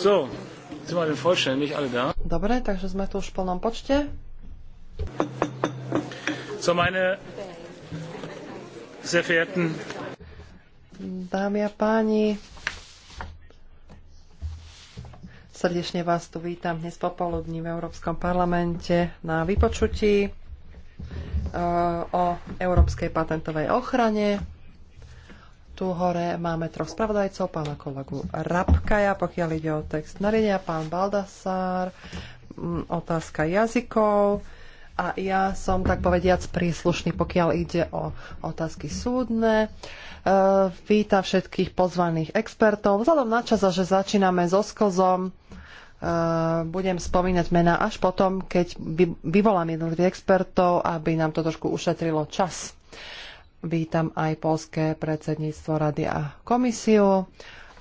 So, sind wir denn vollständig alle da? Dobre, takže sme tu už v plnom počte. So, meine sehr verehrten Dámy a páni, srdečne vás tu vítam dnes popoludní v Európskom parlamente na vypočutí eh, o Európskej patentovej ochrane tu hore máme troch spravodajcov, pána kolegu Rabkaja, pokiaľ ide o text nariadenia, pán Baldasár, mm, otázka jazykov a ja som tak povediac príslušný, pokiaľ ide o otázky súdne. E, víta všetkých pozvaných expertov. Vzhľadom na čas, že začíname so sklzom, e, budem spomínať mená až potom, keď vyvolám jednotlivých expertov, aby nám to trošku ušetrilo čas. Vítam aj polské predsedníctvo rady a komisiu.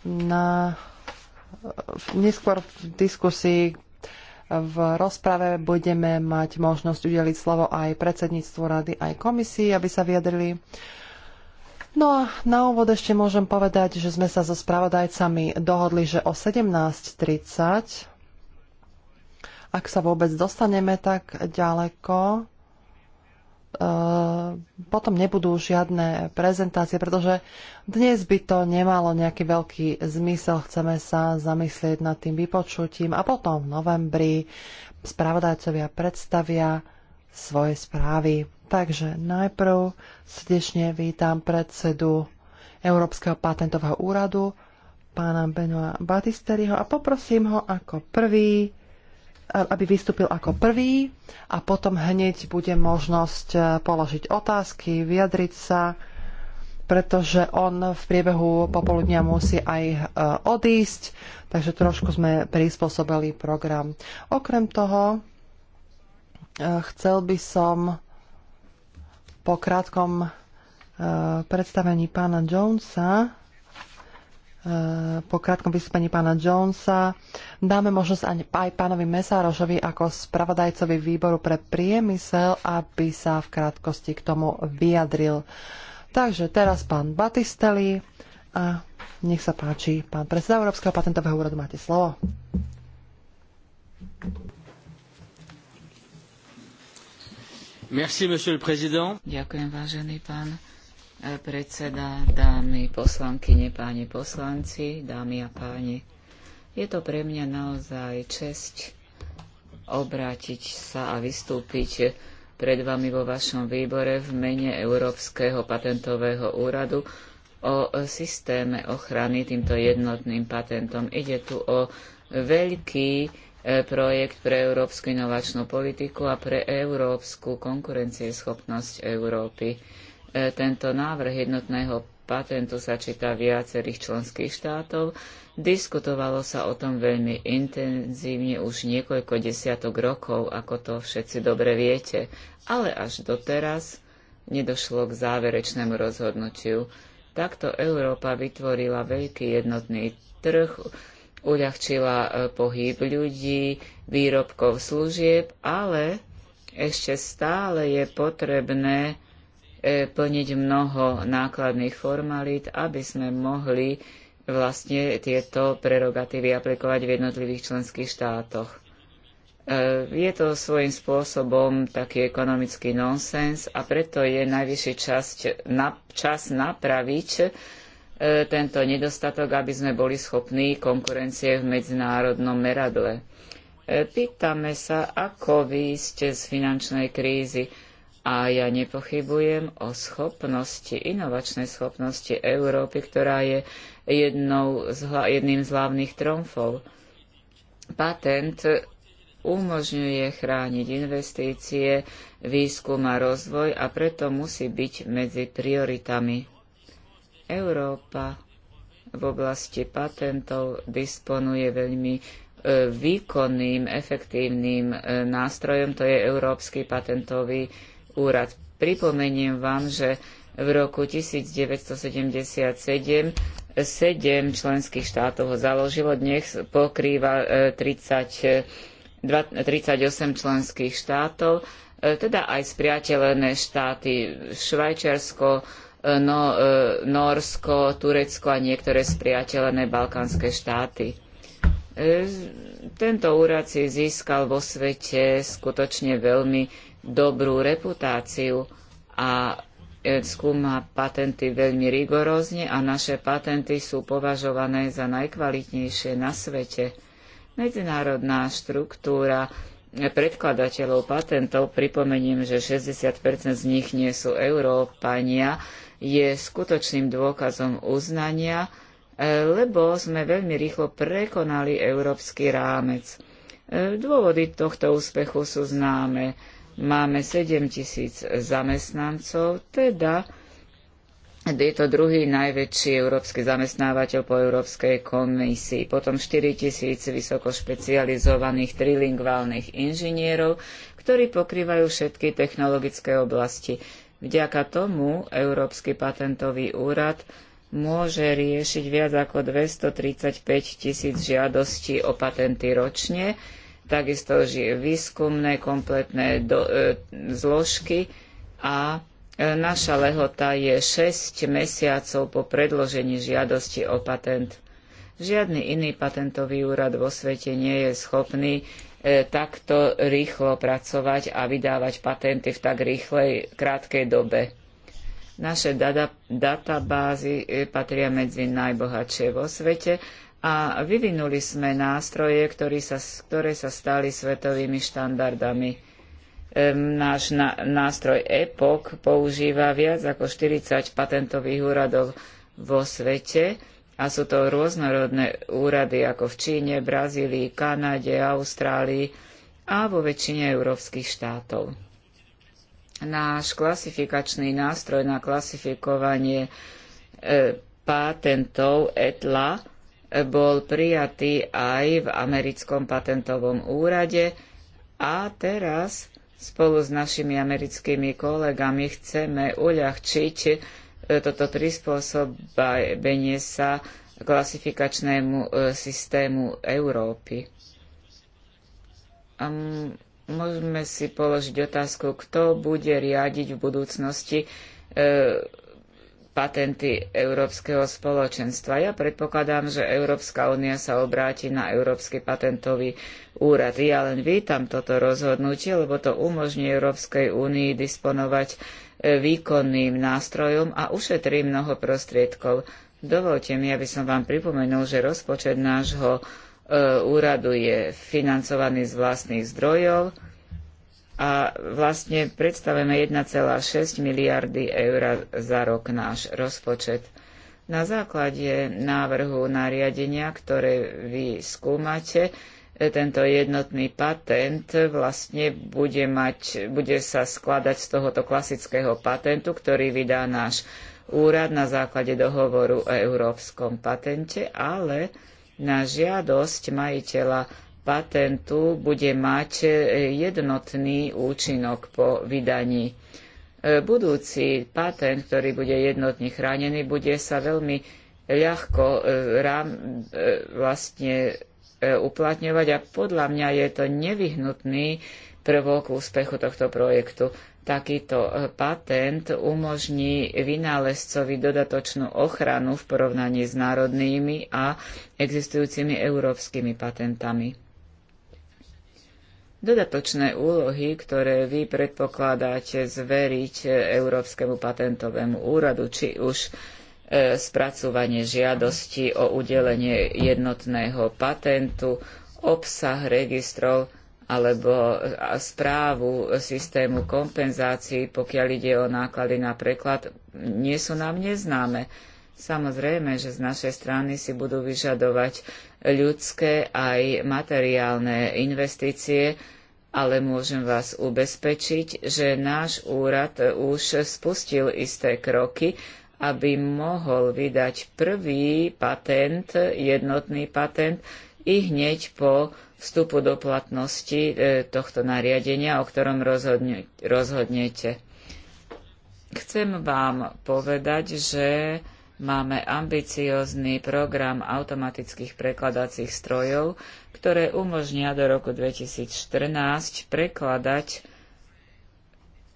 Na, neskôr v diskusii v rozprave budeme mať možnosť udeliť slovo aj predsedníctvu rady, aj komisii, aby sa vyjadrili. No a na úvod ešte môžem povedať, že sme sa so spravodajcami dohodli, že o 17.30, ak sa vôbec dostaneme tak ďaleko, E, potom nebudú žiadne prezentácie, pretože dnes by to nemalo nejaký veľký zmysel. Chceme sa zamyslieť nad tým vypočutím a potom v novembri spravodajcovia predstavia svoje správy. Takže najprv srdečne vítam predsedu Európskeho patentového úradu, pána Benoa Batisteriho a poprosím ho ako prvý, aby vystúpil ako prvý a potom hneď bude možnosť eh, položiť otázky, vyjadriť sa, pretože on v priebehu popoludnia musí aj eh, odísť, takže trošku sme prispôsobili program. Okrem toho, eh, chcel by som po krátkom predstavení pána Jonesa Eh, po krátkom vystúpení pána Jonesa dáme možnosť aj pánovi Mesárošovi ako spravodajcovi výboru pre priemysel, aby sa v krátkosti k tomu vyjadril. Takže teraz pán Batisteli a nech sa páči, pán predseda Európskeho patentového úradu, máte slovo. Merci, monsieur le président. Ďakujem, vážený pán predseda, dámy poslankyne, páni poslanci, dámy a páni. Je to pre mňa naozaj česť obrátiť sa a vystúpiť pred vami vo vašom výbore v mene Európskeho patentového úradu o systéme ochrany týmto jednotným patentom. Ide tu o veľký e, projekt pre európsku inovačnú politiku a pre európsku konkurencieschopnosť Európy. E, tento návrh jednotného patentu sa číta viacerých členských štátov. Diskutovalo sa o tom veľmi intenzívne už niekoľko desiatok rokov, ako to všetci dobre viete, ale až doteraz nedošlo k záverečnému rozhodnutiu. Takto Európa vytvorila veľký jednotný trh, uľahčila e, pohyb ľudí, výrobkov, služieb, ale ešte stále je potrebné E, plniť mnoho nákladných formalít, aby sme mohli vlastne tieto prerogatívy aplikovať v jednotlivých členských štátoch. E, je to svojím spôsobom taký ekonomický nonsens a preto je najvyšší časť, na, čas napraviť e, tento nedostatok, aby sme boli schopní konkurencie v medzinárodnom meradle. Pýtame sa, ako výjsť z finančnej krízy a ja nepochybujem o schopnosti, inovačnej schopnosti Európy, ktorá je jednou z, jedným z hlavných tromfov. Patent umožňuje chrániť investície, výskum a rozvoj a preto musí byť medzi prioritami. Európa v oblasti patentov disponuje veľmi e, výkonným, efektívnym e, nástrojom, to je Európsky patentový úrad. Pripomeniem vám, že v roku 1977 sedem členských štátov ho založilo, dnes pokrýva 30, e, 38 e, členských štátov, e, teda aj spriateľené štáty Švajčiarsko, no, Norsko, Turecko a niektoré spriateľené balkánske štáty. Tento úrad si získal vo svete skutočne veľmi dobrú reputáciu a skúma patenty veľmi rigorózne a naše patenty sú považované za najkvalitnejšie na svete. Medzinárodná štruktúra predkladateľov patentov, pripomením, že 60% z nich nie sú Európania, je skutočným dôkazom uznania, e, lebo sme veľmi rýchlo prekonali európsky rámec. E, dôvody tohto úspechu sú známe máme 7 tisíc zamestnancov, teda je to druhý najväčší európsky zamestnávateľ po Európskej komisii. Potom 4 tisíc vysoko špecializovaných trilingválnych inžinierov, ktorí pokrývajú všetky technologické oblasti. Vďaka tomu Európsky patentový úrad môže riešiť viac ako 235 tisíc žiadostí o patenty ročne, takisto žije výskumné kompletné do, e, zložky a e, naša lehota je 6 mesiacov po predložení žiadosti o patent. Žiadny iný patentový úrad vo svete nie je schopný e, takto rýchlo pracovať a vydávať patenty v tak rýchlej, krátkej dobe. Naše databázy e, patria medzi najbohatšie vo svete a vyvinuli sme nástroje, sa, ktoré sa stali svetovými štandardami. Náš nástroj EPOC používa viac ako 40 patentových úradov vo svete a sú to rôznorodné úrady ako v Číne, Brazílii, Kanade, Austrálii a vo väčšine európskych štátov. Náš klasifikačný nástroj na klasifikovanie e, patentov ETLA bol prijatý aj v americkom patentovom úrade a teraz spolu s našimi americkými kolegami chceme uľahčiť e, toto prispôsobenie sa klasifikačnému e, systému Európy. A môžeme si položiť otázku, kto bude riadiť v budúcnosti e, patenty Európskeho spoločenstva. Ja predpokladám, že Európska únia sa obráti na Európsky patentový úrad. Ja len vítam toto rozhodnutie, lebo to umožní Európskej únii disponovať e, výkonným nástrojom a ušetrí mnoho prostriedkov. Dovolte mi, aby som vám pripomenul, že rozpočet nášho e, úradu je financovaný z vlastných zdrojov a vlastne predstavujeme 1,6 miliardy eur za rok náš rozpočet. Na základe návrhu nariadenia, ktoré vy skúmate, tento jednotný patent vlastne bude, mať, bude sa skladať z tohoto klasického patentu, ktorý vydá náš úrad na základe dohovoru o európskom patente, ale na žiadosť majiteľa patentu bude mať e, jednotný účinok po vydaní. E, budúci patent, ktorý bude jednotne chránený, bude sa veľmi ľahko e, rám, vlastne uplatňovať a podľa mňa je to nevyhnutný prvok úspechu tohto projektu. Takýto patent umožní vynálezcovi dodatočnú ochranu v porovnaní s národnými a existujúcimi európskymi patentami dodatočné úlohy, ktoré vy predpokladáte zveriť Európskemu patentovému úradu, či už e, spracovanie žiadosti o udelenie jednotného patentu, obsah registrov alebo e, správu systému kompenzácií, pokiaľ ide o náklady na preklad, nie sú nám neznáme. Samozrejme, že z našej strany si budú vyžadovať ľudské aj materiálne investície, ale môžem vás ubezpečiť, že náš úrad už spustil isté kroky, aby mohol vydať prvý patent, jednotný patent, i hneď po vstupu do platnosti e, tohto nariadenia, o ktorom rozhodnete. Chcem vám povedať, že Máme ambiciózny program automatických prekladacích strojov, ktoré umožnia do roku 2014 prekladať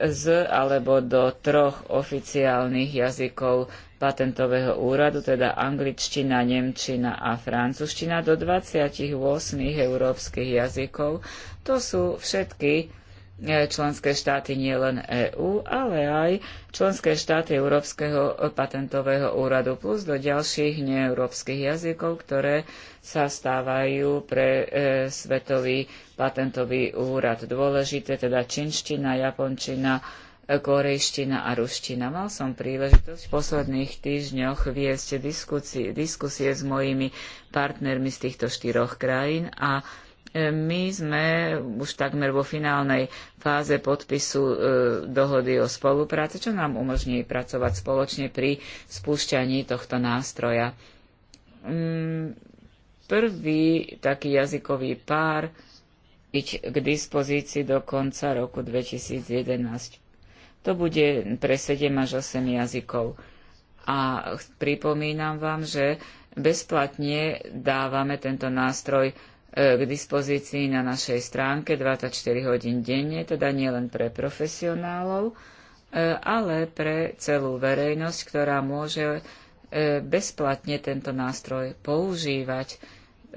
z alebo do troch oficiálnych jazykov patentového úradu, teda angličtina, nemčina a francúzština, do 28 európskych jazykov. To sú všetky E, členské štáty nielen EÚ, ale aj členské štáty Európskeho patentového úradu plus do ďalších neeurópskych jazykov, ktoré sa stávajú pre e, Svetový patentový úrad dôležité, teda činština, japončina, e, korejština a ruština. Mal som príležitosť v posledných týždňoch viesť diskusie, diskusie s mojimi partnermi z týchto štyroch krajín a my sme už takmer vo finálnej fáze podpisu e, dohody o spolupráci, čo nám umožní pracovať spoločne pri spúšťaní tohto nástroja. Mm, prvý taký jazykový pár iť k dispozícii do konca roku 2011. To bude pre 7 až 8 jazykov. A pripomínam vám, že bezplatne dávame tento nástroj k dispozícii na našej stránke 24 hodín denne, teda nielen pre profesionálov, e, ale pre celú verejnosť, ktorá môže e, bezplatne tento nástroj používať.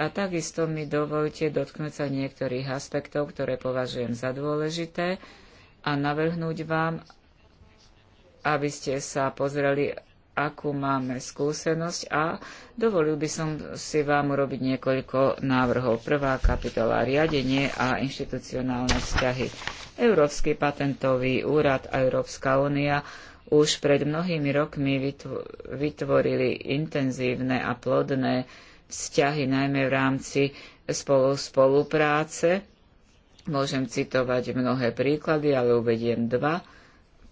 A takisto mi dovolte dotknúť sa niektorých aspektov, ktoré považujem za dôležité a navrhnúť vám, aby ste sa pozreli akú máme skúsenosť a dovolil by som si vám urobiť niekoľko návrhov. Prvá kapitola riadenie a inštitucionálne vzťahy. Európsky patentový úrad a Európska únia už pred mnohými rokmi vytvorili intenzívne a plodné vzťahy, najmä v rámci spolu spolupráce. Môžem citovať mnohé príklady, ale uvediem dva.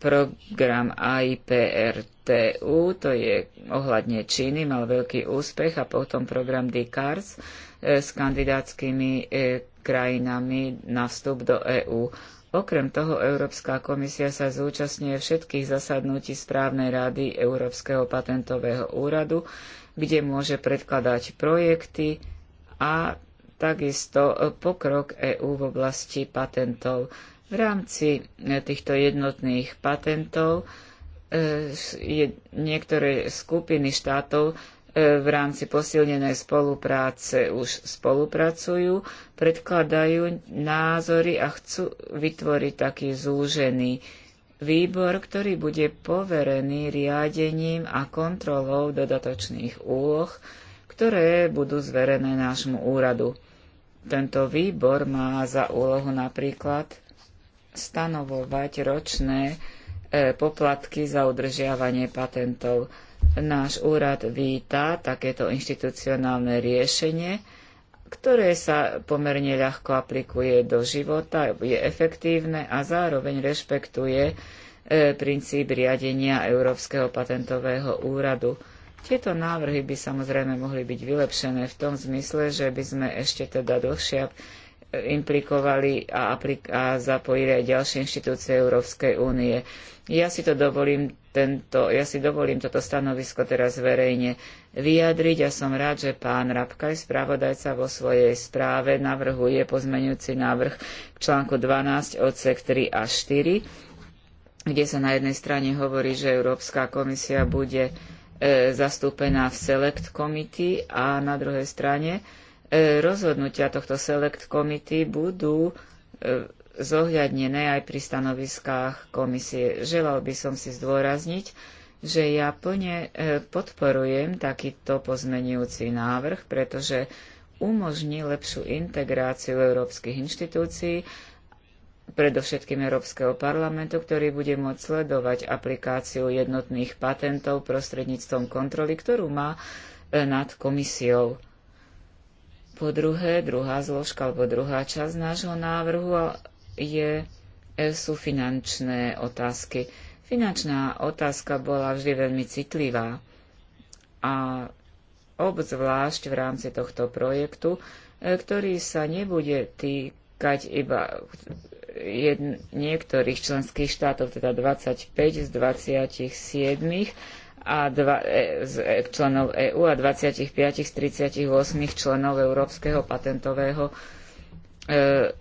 Program IPRTU, to je ohľadne Číny, mal veľký úspech a potom program DCARS e, s kandidátskymi e, krajinami na vstup do EÚ. Okrem toho Európska komisia sa zúčastňuje všetkých zasadnutí správnej rady Európskeho patentového úradu, kde môže predkladať projekty a takisto pokrok EÚ v oblasti patentov. V rámci e, týchto jednotných patentov e, je niektoré skupiny štátov e, v rámci posilnenej spolupráce už spolupracujú, predkladajú názory a chcú vytvoriť taký zúžený výbor, ktorý bude poverený riadením a kontrolou dodatočných úloh, ktoré budú zverené nášmu úradu. Tento výbor má za úlohu napríklad stanovovať ročné e, poplatky za udržiavanie patentov. Náš úrad víta takéto inštitucionálne riešenie, ktoré sa pomerne ľahko aplikuje do života, je efektívne a zároveň rešpektuje e, princíp riadenia Európskeho patentového úradu. Tieto návrhy by samozrejme mohli byť vylepšené v tom zmysle, že by sme ešte teda dlhšie implikovali a, a zapojili aj ďalšie inštitúcie Európskej únie. Ja si, to dovolím tento, ja si dovolím toto stanovisko teraz verejne vyjadriť a som rád, že pán Rabkaj, spravodajca vo svojej správe, navrhuje pozmeňujúci návrh k článku 12 odsek 3 a 4, kde sa na jednej strane hovorí, že Európska komisia bude e, zastúpená v Select Committee a na druhej strane E, rozhodnutia tohto Select Committee budú e, zohľadnené aj pri stanoviskách komisie. Želal by som si zdôrazniť, že ja plne e, podporujem takýto pozmenujúci návrh, pretože umožní lepšiu integráciu európskych inštitúcií, predovšetkým Európskeho parlamentu, ktorý bude môcť sledovať aplikáciu jednotných patentov prostredníctvom kontroly, ktorú má nad komisiou. Po druhé, druhá zložka alebo druhá časť nášho návrhu je, e, sú finančné otázky. Finančná otázka bola vždy veľmi citlivá a obzvlášť v rámci tohto projektu, e, ktorý sa nebude týkať iba jedn- niektorých členských štátov, teda 25 z 27 a dva, e, e členov EÚ a 25 z 38 členov Európskeho patentového e,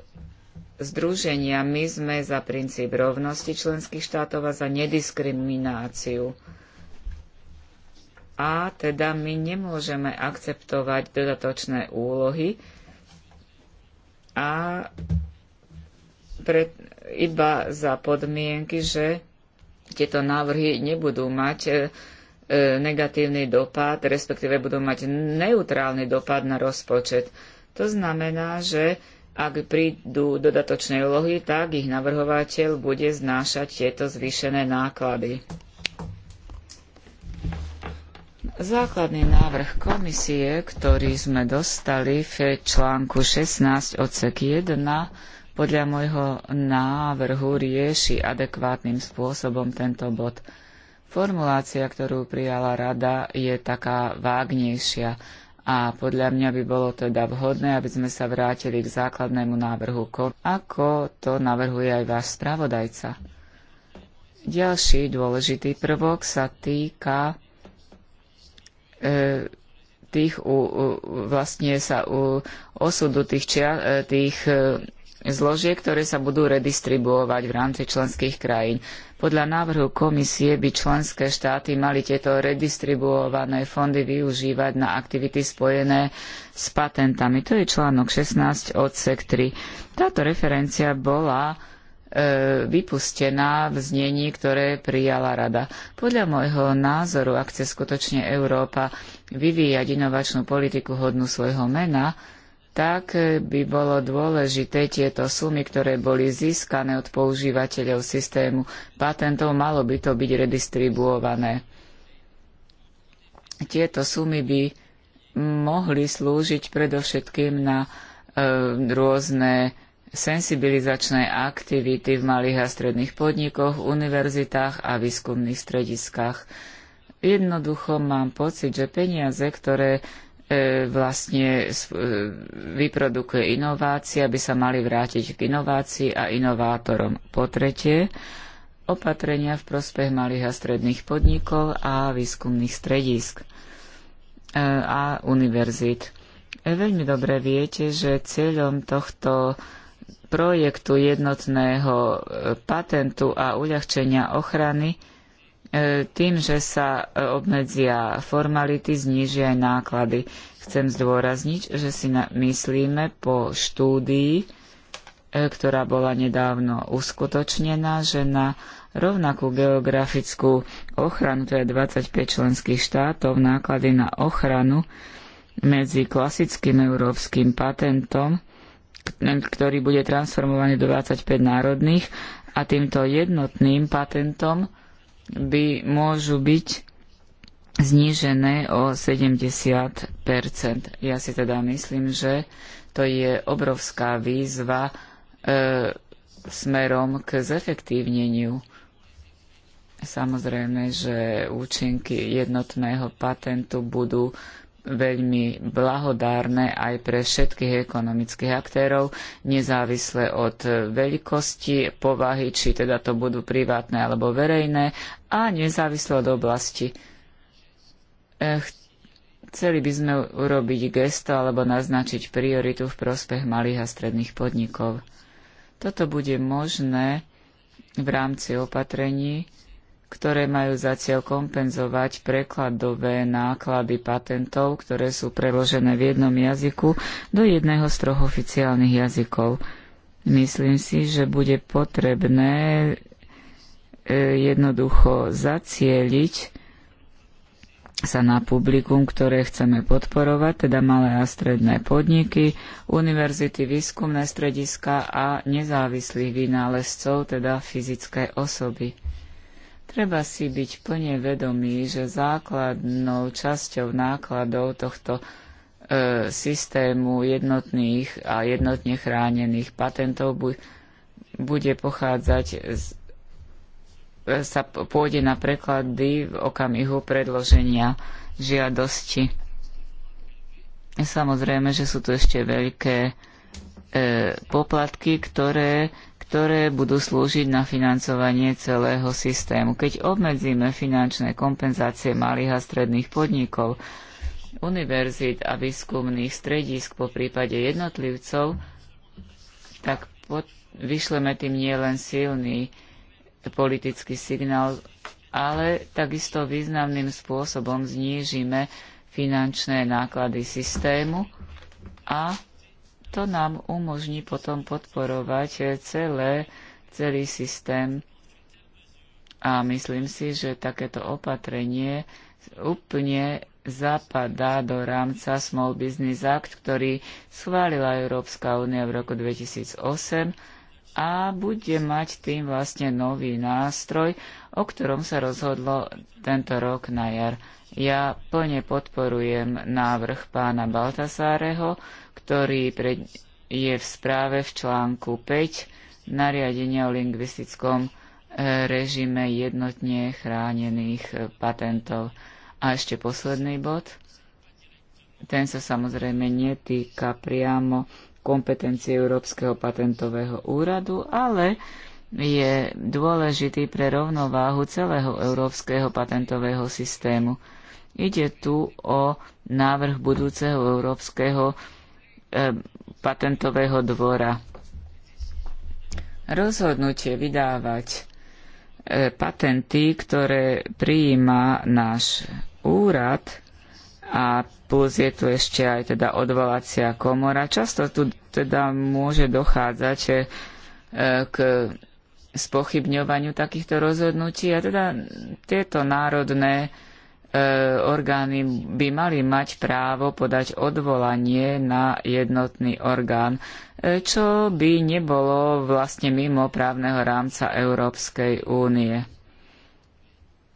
združenia. My sme za princíp rovnosti členských štátov a za nediskrimináciu. A teda my nemôžeme akceptovať dodatočné úlohy a pre, iba za podmienky, že tieto návrhy nebudú mať e, e, negatívny dopad, respektíve budú mať neutrálny dopad na rozpočet. To znamená, že ak prídu dodatočné úlohy, tak ich navrhovateľ bude znášať tieto zvýšené náklady. Základný návrh komisie, ktorý sme dostali v článku 16 odsek 1, podľa môjho návrhu rieši adekvátnym spôsobom tento bod. Formulácia, ktorú prijala rada, je taká vágnejšia a podľa mňa by bolo teda vhodné, aby sme sa vrátili k základnému návrhu, ako to navrhuje aj váš spravodajca. Ďalší dôležitý prvok sa týka e, tých u, u, vlastne sa u osudu tých, čia, e, tých e, zložiek, ktoré sa budú redistribuovať v rámci členských krajín. Podľa návrhu komisie by členské štáty mali tieto redistribuované fondy využívať na aktivity spojené s patentami. To je článok 16 odsek 3. Táto referencia bola e, vypustená v znení, ktoré prijala Rada. Podľa môjho názoru, ak chce skutočne Európa vyvíjať inovačnú politiku hodnú svojho mena, tak by bolo dôležité tieto sumy, ktoré boli získané od používateľov systému patentov, malo by to byť redistribuované. Tieto sumy by mohli slúžiť predovšetkým na e, rôzne sensibilizačné aktivity v malých a stredných podnikoch, univerzitách a výskumných strediskách. Jednoducho mám pocit, že peniaze, ktoré E, vlastne e, vyprodukuje inovácie, aby sa mali vrátiť k inovácii a inovátorom. Po tretie, opatrenia v prospech malých a stredných podnikov a výskumných stredísk e, a univerzít. Veľmi dobre viete, že cieľom tohto projektu jednotného patentu a uľahčenia ochrany E, tým, že sa e, obmedzia formality, znižia aj náklady. Chcem zdôrazniť, že si myslíme po štúdii, e, ktorá bola nedávno uskutočnená, že na rovnakú geografickú ochranu, to je 25 členských štátov, náklady na ochranu medzi klasickým európskym patentom, ktorý bude transformovaný do 25 národných, a týmto jednotným patentom, by môžu byť znížené o 70 Ja si teda myslím, že to je obrovská výzva e, smerom k zefektívneniu. Samozrejme, že účinky jednotného patentu budú veľmi blahodárne aj pre všetkých ekonomických aktérov, nezávisle od veľkosti, povahy, či teda to budú privátne alebo verejné, a nezávisle od oblasti. E, chceli by sme urobiť gesto alebo naznačiť prioritu v prospech malých a stredných podnikov. Toto bude možné v rámci opatrení, ktoré majú za cieľ kompenzovať prekladové náklady patentov, ktoré sú preložené v jednom jazyku do jedného z troch oficiálnych jazykov. Myslím si, že bude potrebné e, jednoducho zacieliť sa na publikum, ktoré chceme podporovať, teda malé a stredné podniky, univerzity, výskumné strediska a nezávislých vynálezcov, teda fyzické osoby. Treba si byť plne vedomý, že základnou časťou nákladov tohto e, systému jednotných a jednotne chránených patentov bu- bude pochádzať z, e, sa pôjde na preklady v okamihu predloženia žiadosti. Samozrejme, že sú tu ešte veľké e, poplatky, ktoré ktoré budú slúžiť na financovanie celého systému. Keď obmedzíme finančné kompenzácie malých a stredných podnikov, univerzít a výskumných stredisk po prípade jednotlivcov, tak pod, vyšleme tým nielen silný politický signál, ale takisto významným spôsobom znížime finančné náklady systému a to nám umožní potom podporovať celé, celý systém. A myslím si, že takéto opatrenie úplne zapadá do rámca Small Business Act, ktorý schválila Európska únia v roku 2008 a bude mať tým vlastne nový nástroj, o ktorom sa rozhodlo tento rok na jar. Ja plne podporujem návrh pána Baltasáreho, ktorý je v správe v článku 5 nariadenia o lingvistickom e, režime jednotne chránených e, patentov. A ešte posledný bod. Ten sa samozrejme netýka priamo kompetencie Európskeho patentového úradu, ale je dôležitý pre rovnováhu celého európskeho patentového systému. Ide tu o návrh budúceho európskeho e, patentového dvora. Rozhodnutie vydávať e, patenty, ktoré prijíma náš úrad, a plus je tu ešte aj teda odvolacia komora. Často tu teda môže dochádzať e, k spochybňovaniu takýchto rozhodnutí a teda tieto národné e, orgány by mali mať právo podať odvolanie na jednotný orgán, e, čo by nebolo vlastne mimo právneho rámca Európskej únie.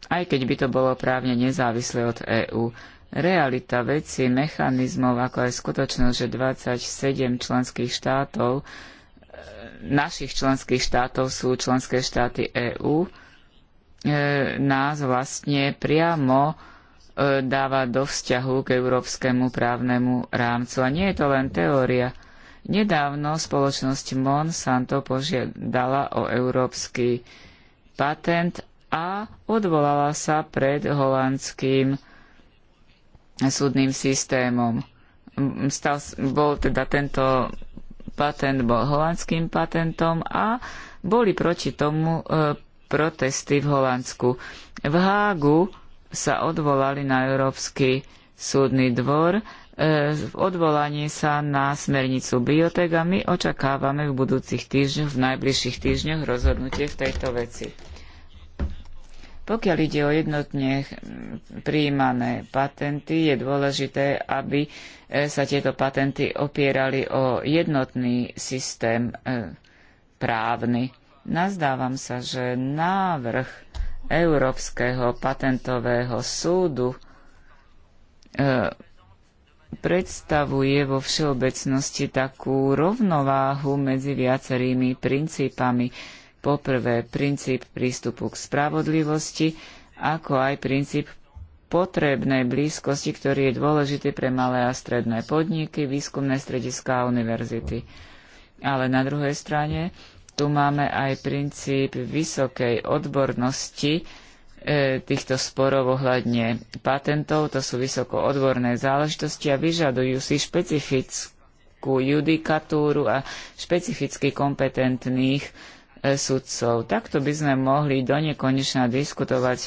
Aj keď by to bolo právne nezávislé od EÚ. Realita veci, mechanizmov, ako aj skutočnosť, že 27 členských štátov, e, našich členských štátov sú členské štáty EÚ, e, nás vlastne priamo e, dáva do vzťahu k európskemu právnemu rámcu. A nie je to len teória. Nedávno spoločnosť Monsanto požiadala o európsky patent a odvolala sa pred holandským súdnym systémom. Stal, bol teda tento patent bol holandským patentom a boli proti tomu e, protesty v Holandsku. V Hágu sa odvolali na Európsky súdny dvor e, v odvolaní sa na smernicu biotek a my očakávame v budúcich týždňoch, v najbližších týždňoch rozhodnutie v tejto veci. Pokiaľ ide o jednotne príjmané patenty, je dôležité, aby e, sa tieto patenty opierali o jednotný systém e, právny. Nazdávam sa, že návrh Európskeho patentového súdu e, predstavuje vo všeobecnosti takú rovnováhu medzi viacerými princípami Poprvé, princíp prístupu k spravodlivosti, ako aj princíp potrebnej blízkosti, ktorý je dôležitý pre malé a stredné podniky, výskumné strediská a univerzity. Ale na druhej strane, tu máme aj princíp vysokej odbornosti, e, týchto sporov ohľadne patentov, to sú vysoko odborné záležitosti a vyžadujú si špecifickú judikatúru a špecificky kompetentných E, sudcov. Takto by sme mohli do nekonečna diskutovať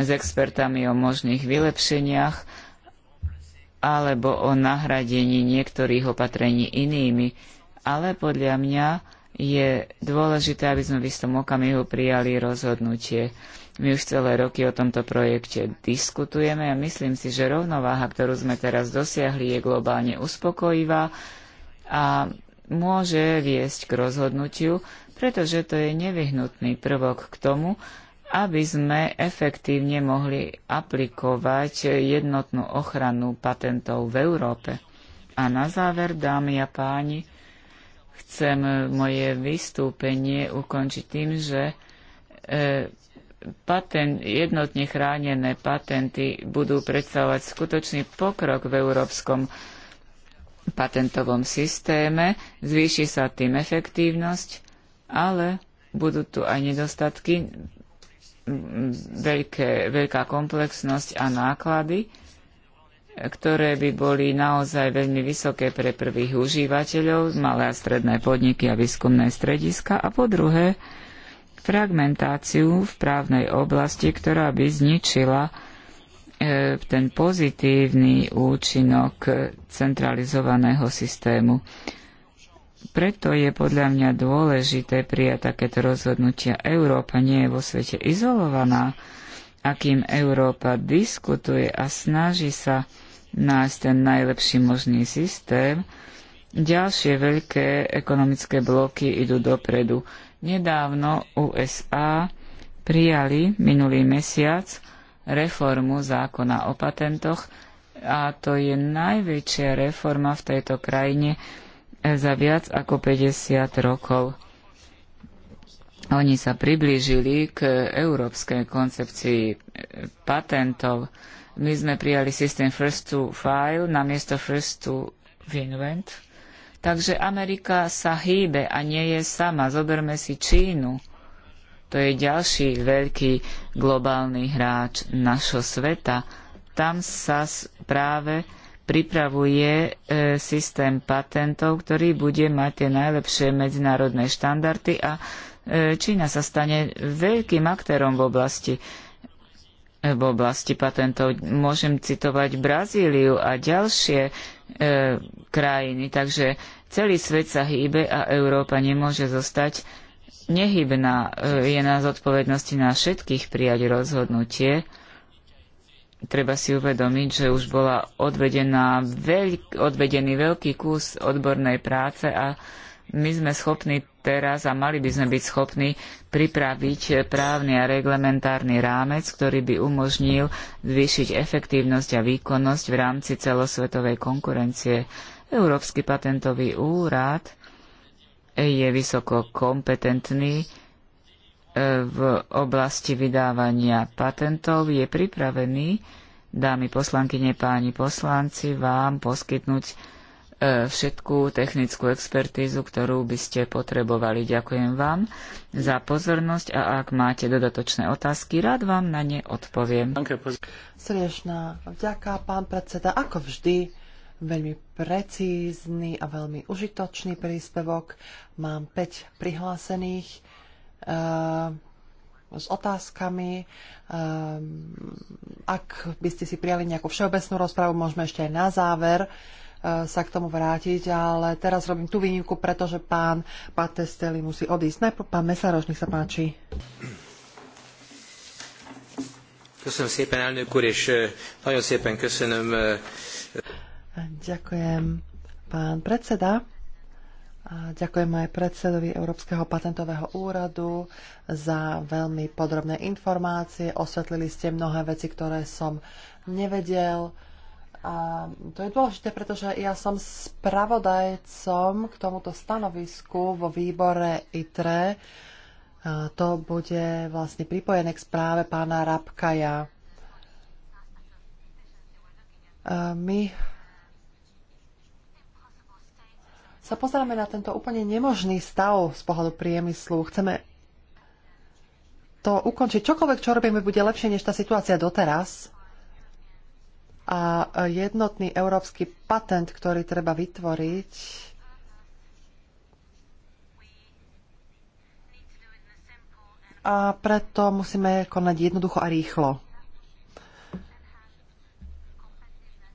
s expertami o možných vylepšeniach alebo o nahradení niektorých opatrení inými. Ale podľa mňa je dôležité, aby sme v istom okamihu prijali rozhodnutie. My už celé roky o tomto projekte diskutujeme a myslím si, že rovnováha, ktorú sme teraz dosiahli, je globálne uspokojivá a môže viesť k rozhodnutiu, pretože to je nevyhnutný prvok k tomu, aby sme efektívne mohli aplikovať jednotnú ochranu patentov v Európe. A na záver, dámy a páni, chcem moje vystúpenie ukončiť tým, že e, patent, jednotne chránené patenty budú predstavovať skutočný pokrok v európskom patentovom systéme, zvýši sa tým efektívnosť ale budú tu aj nedostatky, veľké, veľká komplexnosť a náklady, ktoré by boli naozaj veľmi vysoké pre prvých užívateľov, malé a stredné podniky a výskumné strediska a po druhé fragmentáciu v právnej oblasti, ktorá by zničila e, ten pozitívny účinok centralizovaného systému. Preto je podľa mňa dôležité prijať takéto rozhodnutia. Európa nie je vo svete izolovaná. akým Európa diskutuje a snaží sa nájsť ten najlepší možný systém, ďalšie veľké ekonomické bloky idú dopredu. Nedávno USA prijali minulý mesiac reformu zákona o patentoch a to je najväčšia reforma v tejto krajine, za viac ako 50 rokov. Oni sa priblížili k európskej koncepcii e, patentov. My sme prijali systém first to file namiesto first to invent. Takže Amerika sa hýbe a nie je sama. Zoberme si Čínu. To je ďalší veľký globálny hráč našho sveta. Tam sa práve pripravuje e, systém patentov, ktorý bude mať tie najlepšie medzinárodné štandardy a e, Čína sa stane veľkým aktérom v oblasti v oblasti patentov. Môžem citovať Brazíliu a ďalšie e, krajiny, takže celý svet sa hýbe a Európa nemôže zostať nehybná. E, je na zodpovednosti na všetkých prijať rozhodnutie, treba si uvedomiť, že už bola odvedená veľk, odvedený veľký kus odbornej práce a my sme schopní teraz a mali by sme byť schopní pripraviť právny a reglementárny rámec, ktorý by umožnil zvýšiť efektívnosť a výkonnosť v rámci celosvetovej konkurencie. Európsky patentový úrad je vysoko kompetentný v oblasti vydávania patentov je pripravený, dámy poslankyne, páni poslanci, vám poskytnúť e, všetkú technickú expertízu, ktorú by ste potrebovali. Ďakujem vám za pozornosť a ak máte dodatočné otázky, rád vám na ne odpoviem. Srdečná vďaka, pán predseda, ako vždy, veľmi precízny a veľmi užitočný príspevok. Mám 5 prihlásených Ehm, s otázkami. Ehm, ak by ste si prijali nejakú všeobecnú rozpravu, môžeme ešte aj na záver eh, sa k tomu vrátiť, ale teraz robím tú výnimku, pretože pán Patesteli musí odísť. Najprv pán Mesaroš, nech sa páči. elnök úr, és eh, nagyon köszönöm. Eh, Ďakujem, pán predseda ďakujem aj predsedovi Európskeho patentového úradu za veľmi podrobné informácie. Osvetlili ste mnohé veci, ktoré som nevedel. A to je dôležité, pretože ja som spravodajcom k tomuto stanovisku vo výbore ITRE. A to bude vlastne pripojené k správe pána Rabkaja. A my sa pozeráme na tento úplne nemožný stav z pohľadu priemyslu. Chceme to ukončiť. Čokoľvek, čo robíme, bude lepšie než tá situácia doteraz. A jednotný európsky patent, ktorý treba vytvoriť, a preto musíme konať jednoducho a rýchlo.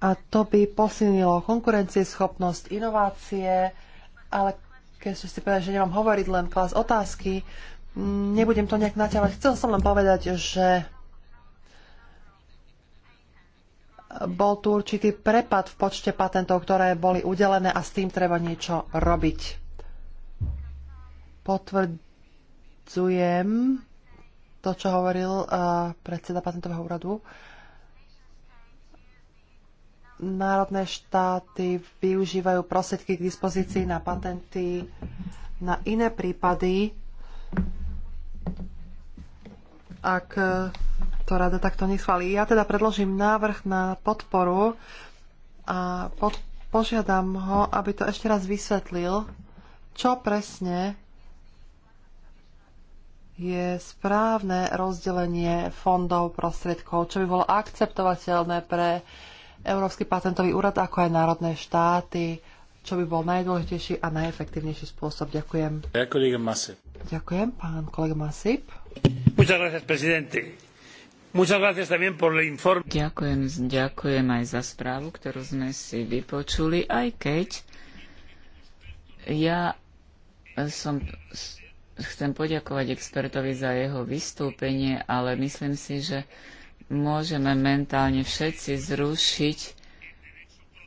a to by posilnilo konkurencieschopnosť, inovácie, ale som ste povedal, že nemám hovoriť len klas otázky, nebudem to nejak naťavať. Chcel som len povedať, že bol tu určitý prepad v počte patentov, ktoré boli udelené a s tým treba niečo robiť. Potvrdzujem to, čo hovoril uh, predseda patentového úradu. Uh, národné štáty využívajú prostriedky k dispozícii na patenty na iné prípady, ak to rada takto neschválí. Ja teda predložím návrh na podporu a pod, požiadam ho, aby to ešte raz vysvetlil, čo presne je správne rozdelenie fondov prostriedkov, čo by bolo akceptovateľné pre uh, Európsky patentový úrad, ako aj národné štáty, čo by bol najdôležitejší a najefektívnejší spôsob. Ďakujem. Ďakujem, Ďakujem pán kolega Masip. Ďakujem, ďakujem aj za správu, ktorú sme si vypočuli, aj keď ja som chcem poďakovať expertovi za jeho vystúpenie, ale myslím si, že môžeme mentálne všetci zrušiť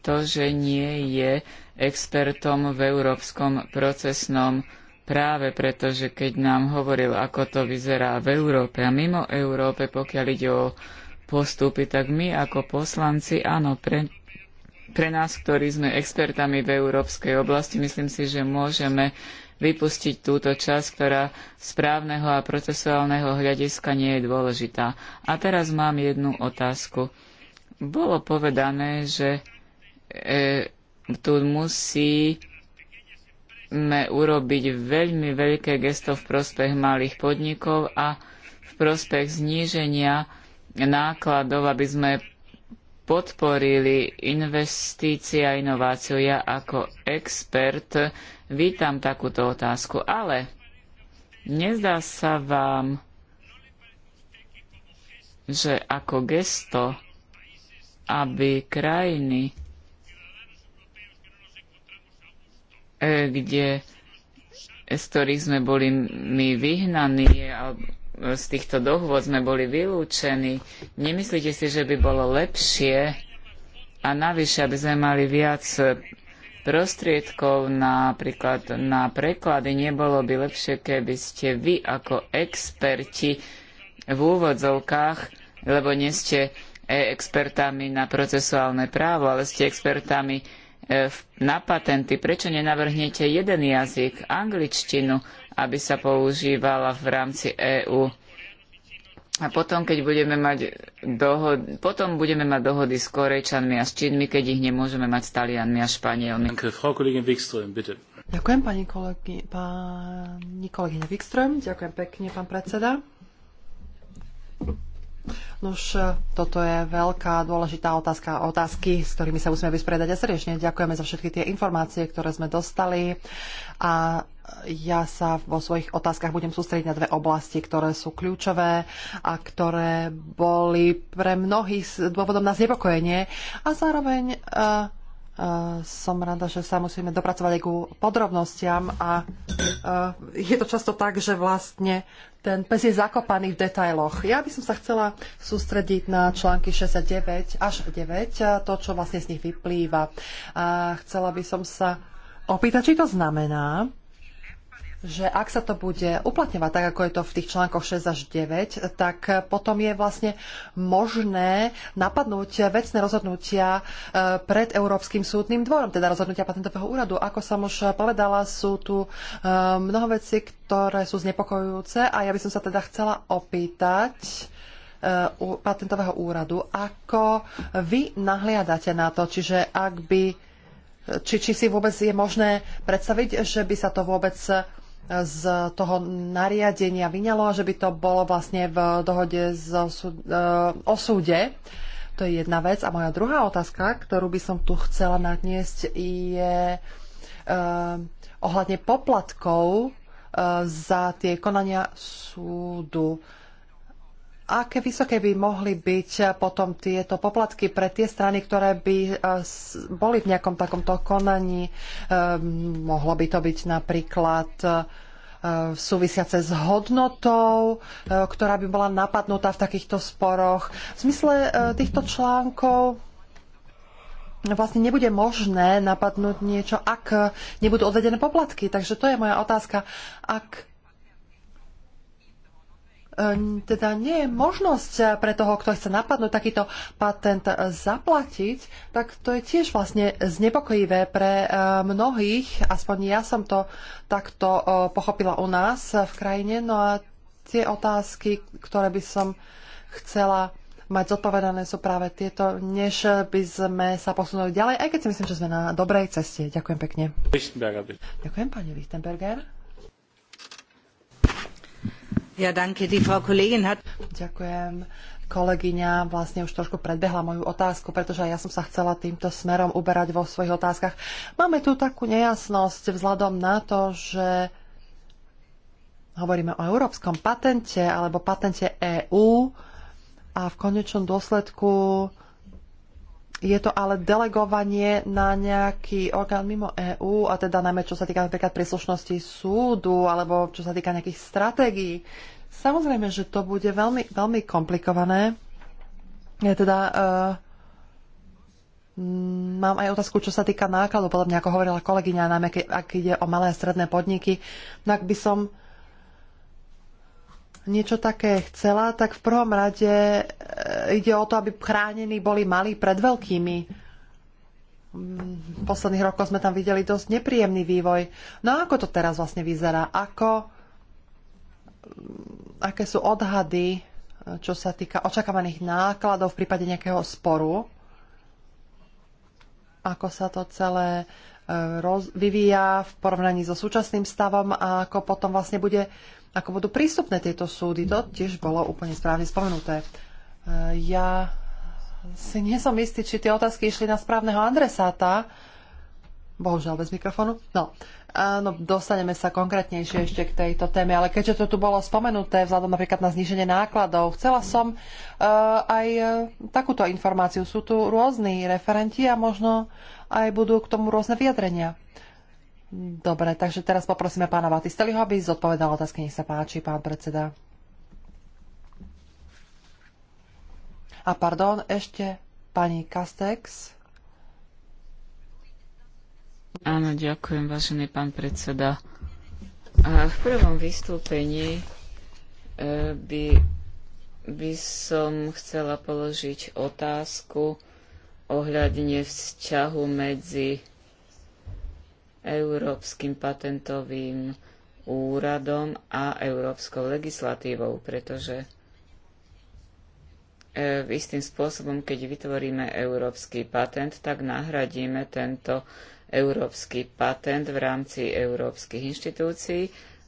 to, že nie je expertom v európskom procesnom práve, pretože keď nám hovoril, ako to vyzerá v Európe a mimo Európe, pokiaľ ide o postupy, tak my ako poslanci, áno, pre, pre nás, ktorí sme expertami v európskej oblasti, myslím si, že môžeme vypustiť túto časť, ktorá z právneho a procesuálneho hľadiska nie je dôležitá. A teraz mám jednu otázku. Bolo povedané, že e, tu musíme urobiť veľmi veľké gesto v prospech malých podnikov a v prospech zníženia nákladov, aby sme podporili investície a inováciu. Ja ako expert vítam takúto otázku, ale nezdá sa vám, že ako gesto, aby krajiny, eh, kde, z eh, ktorých sme boli my vyhnaní, z týchto dohôd sme boli vylúčení. Nemyslíte si, že by bolo lepšie a navyše, aby sme mali viac prostriedkov napríklad na preklady, nebolo by lepšie, keby ste vy ako experti v úvodzovkách, lebo nie ste e, expertami na procesuálne právo, ale ste expertami e, na patenty. Prečo nenavrhnete jeden jazyk, angličtinu, aby sa používala v rámci EÚ. A potom, keď budeme mať dohody, potom budeme mať dohody s Korejčanmi a s Čínmi, keď ich nemôžeme mať s Talianmi a Španielmi. Ďakujem pani, Wikström, ďakujem pekne pán predseda. Nož, eh, toto je veľká dôležitá otázka, otázky, s ktorými sa musíme vyspredať a srdečne ďakujeme za všetky tie informácie, ktoré sme dostali a ja sa vo svojich otázkach budem sústrediť na dve oblasti, ktoré sú kľúčové a ktoré boli pre mnohých dôvodom na znepokojenie a zároveň uh, Uh, som rada, že sa musíme dopracovať aj ku podrobnostiam a uh, je to často tak, že vlastne ten pes je zakopaný v detailoch. Ja by som sa chcela sústrediť na články 69 až 9, to, čo vlastne z nich vyplýva. A chcela by som sa opýtať, či to znamená, že ak sa to bude uplatňovať tak, ako je to v tých článkoch 6 až 9, tak potom je vlastne možné napadnúť vecné rozhodnutia e, pred Európskym súdnym dvorom, teda rozhodnutia patentového úradu. Ako som už povedala, sú tu e, mnoho vecí, ktoré sú znepokojujúce a ja by som sa teda chcela opýtať, e, patentového úradu, ako vy nahliadate na to, čiže ak by, či, či si vôbec je možné predstaviť, že by sa to vôbec z toho nariadenia vyňalo a že by to bolo vlastne v dohode z e, o súde. To je jedna vec. A moja druhá otázka, ktorú by som tu chcela nadniesť, je e, ohľadne poplatkov e, za tie konania súdu aké vysoké by mohli byť potom tieto poplatky pre tie strany, ktoré by e, boli v nejakom takomto konaní. E, mohlo by to byť napríklad e, súvisiace s hodnotou, ktorá by bola napadnutá v takýchto sporoch. V zmysle týchto článkov vlastne nebude možné napadnúť niečo, ak nebudú odvedené poplatky. Takže to je moja otázka. Ak teda nie je možnosť eh, pre toho, kto chce napadnúť takýto patent eh, zaplatiť, tak to je tiež vlastne znepokojivé pre eh, mnohých, aspoň ja som to takto pochopila u nás v krajine. No a tie otázky, ktoré by som chcela mať zodpovedané sú práve tieto, než by sme sa posunuli ďalej, aj keď si myslím, že sme na dobrej ceste. Ďakujem pekne. Ďakujem, pani Lichtenberger. Ja, danke, die Frau Kollegin hat... Ďakujem. Kolegyňa vlastne už trošku predbehla moju otázku, pretože ja som sa chcela týmto smerom uberať vo svojich otázkach. Máme tu takú nejasnosť vzhľadom na to, že hovoríme o európskom patente alebo patente EÚ a v konečnom dôsledku je to ale delegovanie na nejaký orgán mimo EÚ, a teda najmä čo sa týka napríklad príslušnosti súdu alebo čo sa týka nejakých stratégií. Samozrejme, že to bude veľmi, veľmi komplikované. Ja teda uh, mám aj otázku, čo sa týka nákladu. podľa mňa, ako hovorila kolegyňa, najmä keď, ak ide o malé a stredné podniky, tak no by som niečo také chcela, tak v prvom rade e, ide o to, aby chránení boli malí pred veľkými. V posledných rokoch sme tam videli dosť nepríjemný vývoj. No a ako to teraz vlastne vyzerá? Ako, mm, aké sú odhady, e, čo sa týka očakávaných nákladov v prípade nejakého sporu? Ako sa to celé e, roz, vyvíja v porovnaní so súčasným stavom a ako potom vlastne bude ako budú prístupné tieto súdy. To tiež bolo úplne správne spomenuté. E, ja si nie som istý, či tie otázky išli na správneho adresáta. Bohužiaľ, bez mikrofónu. No, áno, dostaneme sa konkrétnejšie ešte k tejto téme, ale keďže to tu bolo spomenuté vzhľadom napríklad na zníženie nákladov, chcela som uh, aj uh, takúto informáciu. Sú tu rôzni referenti a možno aj budú k tomu rôzne vyjadrenia. Dobre, takže teraz poprosíme pána Batisteliho, aby zodpovedal otázky. Nech sa páči, pán predseda. A pardon, ešte pani Kastex. Áno, ďakujem, vážený pán predseda. A v prvom vystúpení e, by, by som chcela položiť otázku ohľadne vzťahu medzi Európskym patentovým úradom a európskou legislatívou, pretože v e, istým spôsobom, keď vytvoríme európsky patent, tak nahradíme tento európsky patent v rámci európskych inštitúcií,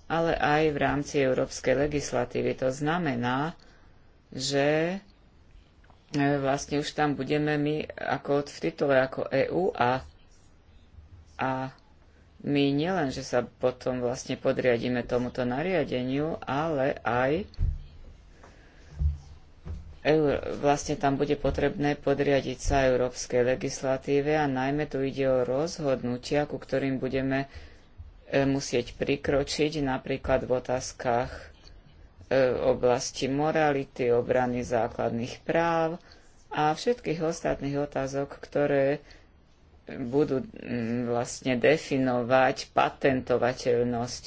ale aj v rámci európskej legislatívy. To znamená, že e, vlastne už tam budeme my ako v titule ako EU a, a my nielen, že sa potom vlastne podriadíme tomuto nariadeniu, ale aj vlastne tam bude potrebné podriadiť sa európskej legislatíve a najmä tu ide o rozhodnutia, ku ktorým budeme e, musieť prikročiť napríklad v otázkach e, oblasti morality, obrany základných práv a všetkých ostatných otázok, ktoré budú mm, vlastne definovať patentovateľnosť.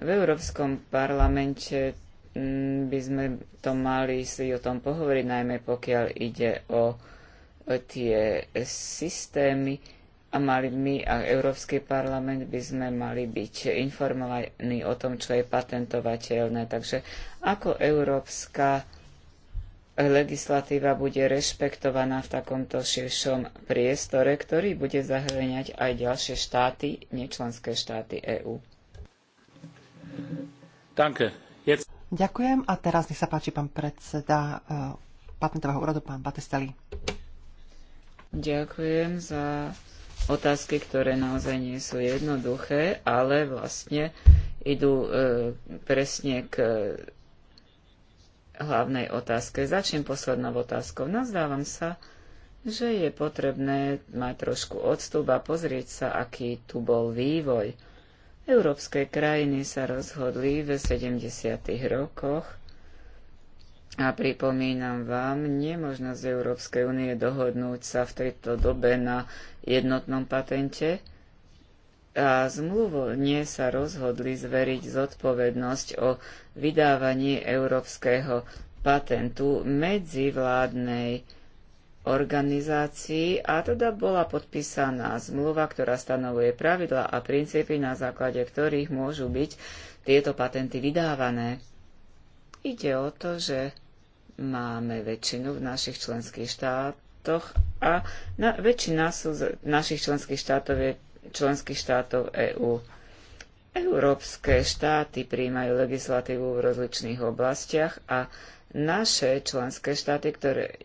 V Európskom parlamente mm, by sme to mali si o tom pohovoriť, najmä pokiaľ ide o tie systémy a mali my a Európsky parlament by sme mali byť informovaní o tom, čo je patentovateľné. Takže ako Európska legislatíva bude rešpektovaná v takomto širšom priestore, ktorý bude zahrňať aj ďalšie štáty, nečlenské štáty EÚ. Ďakujem a teraz nech sa páči pán predseda eh, patentového úradu, pán Batesteli. Ďakujem za otázky, ktoré naozaj nie sú jednoduché, ale vlastne idú eh, presne k hlavnej otázke. Začnem poslednou otázkou. Nazdávam sa, že je potrebné mať trošku odstup a pozrieť sa, aký tu bol vývoj. Európske krajiny sa rozhodli v 70. rokoch a pripomínam vám nemožnosť Európskej únie dohodnúť sa v tejto dobe na jednotnom patente – a zmluvne sa rozhodli zveriť zodpovednosť o vydávaní európskeho patentu medzivládnej organizácii a teda bola podpísaná zmluva, ktorá stanovuje pravidla a princípy, na základe ktorých môžu byť tieto patenty vydávané. Ide o to, že máme väčšinu v našich členských štátoch a na, väčšina sú z, našich členských štátov je členských štátov EÚ. Európske štáty príjmajú legislatívu v rozličných oblastiach a naše členské štáty, ktoré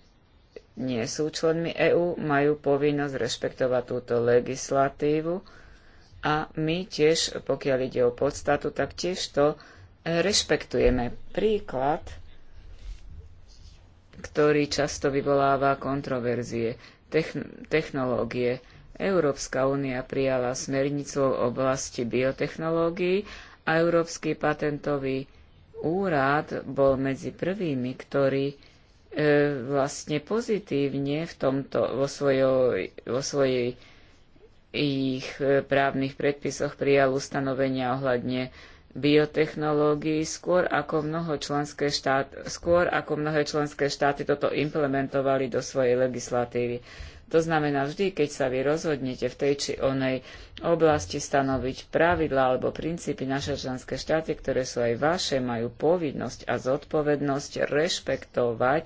nie sú členmi EÚ, majú povinnosť rešpektovať túto legislatívu a my tiež, pokiaľ ide o podstatu, tak tiež to rešpektujeme. Príklad, ktorý často vyvoláva kontroverzie, techn- technológie. Európska únia prijala smernicu v oblasti biotechnológií a Európsky patentový úrad bol medzi prvými, ktorí e, vlastne pozitívne v tomto, vo, svojo, vo svojej ich e, právnych predpisoch prijal ustanovenia ohľadne biotechnológií skôr ako, mnoho členské štát, skôr ako mnohé členské štáty toto implementovali do svojej legislatívy. To znamená, vždy, keď sa vy rozhodnete v tej či onej oblasti stanoviť pravidlá alebo princípy, naše členské štáty, ktoré sú aj vaše, majú povinnosť a zodpovednosť rešpektovať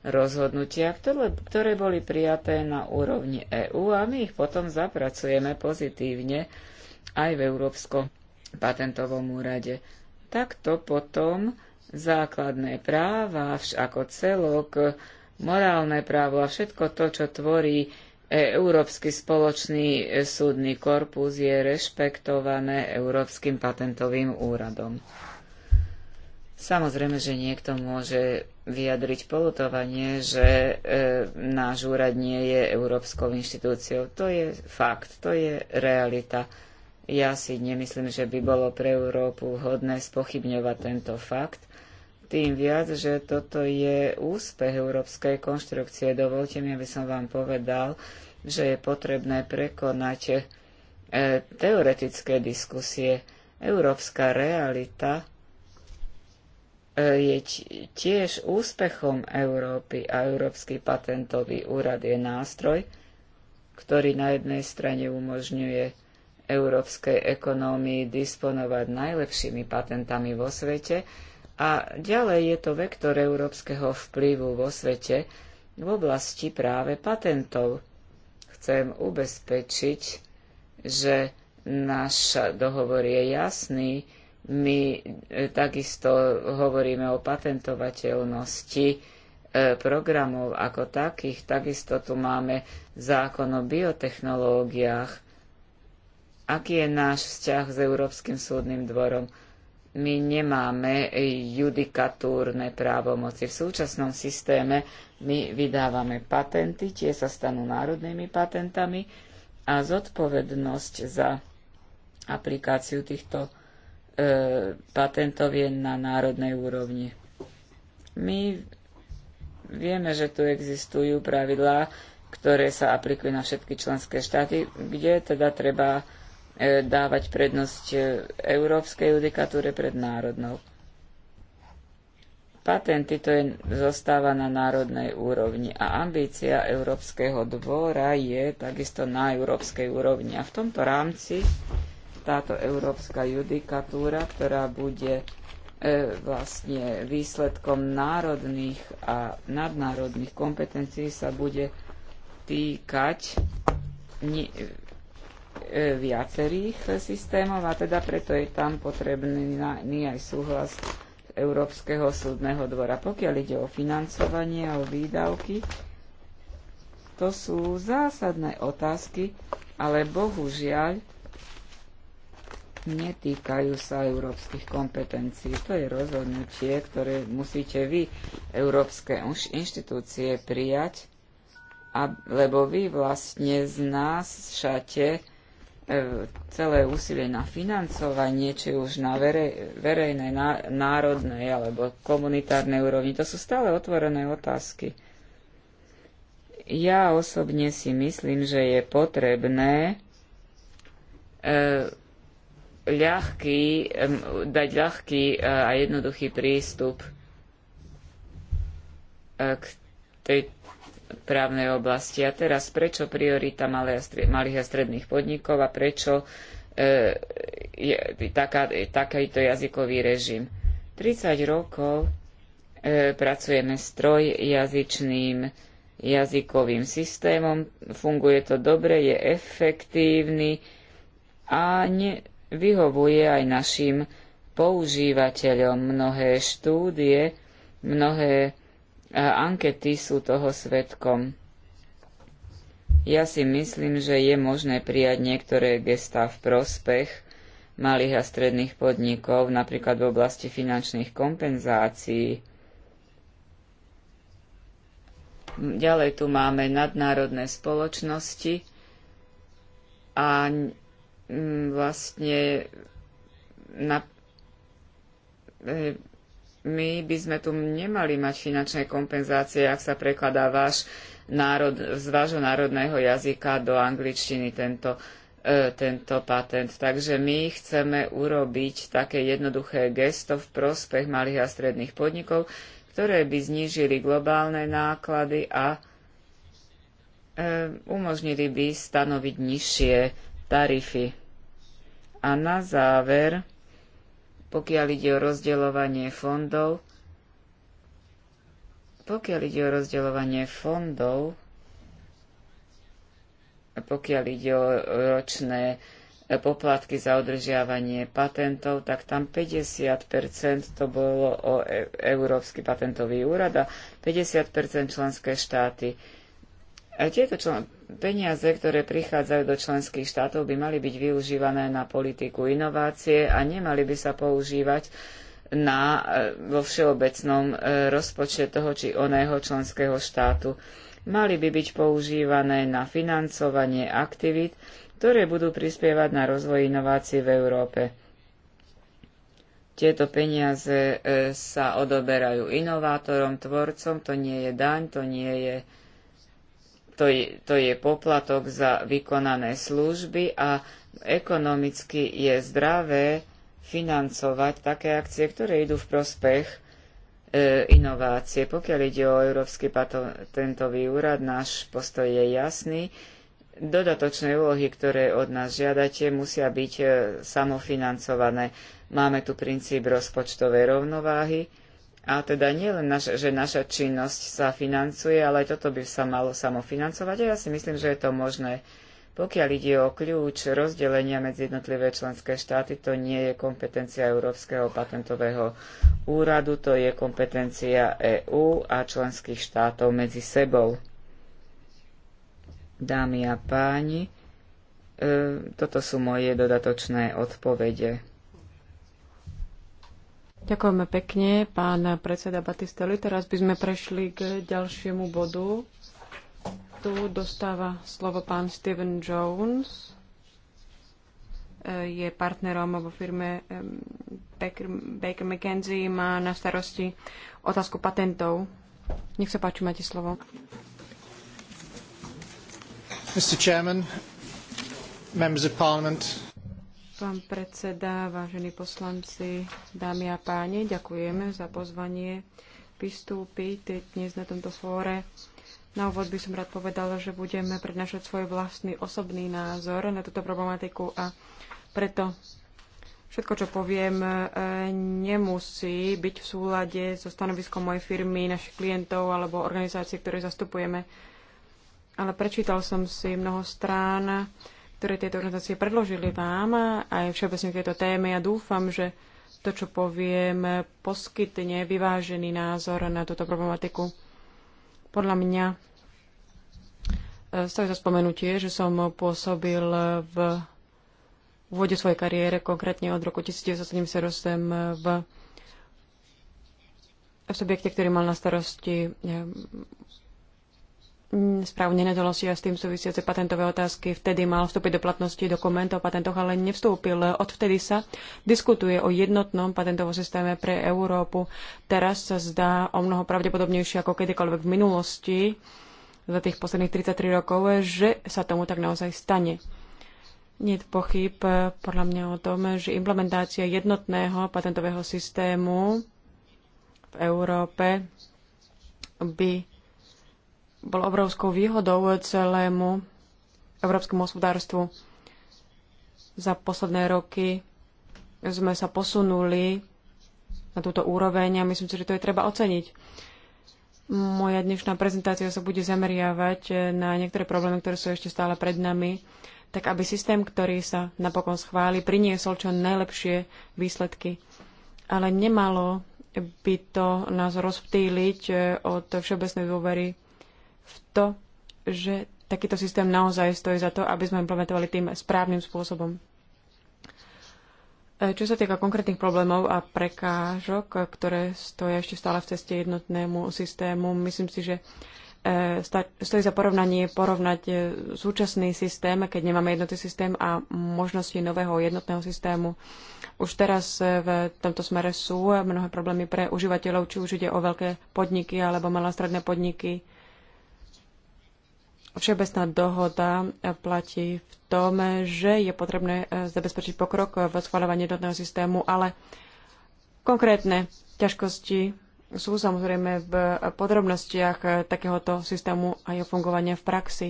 rozhodnutia, ktoré, ktoré boli prijaté na úrovni EÚ a my ich potom zapracujeme pozitívne aj v Európskom patentovom úrade. Takto potom základné práva ako celok morálne právo a všetko to, čo tvorí e, Európsky spoločný e, súdny korpus, je rešpektované Európskym patentovým úradom. Samozrejme, že niekto môže vyjadriť polutovanie, že e, náš úrad nie je európskou inštitúciou. To je fakt, to je realita. Ja si nemyslím, že by bolo pre Európu vhodné spochybňovať tento fakt tým viac, že toto je úspech európskej konštrukcie. Dovolte mi, aby som vám povedal, že je potrebné prekonať e, teoretické diskusie. Európska realita e, je tiež úspechom Európy a Európsky patentový úrad je nástroj, ktorý na jednej strane umožňuje európskej ekonómii disponovať najlepšími patentami vo svete a ďalej je to vektor európskeho vplyvu vo svete v oblasti práve patentov. Chcem ubezpečiť, že náš dohovor je jasný. My e, takisto hovoríme o patentovateľnosti e, programov ako takých. Takisto tu máme zákon o biotechnológiách. Aký je náš vzťah s Európskym súdnym dvorom? my nemáme judikatúrne právomoci. V súčasnom systéme my vydávame patenty, tie sa stanú národnými patentami a zodpovednosť za aplikáciu týchto e, patentov je na národnej úrovni. My vieme, že tu existujú pravidlá, ktoré sa aplikujú na všetky členské štáty, kde teda treba E, dávať prednosť e, európskej judikatúre pred národnou. Patenty to je, zostáva na národnej úrovni a ambícia Európskeho dvora je takisto na európskej úrovni. A v tomto rámci táto európska judikatúra, ktorá bude e, vlastne výsledkom národných a nadnárodných kompetencií, sa bude týkať viacerých systémov a teda preto je tam potrebný aj súhlas Európskeho súdneho dvora. Pokiaľ ide o financovanie a o výdavky, to sú zásadné otázky, ale bohužiaľ netýkajú sa európskych kompetencií. To je rozhodnutie, ktoré musíte vy, európske inštitúcie, prijať, a, lebo vy vlastne znášate E, celé úsilie na financovanie, či už na verejnej, národnej alebo komunitárnej úrovni, to sú stále otvorené otázky. Ja osobne si myslím, že je potrebné e, ľahký, dať ľahký e, a jednoduchý prístup k tej, právnej oblasti. A teraz prečo priorita malých a stredných podnikov a prečo e, je, taká, takýto jazykový režim? 30 rokov e, pracujeme s trojjazyčným jazykovým systémom, funguje to dobre, je efektívny a ne, vyhovuje aj našim používateľom. Mnohé štúdie, mnohé ankety sú toho svetkom. Ja si myslím, že je možné prijať niektoré gestá v prospech malých a stredných podnikov, napríklad v oblasti finančných kompenzácií. Ďalej tu máme nadnárodné spoločnosti a mm, vlastne na, e, my by sme tu nemali mať finančné kompenzácie, ak sa prekladá váš národ, z vášho národného jazyka do angličtiny tento, e, tento patent. Takže my chceme urobiť také jednoduché gesto v prospech malých a stredných podnikov, ktoré by znížili globálne náklady a e, umožnili by stanoviť nižšie tarify. A na záver pokiaľ ide o rozdeľovanie fondov, pokiaľ ide o rozdeľovanie fondov, pokiaľ ide o ročné e, poplatky za održiavanie patentov, tak tam 50% to bolo o e, Európsky patentový úrad a 50% členské štáty. A tieto člen- Peniaze, ktoré prichádzajú do členských štátov, by mali byť využívané na politiku inovácie a nemali by sa používať na, e, vo všeobecnom e, rozpočte toho či oného členského štátu. Mali by byť používané na financovanie aktivít, ktoré budú prispievať na rozvoj inovácií v Európe. Tieto peniaze e, sa odoberajú inovátorom, tvorcom, to nie je daň, to nie je to je, to je poplatok za vykonané služby a ekonomicky je zdravé financovať také akcie, ktoré idú v prospech e, inovácie. Pokiaľ ide o Európsky patentový úrad, náš postoj je jasný. Dodatočné úlohy, ktoré od nás žiadate, musia byť e, samofinancované. Máme tu princíp rozpočtovej rovnováhy a teda nie len, že naša činnosť sa financuje, ale aj toto by sa malo samofinancovať. A ja si myslím, že je to možné. Pokiaľ ide o kľúč rozdelenia medzi jednotlivé členské štáty, to nie je kompetencia Európskeho patentového úradu, to je kompetencia EÚ a členských štátov medzi sebou. Dámy a páni, e, toto sú moje dodatočné odpovede. Ďakujeme pekne, pán predseda Batisteli. Teraz by sme prešli k ďalšiemu bodu. Tu dostáva slovo pán Steven Jones. E, je partnerom vo firme Baker, Baker McKenzie. Má na starosti otázku patentov. Nech sa páči, máte slovo. Mr. Chairman, members of Parliament, Pán predseda, vážení poslanci, dámy a páni, ďakujeme za pozvanie vystúpiť dnes na tomto fóre. Na úvod by som rád povedala, že budeme prednášať svoj vlastný osobný názor na túto problematiku a preto všetko, čo poviem, e, nemusí byť v súlade so stanoviskom mojej firmy, našich klientov alebo organizácie, ktoré zastupujeme. Ale prečítal som si mnoho strán ktoré tieto organizácie predložili vám aj všeobecne tieto témy a ja dúfam, že to, čo poviem, poskytne vyvážený názor na túto problematiku. Podľa mňa e, stojí za spomenutie, že som pôsobil v úvode svojej kariére, konkrétne od roku 1978 v v subjekte, ktorý mal na starosti e, Mm, správu nenadolosti a s tým súvisiace patentové otázky. Vtedy mal vstúpiť do platnosti dokument o patentoch, ale nevstúpil. Odvtedy sa diskutuje o jednotnom patentovom systéme pre Európu. Teraz sa zdá o mnoho pravdepodobnejšie ako kedykoľvek v minulosti za tých posledných 33 rokov, že sa tomu tak naozaj stane. Nie je pochyb podľa mňa o tom, že implementácia jednotného patentového systému v Európe by bol obrovskou výhodou celému európskemu hospodárstvu. Za posledné roky sme sa posunuli na túto úroveň a myslím si, že to je treba oceniť. Moja dnešná prezentácia sa bude zameriavať na niektoré problémy, ktoré sú ešte stále pred nami, tak aby systém, ktorý sa napokon schváli, priniesol čo najlepšie výsledky. Ale nemalo by to nás rozptýliť od všeobecnej dôvery v to, že takýto systém naozaj stojí za to, aby sme implementovali tým správnym spôsobom. E, čo sa týka konkrétnych problémov a prekážok, e, ktoré stoja ešte stále v ceste jednotnému systému, myslím si, že e, stojí za porovnanie porovnať súčasný systém, keď nemáme jednotný systém a možnosti nového jednotného systému. Už teraz v tomto smere sú mnohé problémy pre užívateľov, či už ide o veľké podniky alebo malé stredné podniky. Všeobecná dohoda platí v tom, že je potrebné e, zabezpečiť pokrok v schváľovaní jednotného systému, ale konkrétne ťažkosti sú samozrejme v podrobnostiach e, takéhoto systému a jeho fungovania v praxi.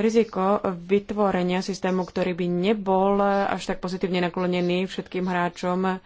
Riziko vytvorenia systému, ktorý by nebol e, až tak pozitívne naklonený všetkým hráčom,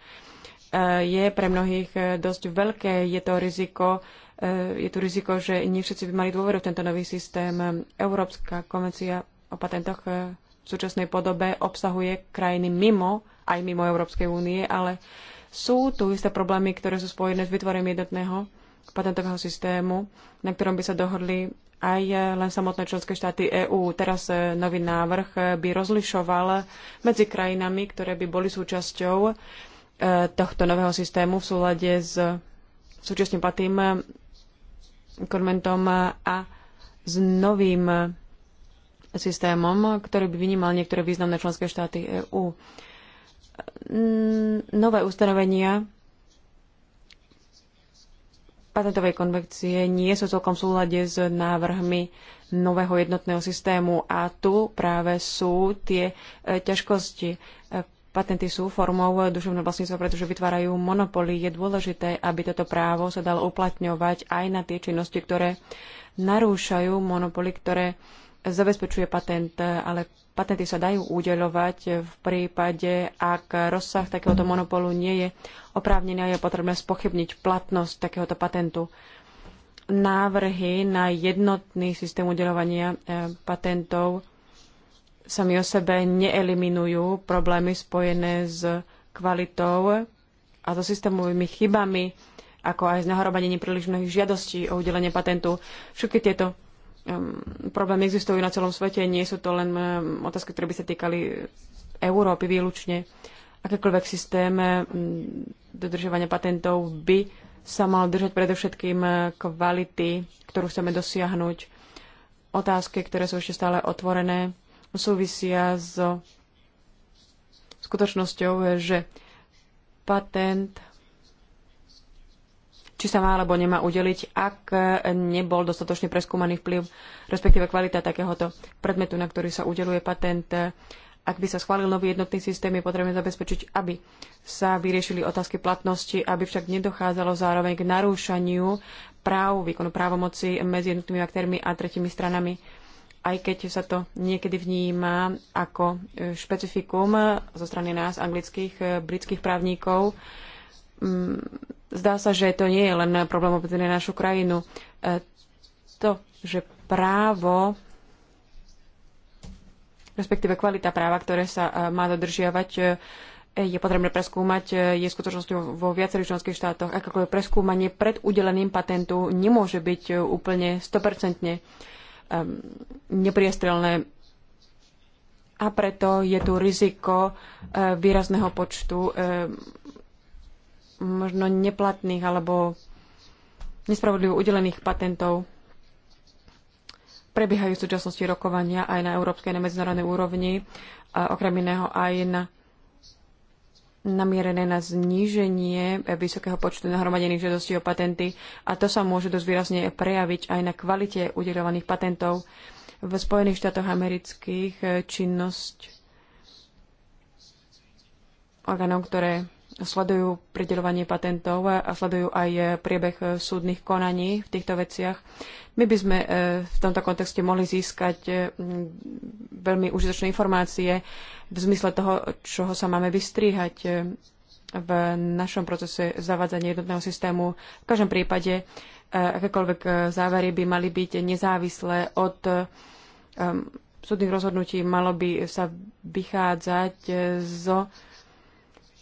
je pre mnohých dosť veľké. Je to riziko Eh, je tu riziko, že nie všetci by mali dôveru v tento nový systém. Európska konvencia o patentoch eh, v súčasnej podobe obsahuje krajiny mimo, aj mimo Európskej únie, ale sú tu isté problémy, ktoré sú spojené s vytvorením jednotného patentového systému, na ktorom by sa dohodli aj eh, len samotné členské štáty EÚ. Teraz nový návrh by rozlišoval medzi krajinami, ktoré by boli súčasťou tohto nového systému v súlade s súčasne platným konventom a s novým systémom, ktorý by vynímal niektoré významné členské štáty EÚ. Nové ustanovenia patentovej konvekcie nie sú celkom v súlade s návrhmi nového jednotného systému a tu práve sú tie e, ťažkosti. Patenty sú formou duševného vlastníctva, pretože vytvárajú monopoly. Je dôležité, aby toto právo sa dalo uplatňovať aj na tie činnosti, ktoré narúšajú monopoly, ktoré zabezpečuje patent, ale patenty sa dajú udeľovať v prípade, ak rozsah takéhoto monopolu nie je oprávnený a je potrebné spochybniť platnosť takéhoto patentu. Návrhy na jednotný systém udeľovania eh, patentov sami o sebe neeliminujú problémy spojené s kvalitou a so systémovými chybami, ako aj s nahrobadením príliš mnohých žiadostí o udelenie patentu. Všetky tieto um, problémy existujú na celom svete, nie sú to len um, otázky, ktoré by sa týkali Európy výlučne. Akékoľvek systém um, dodržovania patentov by sa mal držať predovšetkým kvality, ktorú chceme dosiahnuť. Otázky, ktoré sú ešte stále otvorené, súvisia s skutočnosťou, že patent či sa má alebo nemá udeliť, ak nebol dostatočne preskúmaný vplyv, respektíve kvalita takéhoto predmetu, na ktorý sa udeluje patent. Ak by sa schválil nový jednotný systém, je potrebné zabezpečiť, aby sa vyriešili otázky platnosti, aby však nedochádzalo zároveň k narúšaniu práv, výkonu právomoci medzi jednotnými aktérmi a tretimi stranami aj keď sa to niekedy vníma ako e, špecifikum zo strany nás, anglických, e, britských právnikov, mm, zdá sa, že to nie je len problém obmedzený na našu krajinu. E, to, že právo, respektíve kvalita práva, ktoré sa má dodržiavať, je potrebné preskúmať, je skutočnosť vo viacerých členských štátoch. Akékoľvek preskúmanie pred udeleným patentu nemôže byť úplne 100% Um, nepriestrelné. A preto je tu riziko uh, výrazného počtu um, možno neplatných alebo nespravodlivo udelených patentov. Prebiehajú v súčasnosti rokovania aj na európskej a na medzinárodnej úrovni, okrem iného aj na namierené na zníženie vysokého počtu nahromadených žiadostí o patenty a to sa môže dosť výrazne prejaviť aj na kvalite udelovaných patentov. V Spojených štátoch amerických činnosť orgánov, ktoré sledujú prideľovanie patentov a sledujú aj eh, priebeh eh, súdnych konaní v týchto veciach. My by sme eh, v tomto kontexte mohli získať veľmi užitočné informácie v zmysle toho, čoho sa máme vystriehať v našom procese zavádzania jednotného systému. V každom prípade akékoľvek závery by mali byť nezávislé od súdnych rozhodnutí, malo by sa vychádzať zo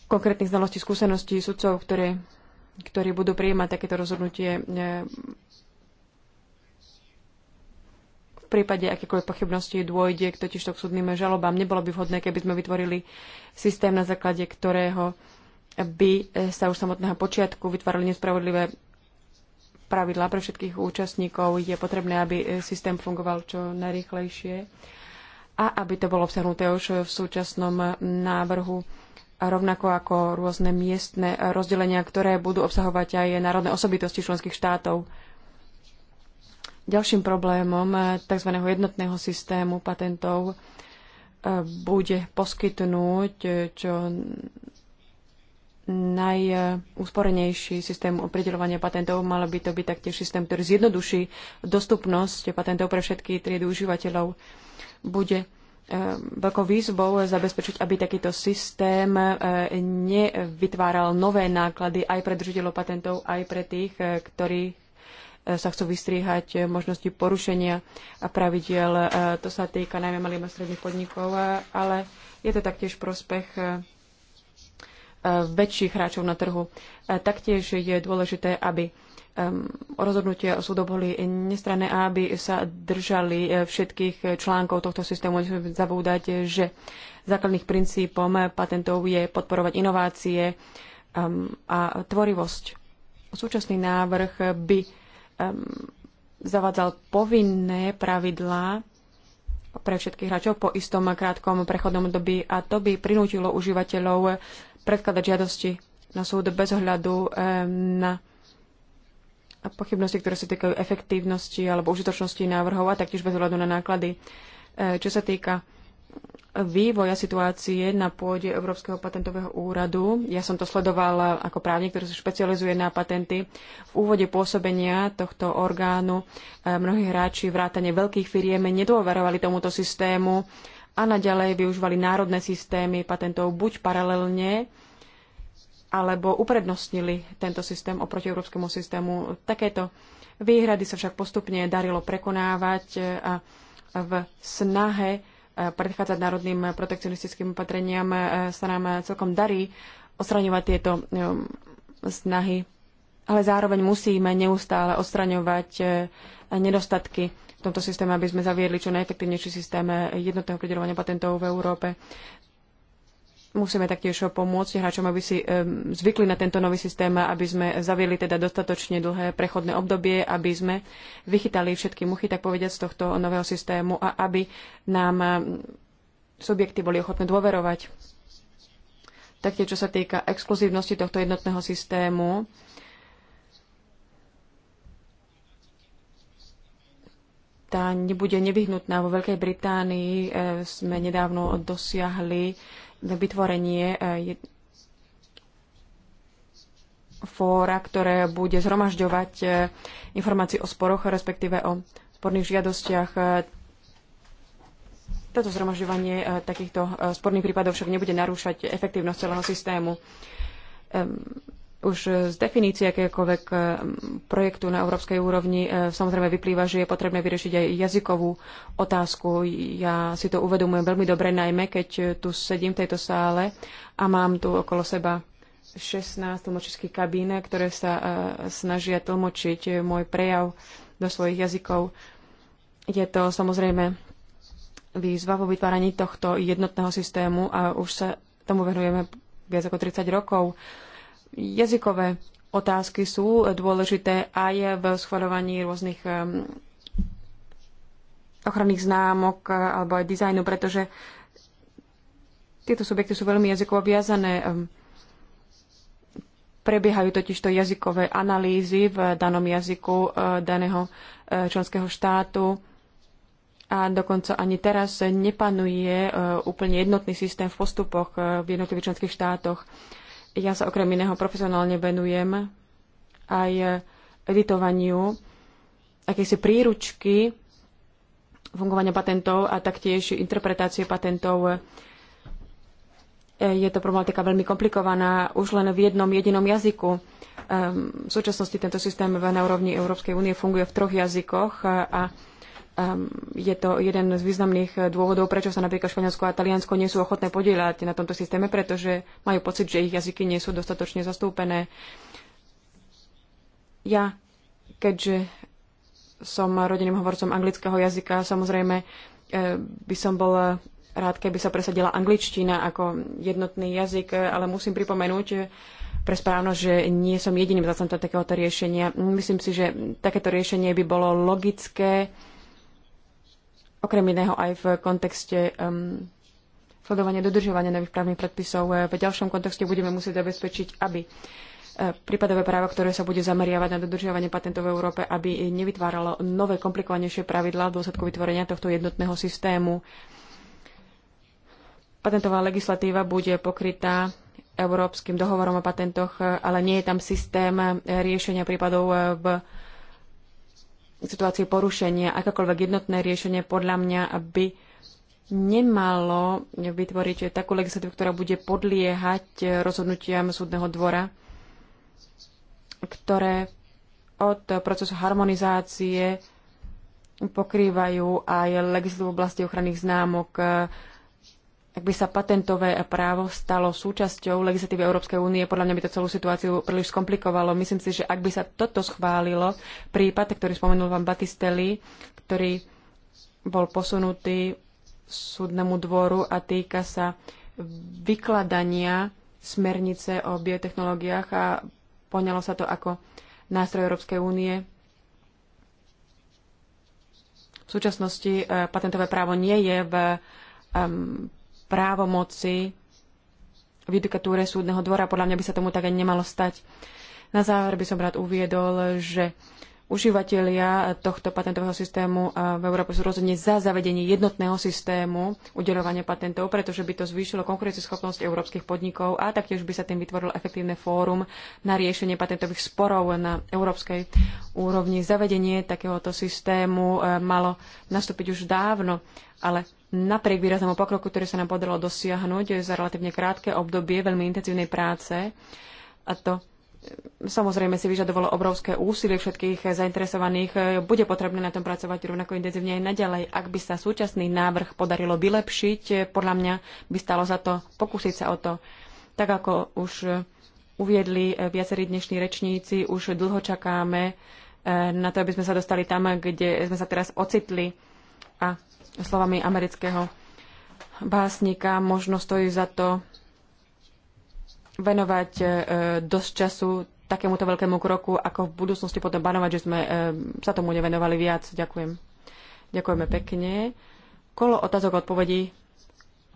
konkrétnych znalostí, skúseností sudcov, ktorí, ktorí budú prijímať takéto rozhodnutie e, v prípade akékoľvek pochybnosti dôjde k totižto k súdnym žalobám. Nebolo by vhodné, keby sme vytvorili systém, na základe ktorého by e, sa už samotného počiatku vytvárali nespravodlivé pravidlá pre všetkých účastníkov. Je potrebné, aby e, systém fungoval čo najrýchlejšie a aby to bolo obsahnuté už v súčasnom návrhu a rovnako ako rôzne miestne rozdelenia, ktoré budú obsahovať aj národné osobitosti členských štátov. Ďalším problémom eh, tzv. jednotného systému patentov eh, bude poskytnúť eh, čo najúsporenejší systém opredeľovania patentov. Mal by to byť taktiež systém, ktorý zjednoduší dostupnosť patentov pre všetky triedy užívateľov. Bude Ehm, veľkou výzvou zabezpečiť, aby takýto systém eh, nevytváral nové náklady aj pre držiteľov patentov, aj pre tých, eh, ktorí eh, sa chcú vystriehať možnosti porušenia a pravidiel. To sa týka najmä malých a stredných podnikov, ale je to taktiež prospech väčších hráčov na trhu. Taktiež je dôležité, aby rozhodnutia súdov boli nestranné, aby sa držali e, všetkých článkov tohto systému. Nesmieme zabúdať, že základných princípom patentov je podporovať inovácie a tvorivosť. Súčasný návrh by zavadzal povinné pravidlá pre všetkých hráčov po istom krátkom prechodnom dobi a to by prinútilo užívateľov predkladať žiadosti na súd bez ohľadu na a pochybnosti, ktoré sa týkajú efektívnosti alebo užitočnosti návrhov a taktiež bez hľadu na náklady. E, čo sa týka vývoja situácie na pôde Európskeho patentového úradu. Ja som to sledovala ako právnik, ktorý sa špecializuje na patenty. V úvode pôsobenia tohto orgánu e, mnohí hráči vrátane veľkých firiem nedôverovali tomuto systému a naďalej využívali národné systémy patentov buď paralelne alebo uprednostnili tento systém oproti európskemu systému. Takéto výhrady sa však postupne darilo prekonávať a v snahe e, predchádzať národným protekcionistickým opatreniam e, sa nám celkom darí odstraňovať tieto e, snahy. Ale zároveň musíme neustále odstraňovať nedostatky v tomto systéme, aby sme zaviedli čo najefektívnejší systém jednotného pridelovania patentov v Európe. Musíme taktiež pomôcť hráčom, aby si zvykli na tento nový systém, aby sme zaviedli teda dostatočne dlhé prechodné obdobie, aby sme vychytali všetky muchy, tak povediať, z tohto nového systému a aby nám subjekty boli ochotné dôverovať. Taktiež, čo sa týka exkluzívnosti tohto jednotného systému, tá nebude nevyhnutná. Vo Veľkej Británii eh, sme nedávno dosiahli vytvorenie e, fóra, ktoré bude zhromažďovať e, informácie o sporoch, respektíve o sporných žiadostiach. E, toto zhromažďovanie takýchto sporných prípadov však nebude narúšať efektívnosť celého systému. Už e, z definície akéhokoľvek e, projektu na európskej úrovni e, samozrejme vyplýva, že je potrebné vyriešiť aj jazykovú otázku. Ja si to uvedomujem veľmi dobre, najmä keď tu sedím v tejto sále a mám tu okolo seba 16 tlmočických kabín, ktoré sa snažia tlmočiť môj prejav do svojich jazykov. Je to samozrejme výzva vo vytváraní tohto jednotného systému a už sa tomu venujeme viac ako 30 rokov. Jazykové otázky sú dôležité aj v schvaľovaní rôznych ochranných známok alebo aj dizajnu, pretože tieto subjekty sú veľmi jazykovo viazané. Prebiehajú totiž to jazykové analýzy v danom jazyku e, daného e, členského štátu a dokonca ani teraz nepanuje e, úplne jednotný systém v postupoch v jednotlivých členských štátoch. Ja sa okrem iného profesionálne venujem aj editovaniu akési príručky fungovania patentov a taktiež interpretácie patentov. E, je to problematika veľmi komplikovaná už len v jednom jedinom jazyku. E, v súčasnosti tento systém na úrovni Európskej únie funguje v troch jazykoch a Ehm, je to jeden z významných eh, dôvodov, prečo sa napríklad Španielsko a Taliansko nie sú ochotné podieľať na tomto systéme, pretože majú pocit, že ich jazyky nie sú dostatočne zastúpené. Ja, keďže som rodinným hovorcom anglického jazyka, samozrejme eh, by som bol eh, rád, keby sa presadila angličtina ako jednotný jazyk, ale musím pripomenúť pre správnosť, že nie som jediným zastancom takéhoto riešenia. Myslím si, že takéto riešenie by bolo logické, okrem iného aj v kontexte um, sledovania dodržovania nových právnych predpisov. Eh, v ďalšom kontexte budeme musieť zabezpečiť, aby eh, prípadové právo, ktoré sa bude zameriavať na dodržiavanie patentov v Európe, aby nevytváralo nové komplikovanejšie pravidlá v dôsledku vytvorenia tohto jednotného systému. Patentová legislatíva bude pokrytá Európskym dohovorom o patentoch, eh, ale nie je tam systém riešenia prípadov v situácie porušenia, akákoľvek jednotné riešenie podľa mňa aby nemalo vytvoriť takú legislatívu, ktorá bude podliehať rozhodnutiam súdneho dvora, ktoré od procesu harmonizácie pokrývajú aj legislatívu v oblasti ochranných známok, ak by sa patentové právo stalo súčasťou legislatívy Európskej únie, podľa mňa by to celú situáciu príliš skomplikovalo. Myslím si, že ak by sa toto schválilo, prípad, ktorý spomenul vám Batistelli, ktorý bol posunutý súdnemu dvoru a týka sa vykladania smernice o biotechnológiách a poňalo sa to ako nástroj Európskej únie. V súčasnosti eh, patentové právo nie je v právomoci v judikatúre súdneho dvora. Podľa mňa by sa tomu tak ani nemalo stať. Na záver by som rád uviedol, že užívateľia tohto patentového systému v Európe sú rozhodne za zavedenie jednotného systému udeľovania patentov, pretože by to zvýšilo konkurencieschopnosť európskych podnikov a taktiež by sa tým vytvorilo efektívne fórum na riešenie patentových sporov na európskej úrovni. Zavedenie takéhoto systému e, malo nastúpiť už dávno, ale napriek výraznému pokroku, ktorý sa nám podarilo dosiahnuť za relatívne krátke obdobie veľmi intenzívnej práce, a to e, samozrejme si vyžadovalo obrovské úsilie všetkých zainteresovaných. E, bude potrebné na tom pracovať rovnako intenzívne aj naďalej. Ak by sa súčasný návrh podarilo vylepšiť, e, podľa mňa by stalo za to pokúsiť sa o to. Tak ako už uviedli viacerí dnešní rečníci, už dlho čakáme na to, aby sme sa dostali tam, kde sme sa teraz ocitli. A slovami amerického básnika, možno stojí za to venovať e, dosť času takémuto veľkému kroku, ako v budúcnosti potom banovať, že sme e, sa tomu nevenovali viac. Ďakujem. Ďakujeme pekne. Kolo otázok odpovedí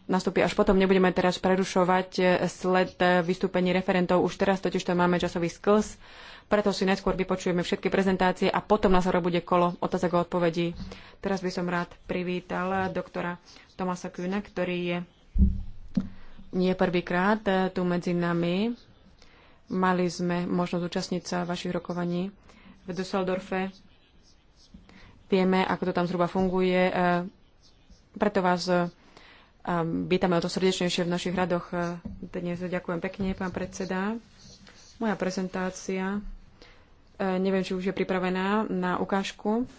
nastúpi až potom. Nebudeme teraz prerušovať eh, sled eh, vystúpení referentov. Už teraz totiž to máme časový sklz, preto si najskôr vypočujeme všetky prezentácie a potom na zároveň bude kolo otázok a odpovedí. Teraz by som rád privítal eh, doktora Tomasa Kühne, ktorý je nie prvýkrát tu medzi nami. Mali sme možnosť účastniť sa vašich rokovaní v Düsseldorfe. Vieme, ako to tam zhruba funguje. Preto vás a vítame o to srdečnejšie v našich radoch e, dnes. Ďakujem pekne, pán predseda. Moja prezentácia, e, neviem, či už je pripravená na ukážku.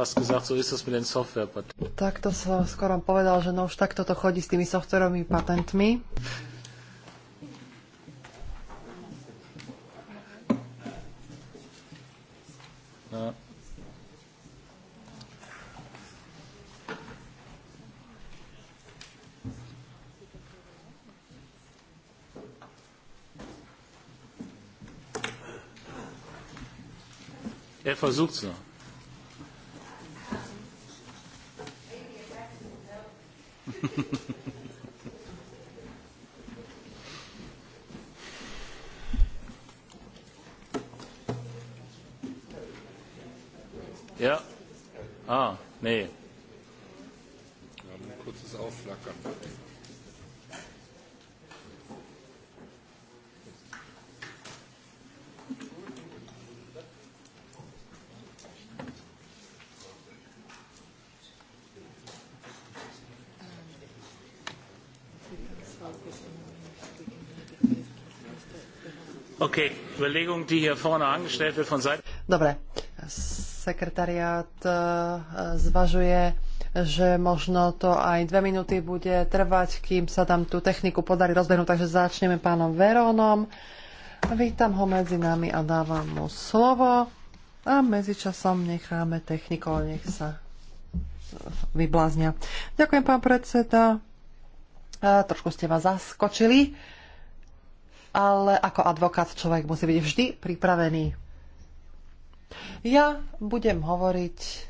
fast gesagt, so ist es mit den Softwarepaten. Tak to som skoro povedal, že no už takto to chodí s tými softwarovými patentmi. No. Er versucht es noch. Dobre, sekretariát eh, zvažuje, že možno to aj dve minúty bude trvať, kým sa tam tú techniku podarí rozbehnúť, takže začneme pánom Verónom. Vítam ho medzi nami a dávam mu slovo a medzičasom necháme technikov, nech sa vybláznia. Ďakujem, pán predseda. Eh, trošku ste ma zaskočili ale ako advokát človek musí byť vždy pripravený. Ja budem hovoriť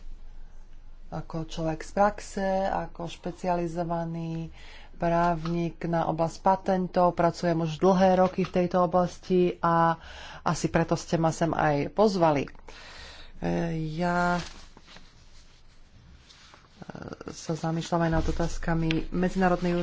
ako človek z praxe, ako špecializovaný právnik na oblasť patentov, pracujem už dlhé roky v tejto oblasti a asi preto ste ma sem aj pozvali. E, ja sa zamýšľam aj nad otázkami medzinárodnej e,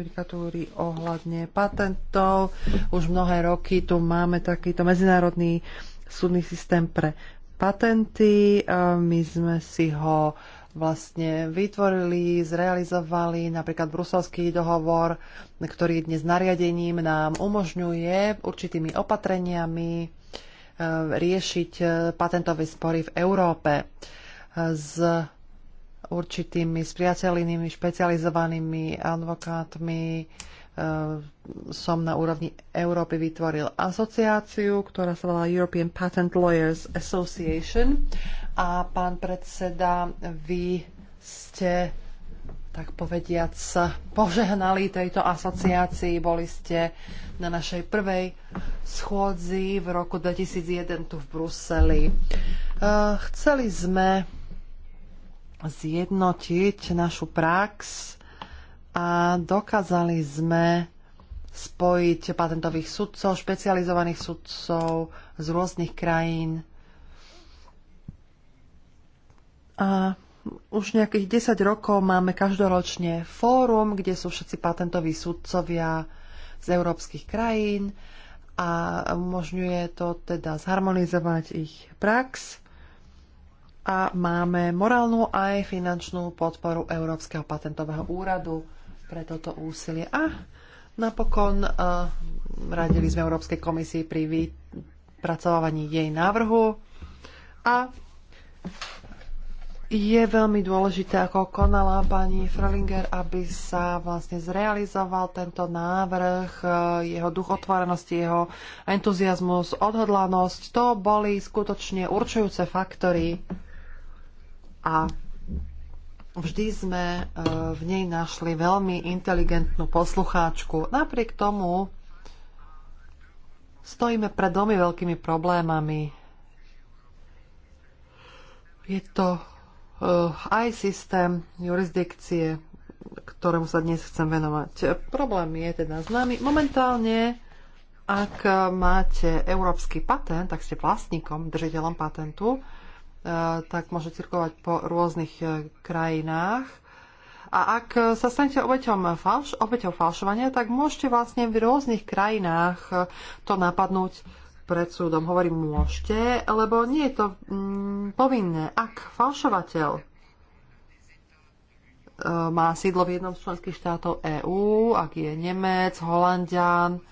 judikatúry ohľadne patentov. Už mnohé roky tu máme takýto medzinárodný súdny systém pre patenty. E, my sme si ho vlastne vytvorili, zrealizovali napríklad bruselský dohovor, ktorý dnes nariadením nám umožňuje určitými opatreniami e, riešiť patentové spory v Európe. Z určitými spriateľnými špecializovanými advokátmi. Eh, som na úrovni Európy vytvoril asociáciu, ktorá sa volá European Patent Lawyers Association. A pán predseda, vy ste tak povediac, požehnali tejto asociácii. Boli ste na našej prvej schôdzi v roku 2001 tu v Bruseli. Eh, chceli sme zjednotiť našu prax a dokázali sme spojiť patentových sudcov, špecializovaných sudcov z rôznych krajín. A už nejakých 10 rokov máme každoročne fórum, kde sú všetci patentoví sudcovia z európskych krajín a umožňuje to teda zharmonizovať ich prax a máme morálnu aj finančnú podporu Európskeho patentového úradu pre toto úsilie. A napokon uh, radili sme Európskej komisii pri vypracovávaní jej návrhu a je veľmi dôležité, ako konala pani Frelinger, aby sa vlastne zrealizoval tento návrh, eh, jeho duch otvorenosti, jeho entuziasmus, odhodlanosť. To boli skutočne určujúce faktory a vždy sme e, v nej našli veľmi inteligentnú poslucháčku. Napriek tomu stojíme pred veľmi veľkými problémami. Je to e, aj systém jurisdikcie, ktorému sa dnes chcem venovať. Problém je teda známy. Momentálne ak máte európsky patent, tak ste vlastníkom, držiteľom patentu tak môže cirkovať po rôznych e, krajinách. A ak sa stanete obeťom, falš, falšovania, tak môžete vlastne v rôznych krajinách e, to napadnúť pred súdom. Hovorím môžete, lebo nie je to mm, povinné. Ak falšovateľ e, má sídlo v jednom z členských štátov EÚ, ak je Nemec, Holandian,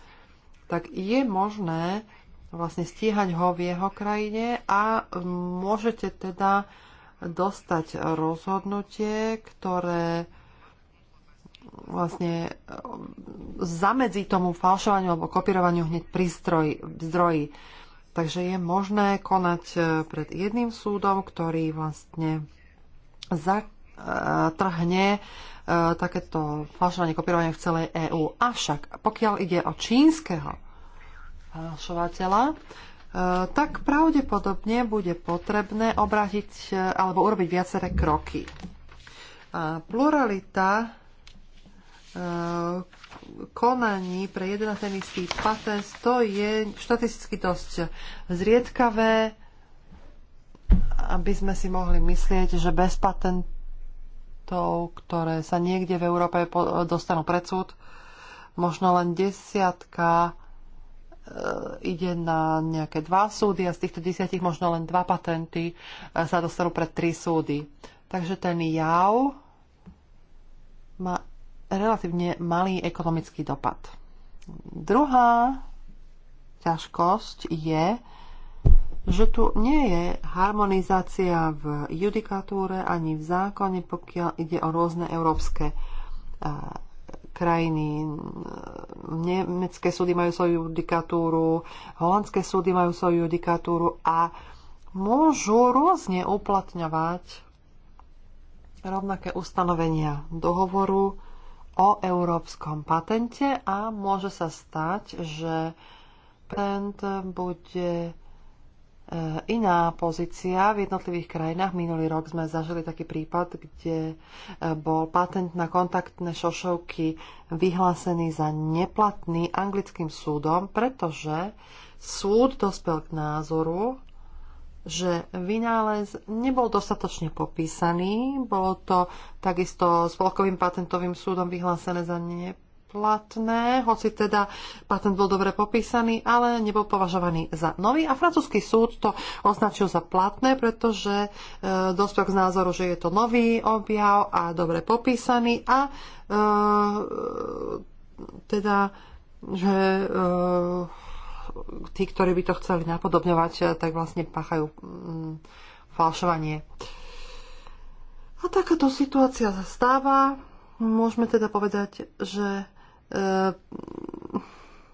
tak je možné vlastne stíhať ho v jeho krajine a môžete teda dostať rozhodnutie, ktoré vlastne um, zamedzí tomu falšovaniu alebo kopírovaniu hneď pri stroj, zdroji. Takže je možné konať e, pred jedným súdom, ktorý vlastne zatrhne e, e, takéto falšovanie, kopírovanie v celej EÚ. Avšak pokiaľ ide o čínskeho falšovateľa, e, tak pravdepodobne bude potrebné obratiť e, alebo urobiť viaceré kroky. E, pluralita konaní pre jeden a ten istý patent, to je štatisticky dosť zriedkavé, aby sme si mohli myslieť, že bez patentov, ktoré sa niekde v Európe dostanú pred súd, možno len desiatka E, ide na nejaké dva súdy a z týchto desiatich možno len dva patenty e, sa dostanú pred tri súdy. Takže ten jav má relatívne malý ekonomický dopad. Druhá ťažkosť je, že tu nie je harmonizácia v judikatúre ani v zákone, pokiaľ ide o rôzne európske e, krajiny. Nemecké súdy majú svoju judikatúru, holandské súdy majú svoju judikatúru a môžu rôzne uplatňovať rovnaké ustanovenia dohovoru o európskom patente a môže sa stať, že patent bude Eh, iná pozícia v jednotlivých krajinách. Minulý rok sme zažili taký prípad, kde eh, bol patent na kontaktné šošovky vyhlásený za neplatný anglickým súdom, pretože súd dospel k názoru, že vynález nebol dostatočne popísaný. Bolo to takisto spolkovým patentovým súdom vyhlásené za neplatný platné, hoci teda patent bol dobre popísaný, ale nebol považovaný za nový. A francúzsky súd to označil za platné, pretože e, dospel k názoru, že je to nový objav a dobre popísaný a e, teda, že e, tí, ktorí by to chceli napodobňovať, e, tak vlastne páchajú mm, falšovanie. A takáto situácia zastáva. Môžeme teda povedať, že Ehm,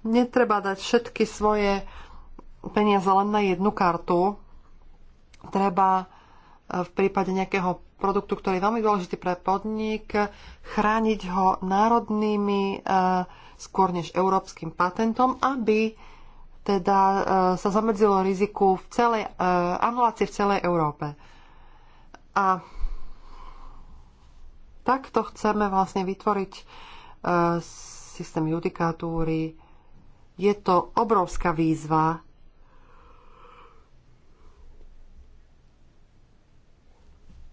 netreba dať všetky svoje peniaze len na jednu kartu. Treba e, v prípade nejakého produktu, ktorý je veľmi dôležitý pre podnik, chrániť ho národnými, e, skôr než európskym patentom, aby teda e, sa zamedzilo riziku v celej, anulácie v celej Európe. A takto chceme vlastne vytvoriť systém judikatúry. Je to obrovská výzva.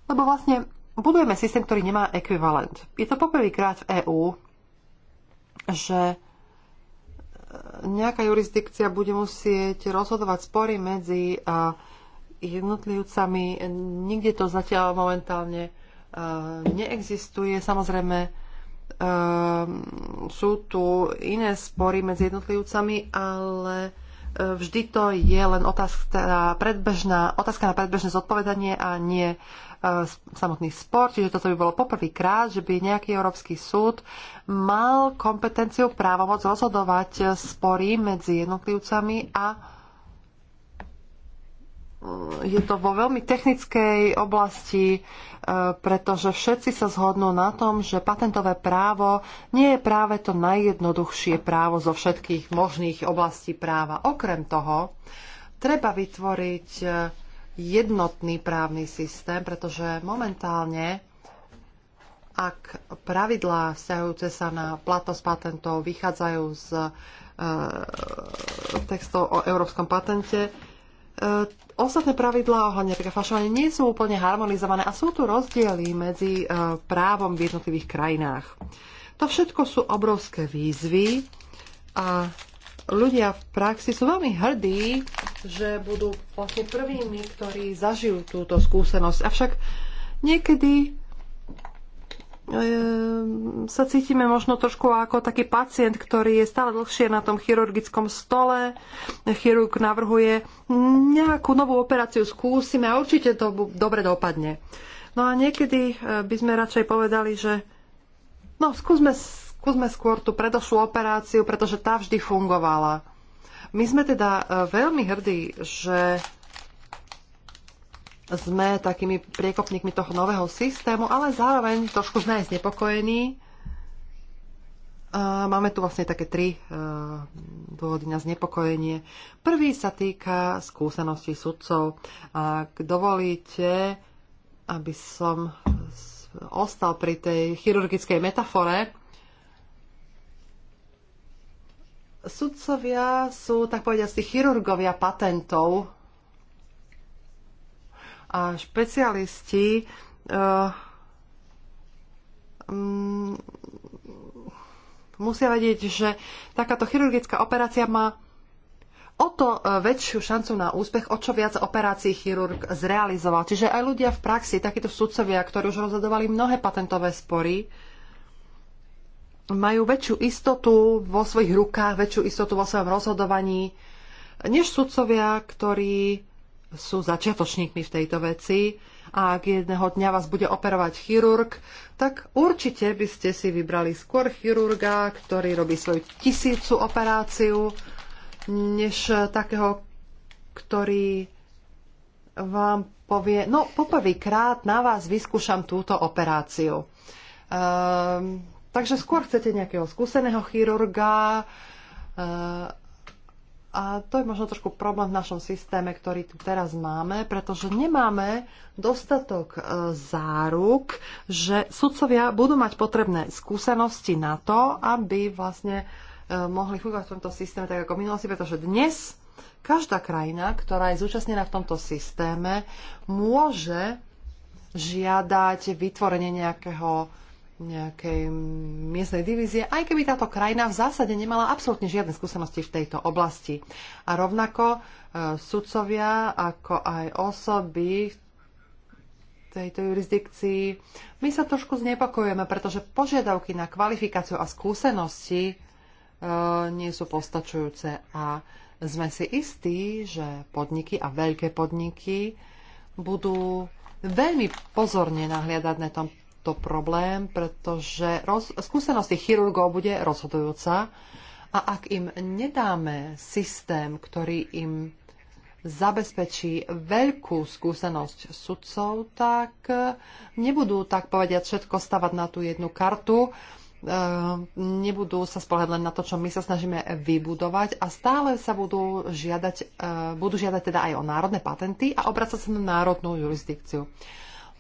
Lebo vlastne budujeme systém, ktorý nemá ekvivalent. Je to poprvýkrát v EÚ, že e, nejaká jurisdikcia bude musieť rozhodovať spory medzi jednotlivcami. Nikde to zatiaľ momentálne e, neexistuje. Samozrejme, Ehm, sú tu iné spory medzi jednotlivcami, ale e, vždy to je len otázka, predbežná, otázka na predbežné zodpovedanie a nie e, samotný spor, čiže toto by bolo poprvýkrát, že by nejaký Európsky súd mal kompetenciu právomoc rozhodovať e, spory medzi jednotlivcami a je to vo veľmi technickej oblasti, e, pretože všetci sa zhodnú na tom, že patentové právo nie je práve to najjednoduchšie právo zo všetkých možných oblastí práva. Okrem toho, treba vytvoriť e, jednotný právny systém, pretože momentálne, ak pravidlá vzťahujúce sa na platnosť patentov vychádzajú z e, textov o európskom patente, E, ostatné pravidlá ohľadne napríklad fašovania nie sú úplne harmonizované a sú tu rozdiely medzi e, právom v jednotlivých krajinách. To všetko sú obrovské výzvy a ľudia v praxi sú veľmi hrdí, že budú vlastne prvými, ktorí zažijú túto skúsenosť. Avšak niekedy Ehm, sa cítime možno trošku ako taký pacient, ktorý je stále dlhšie na tom chirurgickom stole. Chirurg navrhuje nejakú novú operáciu, skúsime a určite to dobre dopadne. No a niekedy eh, by sme radšej povedali, že no skúsme, skúsme skôr tú predošlú operáciu, pretože tá vždy fungovala. My sme teda eh, veľmi hrdí, že sme takými priekopníkmi toho nového systému, ale zároveň trošku sme aj znepokojení. Máme tu vlastne také tri e, dôvody na znepokojenie. Prvý sa týka skúseností sudcov. Ak dovolíte, aby som ostal pri tej chirurgickej metafore, sudcovia sú, tak povediať, chirurgovia patentov a špecialisti uh, musia vedieť, že takáto chirurgická operácia má o to eh, väčšiu šancu na úspech, o čo viac operácií chirurg zrealizoval. Čiže aj ľudia v praxi, takíto sudcovia, ktorí už rozhodovali mnohé patentové spory, majú väčšiu istotu vo svojich rukách, väčšiu istotu vo svojom rozhodovaní, než sudcovia, ktorí sú začiatočníkmi v tejto veci a ak jedného dňa vás bude operovať chirurg, tak určite by ste si vybrali skôr chirurga, ktorý robí svoju tisícu operáciu, než takého, ktorý vám povie, no poprvýkrát na vás vyskúšam túto operáciu. Ehm, takže skôr chcete nejakého skúseného chirurga, ehm, a to je možno trošku problém v našom systéme, ktorý tu teraz máme, pretože nemáme dostatok e, záruk, že sudcovia budú mať potrebné skúsenosti na to, aby vlastne e, mohli fungovať v tomto systéme tak ako v minulosti, pretože dnes každá krajina, ktorá je zúčastnená v tomto systéme, môže žiadať vytvorenie nejakého nejakej miestnej divízie, aj keby táto krajina v zásade nemala absolútne žiadne skúsenosti v tejto oblasti. A rovnako e, sudcovia, ako aj osoby v tejto jurisdikcii, my sa trošku znepokojujeme, pretože požiadavky na kvalifikáciu a skúsenosti e, nie sú postačujúce a sme si istí, že podniky a veľké podniky budú veľmi pozorne nahliadať na, tom, to problém, pretože roz, skúsenosti chirurgov bude rozhodujúca a ak im nedáme systém, ktorý im zabezpečí veľkú skúsenosť sudcov, tak eh, nebudú, tak povediať, všetko stavať na tú jednu kartu, eh, nebudú sa spolehať len na to, čo my sa snažíme vybudovať a stále sa budú žiadať, eh, budú žiadať teda aj o národné patenty a obracať sa na národnú jurisdikciu.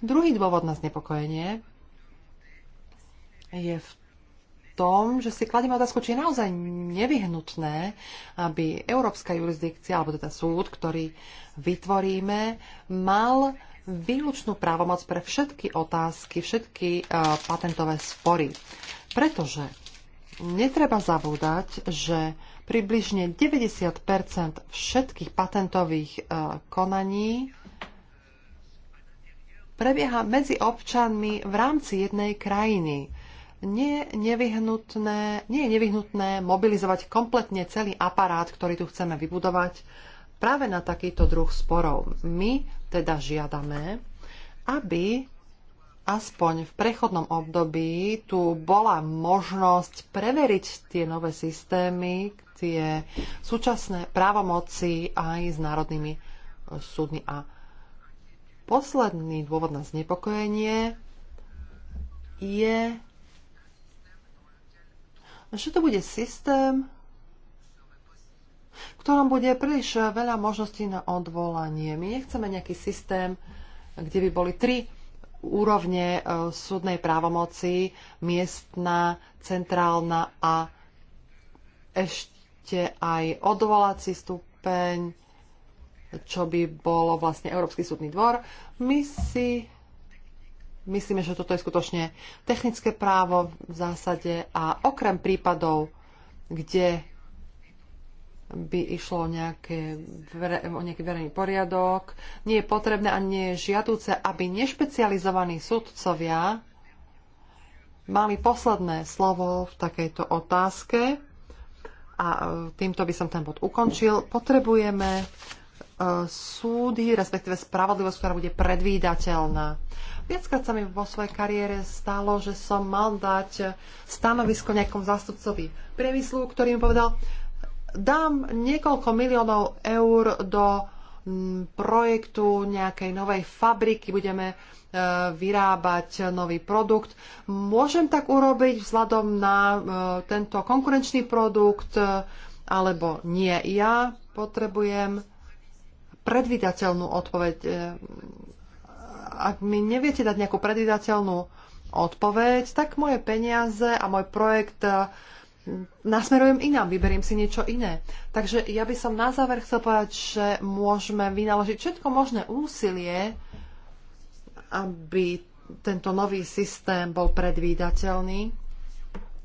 Druhý dôvod na znepokojenie je v tom, že si kladieme otázku, či je naozaj nevyhnutné, aby európska jurisdikcia, alebo teda súd, ktorý vytvoríme, mal výlučnú právomoc pre všetky otázky, všetky uh, patentové spory. Pretože netreba zabúdať, že približne 90 všetkých patentových uh, konaní prebieha medzi občanmi v rámci jednej krajiny. Nie, nevyhnutné, nie je nevyhnutné mobilizovať kompletne celý aparát, ktorý tu chceme vybudovať práve na takýto druh sporov. My teda žiadame, aby aspoň v prechodnom období tu bola možnosť preveriť tie nové systémy, tie súčasné právomoci aj s národnými súdmi a posledný dôvod na znepokojenie je, že to bude systém, v ktorom bude príliš veľa možností na odvolanie. My nechceme nejaký systém, kde by boli tri úrovne e, súdnej právomoci, miestna, centrálna a ešte aj odvolací stupeň čo by bolo vlastne Európsky súdny dvor. My si myslíme, že toto je skutočne technické právo v zásade a okrem prípadov, kde by išlo o, nejaké, o nejaký verejný poriadok. Nie je potrebné a nie je žiadúce, aby nešpecializovaní sudcovia mali posledné slovo v takejto otázke. A e, týmto by som ten bod ukončil. Potrebujeme E, súdy, respektíve spravodlivosť, ktorá bude predvídateľná. Viackrát sa mi vo svojej kariére stalo, že som mal dať stanovisko nejakom zástupcovi priemyslu, ktorý mi povedal, dám niekoľko miliónov eur do projektu nejakej novej fabriky, budeme e, vyrábať nový produkt. Môžem tak urobiť vzhľadom na e, tento konkurenčný produkt, alebo nie. Ja potrebujem predvydateľnú odpoveď. E, ak mi neviete dať nejakú predvydateľnú odpoveď, tak moje peniaze a môj projekt e, nasmerujem inám, vyberiem si niečo iné. Takže ja by som na záver chcel povedať, že môžeme vynaložiť všetko možné úsilie, aby tento nový systém bol predvídateľný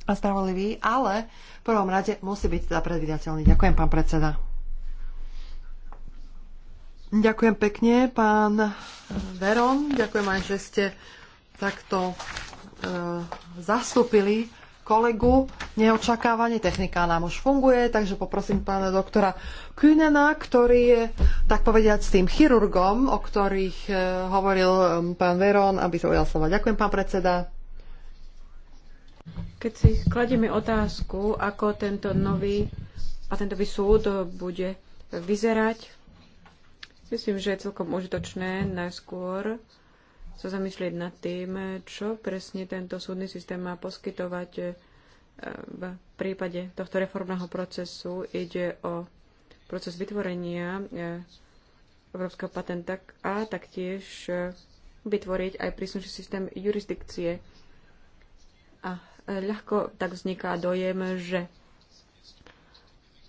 a spravodlivý, ale v prvom rade musí byť teda predvídateľný. Ďakujem, pán predseda. Ďakujem pekne, pán Veron. Ďakujem aj, že ste takto e, zastúpili kolegu. Neočakávanie technika nám už funguje, takže poprosím pána doktora Kühnena, ktorý je, tak povediať, s tým chirurgom, o ktorých e, hovoril pán Veron, aby sa ujal slova. Ďakujem, pán predseda. Keď si kladieme otázku, ako tento nový patentový súd bude vyzerať, Myslím, že je celkom užitočné najskôr sa zamyslieť nad tým, čo presne tento súdny systém má poskytovať eh, v prípade tohto reformného procesu. Ide o proces vytvorenia eh, európskeho patenta a taktiež eh, vytvoriť aj príslušný systém jurisdikcie. A ľahko tak vzniká dojem, že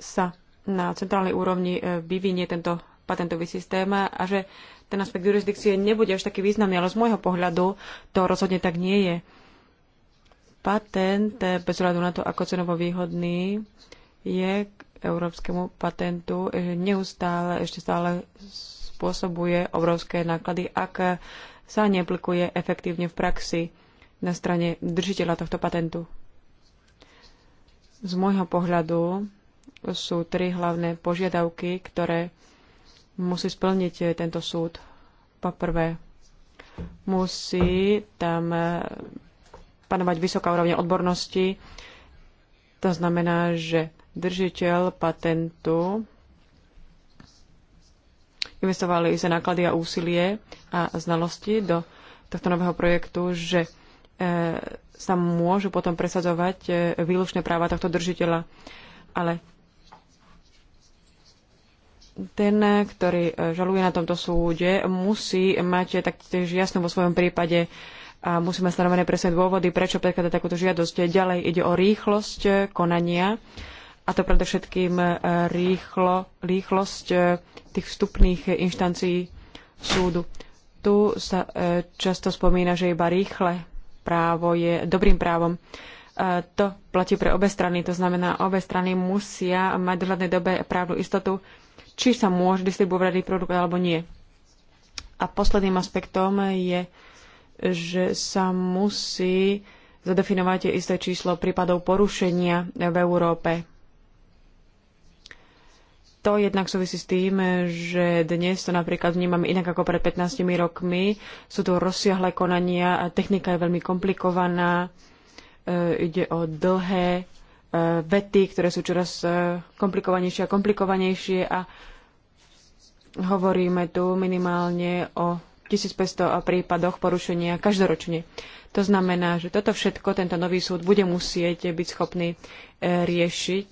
sa na centrálnej úrovni vyvinie tento patentový systém a že ten aspekt jurisdikcie nebude až taký významný, ale z môjho pohľadu to rozhodne tak nie je. Patent, eh, bez hľadu na to, ako cenovo výhodný, je k európskemu patentu eh, neustále, ešte stále spôsobuje obrovské náklady, ak sa neaplikuje efektívne v praxi na strane držiteľa tohto patentu. Z môjho pohľadu sú tri hlavné požiadavky, ktoré musí splniť eh, tento súd. Poprvé, musí tam eh, panovať vysoká úroveň odbornosti. To znamená, že držiteľ patentu investovali sa náklady a úsilie a znalosti do tohto nového projektu, že eh, sa môžu potom presadzovať výlučné práva tohto držiteľa. Ale ten, ktorý e, žaluje na tomto súde, musí mať taktiež jasno vo svojom prípade a musí mať stanovené presne dôvody, prečo predkladá takúto žiadosť. Ďalej ide o rýchlosť e, konania a to predovšetkým e, rýchlo, rýchlosť tých vstupných inštancií súdu. Tu sa často spomína, že iba rýchle právo je dobrým právom to platí pre obe strany. To znamená, obe strany musia mať v dohľadnej dobe právnu istotu či sa môže distribuovať reprodukt produkt alebo nie. A posledným aspektom je, že sa musí zadefinovať isté číslo prípadov porušenia v Európe. To jednak súvisí s tým, že dnes to napríklad vnímame inak ako pred 15 rokmi. Sú tu rozsiahle konania, a technika je veľmi komplikovaná, e, ide o dlhé E, vety, ktoré sú čoraz e, komplikovanejšie a komplikovanejšie a hovoríme tu minimálne o 1500 prípadoch porušenia každoročne. To znamená, že toto všetko tento nový súd bude musieť byť schopný e, riešiť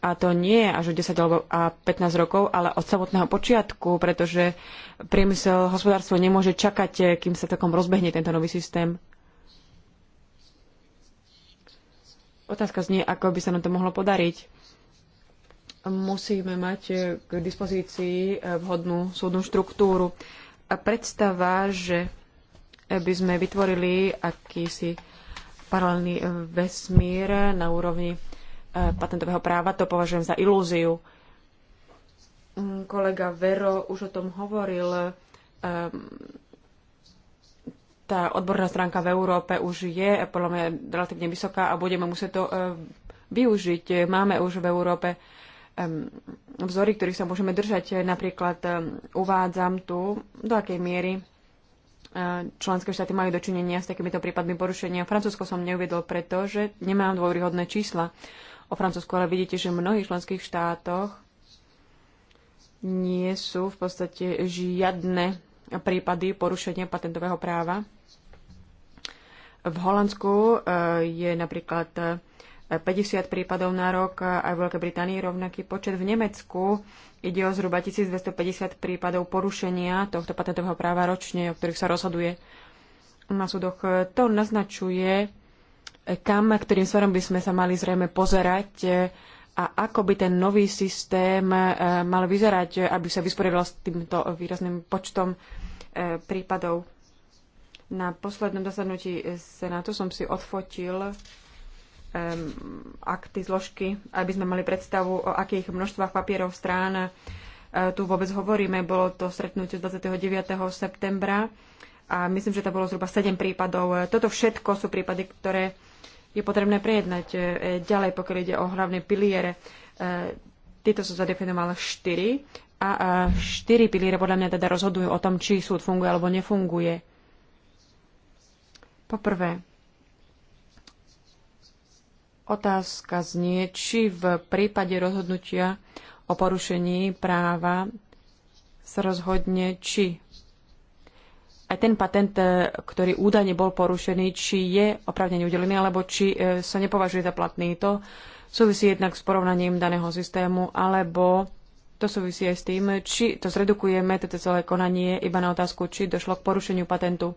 a to nie až o 10 alebo 15 rokov, ale od samotného počiatku, pretože priemysel, hospodárstvo nemôže čakať, kým sa takom rozbehne tento nový systém. Otázka znie, ako by sa nám to mohlo podariť. Musíme mať eh, k dispozícii eh, vhodnú súdnu štruktúru. A predstava, že eh, by sme vytvorili akýsi paralelný vesmír na úrovni patentového práva, to považujem za ilúziu. Mm, kolega Vero už o tom hovoril tá odborná stránka v Európe už je eh, podľa mňa relatívne vysoká a budeme musieť to eh, využiť. Máme už v Európe vzory, ktorých sa môžeme držať. Napríklad uvádzam tu, do akej miery eh, členské štáty majú dočinenia s takýmito prípadmi porušenia. Francúzsko som neuviedol, pretože nemám dôvryhodné čísla o Francúzsku, ale vidíte, že v mnohých členských štátoch nie sú v podstate žiadne prípady porušenia patentového práva. V Holandsku e, je napríklad 50 e, prípadov na rok, e, aj v Veľkej Británii rovnaký počet. V Nemecku ide o zhruba 1250 prípadov porušenia tohto patentového práva ročne, o ktorých sa rozhoduje na súdoch. To naznačuje, kam, ktorým smerom by sme sa mali zrejme pozerať a ako by ten nový systém mal vyzerať, aby sa vysporiadal s týmto výrazným počtom prípadov. Na poslednom zasadnutí Senátu som si odfotil um, akty zložky, aby sme mali predstavu, o akých množstvách papierov strán e, tu vôbec hovoríme. Bolo to stretnutie z 29. septembra a myslím, že to bolo zhruba 7 prípadov. Toto všetko sú prípady, ktoré je potrebné prejednať e, ďalej, pokiaľ ide o hlavné piliere. E, tieto sú zadefinované 4 a 4 piliere podľa mňa teda rozhodujú o tom, či súd funguje alebo nefunguje. Poprvé, otázka znie, či v prípade rozhodnutia o porušení práva sa rozhodne, či aj ten patent, e, ktorý údajne bol porušený, či je opravnene udelený, alebo či e, sa nepovažuje za platný. To súvisí jednak s porovnaním daného systému, alebo to súvisí aj s tým, či to zredukujeme, toto celé konanie, iba na otázku, či došlo k porušeniu patentu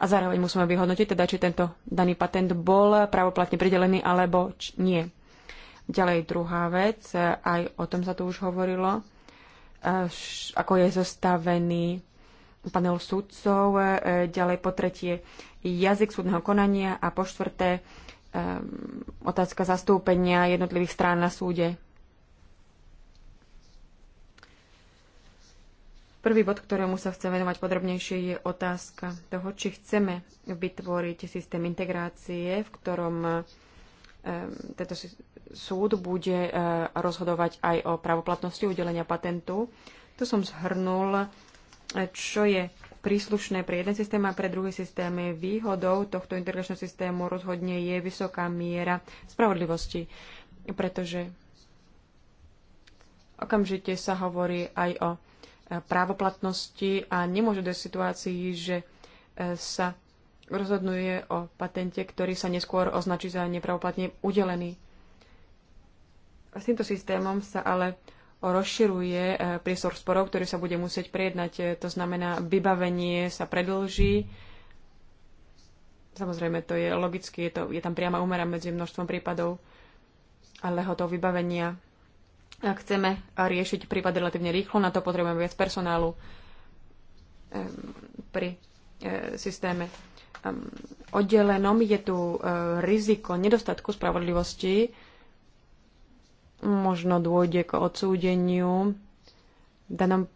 a zároveň musíme vyhodnotiť, teda, či tento daný patent bol právoplatne pridelený alebo nie. Ďalej druhá vec, e, aj o tom sa tu už hovorilo, e, ako je zostavený panel súdcov, e, ďalej po tretie jazyk súdneho konania a po štvrté otázka zastúpenia jednotlivých strán na súde. Prvý bod, ktorému sa chcem venovať podrobnejšie, je otázka toho, či chceme vytvoriť systém integrácie, v ktorom e, tento súd bude e, rozhodovať aj o pravoplatnosti udelenia patentu. Tu som zhrnul, e, čo je príslušné pre jeden systém a pre druhý systém. Výhodou tohto integračného systému rozhodne je vysoká miera spravodlivosti, pretože okamžite sa hovorí aj o právoplatnosti a nemôže do situácií, že e, sa rozhodnuje o patente, ktorý sa neskôr označí za nepravoplatne udelený. S týmto systémom sa ale rozširuje e, priestor sporov, ktorý sa bude musieť prejednať. E, to znamená, vybavenie sa predlží. Samozrejme, to je logicky, je, to, je tam priama úmera medzi množstvom prípadov, ale ho vybavenia ak chceme riešiť prípad relatívne rýchlo, na to potrebujeme viac personálu pri e, systéme oddelenom. Je tu e, riziko nedostatku spravodlivosti, možno dôjde k odsúdeniu. V danom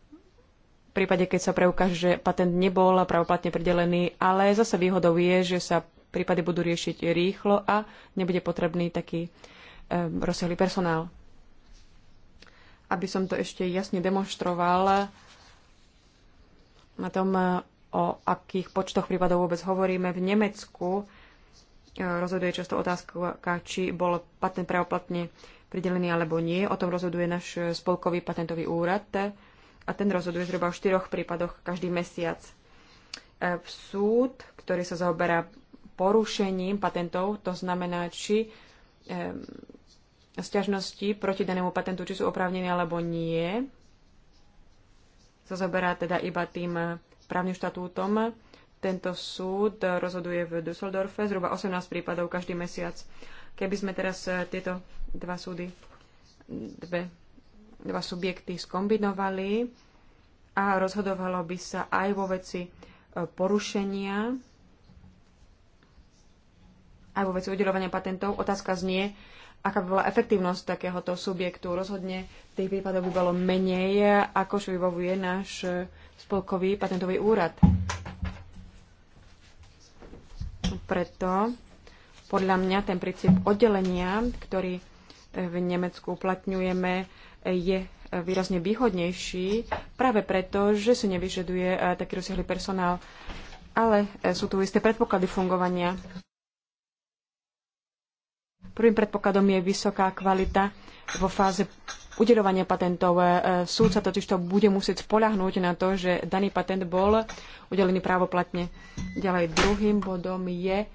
prípade, keď sa preukáže, že patent nebol pravoplatne pridelený, ale zase výhodou je, že sa prípady budú riešiť rýchlo a nebude potrebný taký um, rozsiahly personál aby som to ešte jasne demonstroval na tom, e, o akých počtoch prípadov vôbec hovoríme. V Nemecku e, rozhoduje často otázka, či bol patent preoplatne pridelený alebo nie. O tom rozhoduje náš spolkový patentový úrad a ten rozhoduje zhruba o štyroch prípadoch každý mesiac. V e, súd, ktorý sa zaoberá porušením patentov, to znamená, či sťažnosti proti danému patentu, či sú oprávnené alebo nie. Sa zoberá teda iba tým právnym štatútom. Tento súd rozhoduje v Düsseldorfe zhruba 18 prípadov každý mesiac. Keby sme teraz eh, tieto dva súdy, dve, dva subjekty skombinovali a rozhodovalo by sa aj vo veci eh, porušenia aj vo veci udelovania patentov. Otázka znie, aká by bola efektívnosť takéhoto subjektu. Rozhodne tých prípadov by bolo menej, ako čo vybavuje náš spolkový patentový úrad. Preto podľa mňa ten princíp oddelenia, ktorý v Nemecku uplatňujeme, je výrazne výhodnejší práve preto, že si nevyžaduje eh, taký rozsiahly personál. Ale eh, sú tu isté predpoklady fungovania Prvým predpokladom je vysoká kvalita vo fáze udeľovania patentov. E, Súd sa totiž to bude musieť spolahnúť na to, že daný patent bol udelený právoplatne. Ďalej druhým bodom je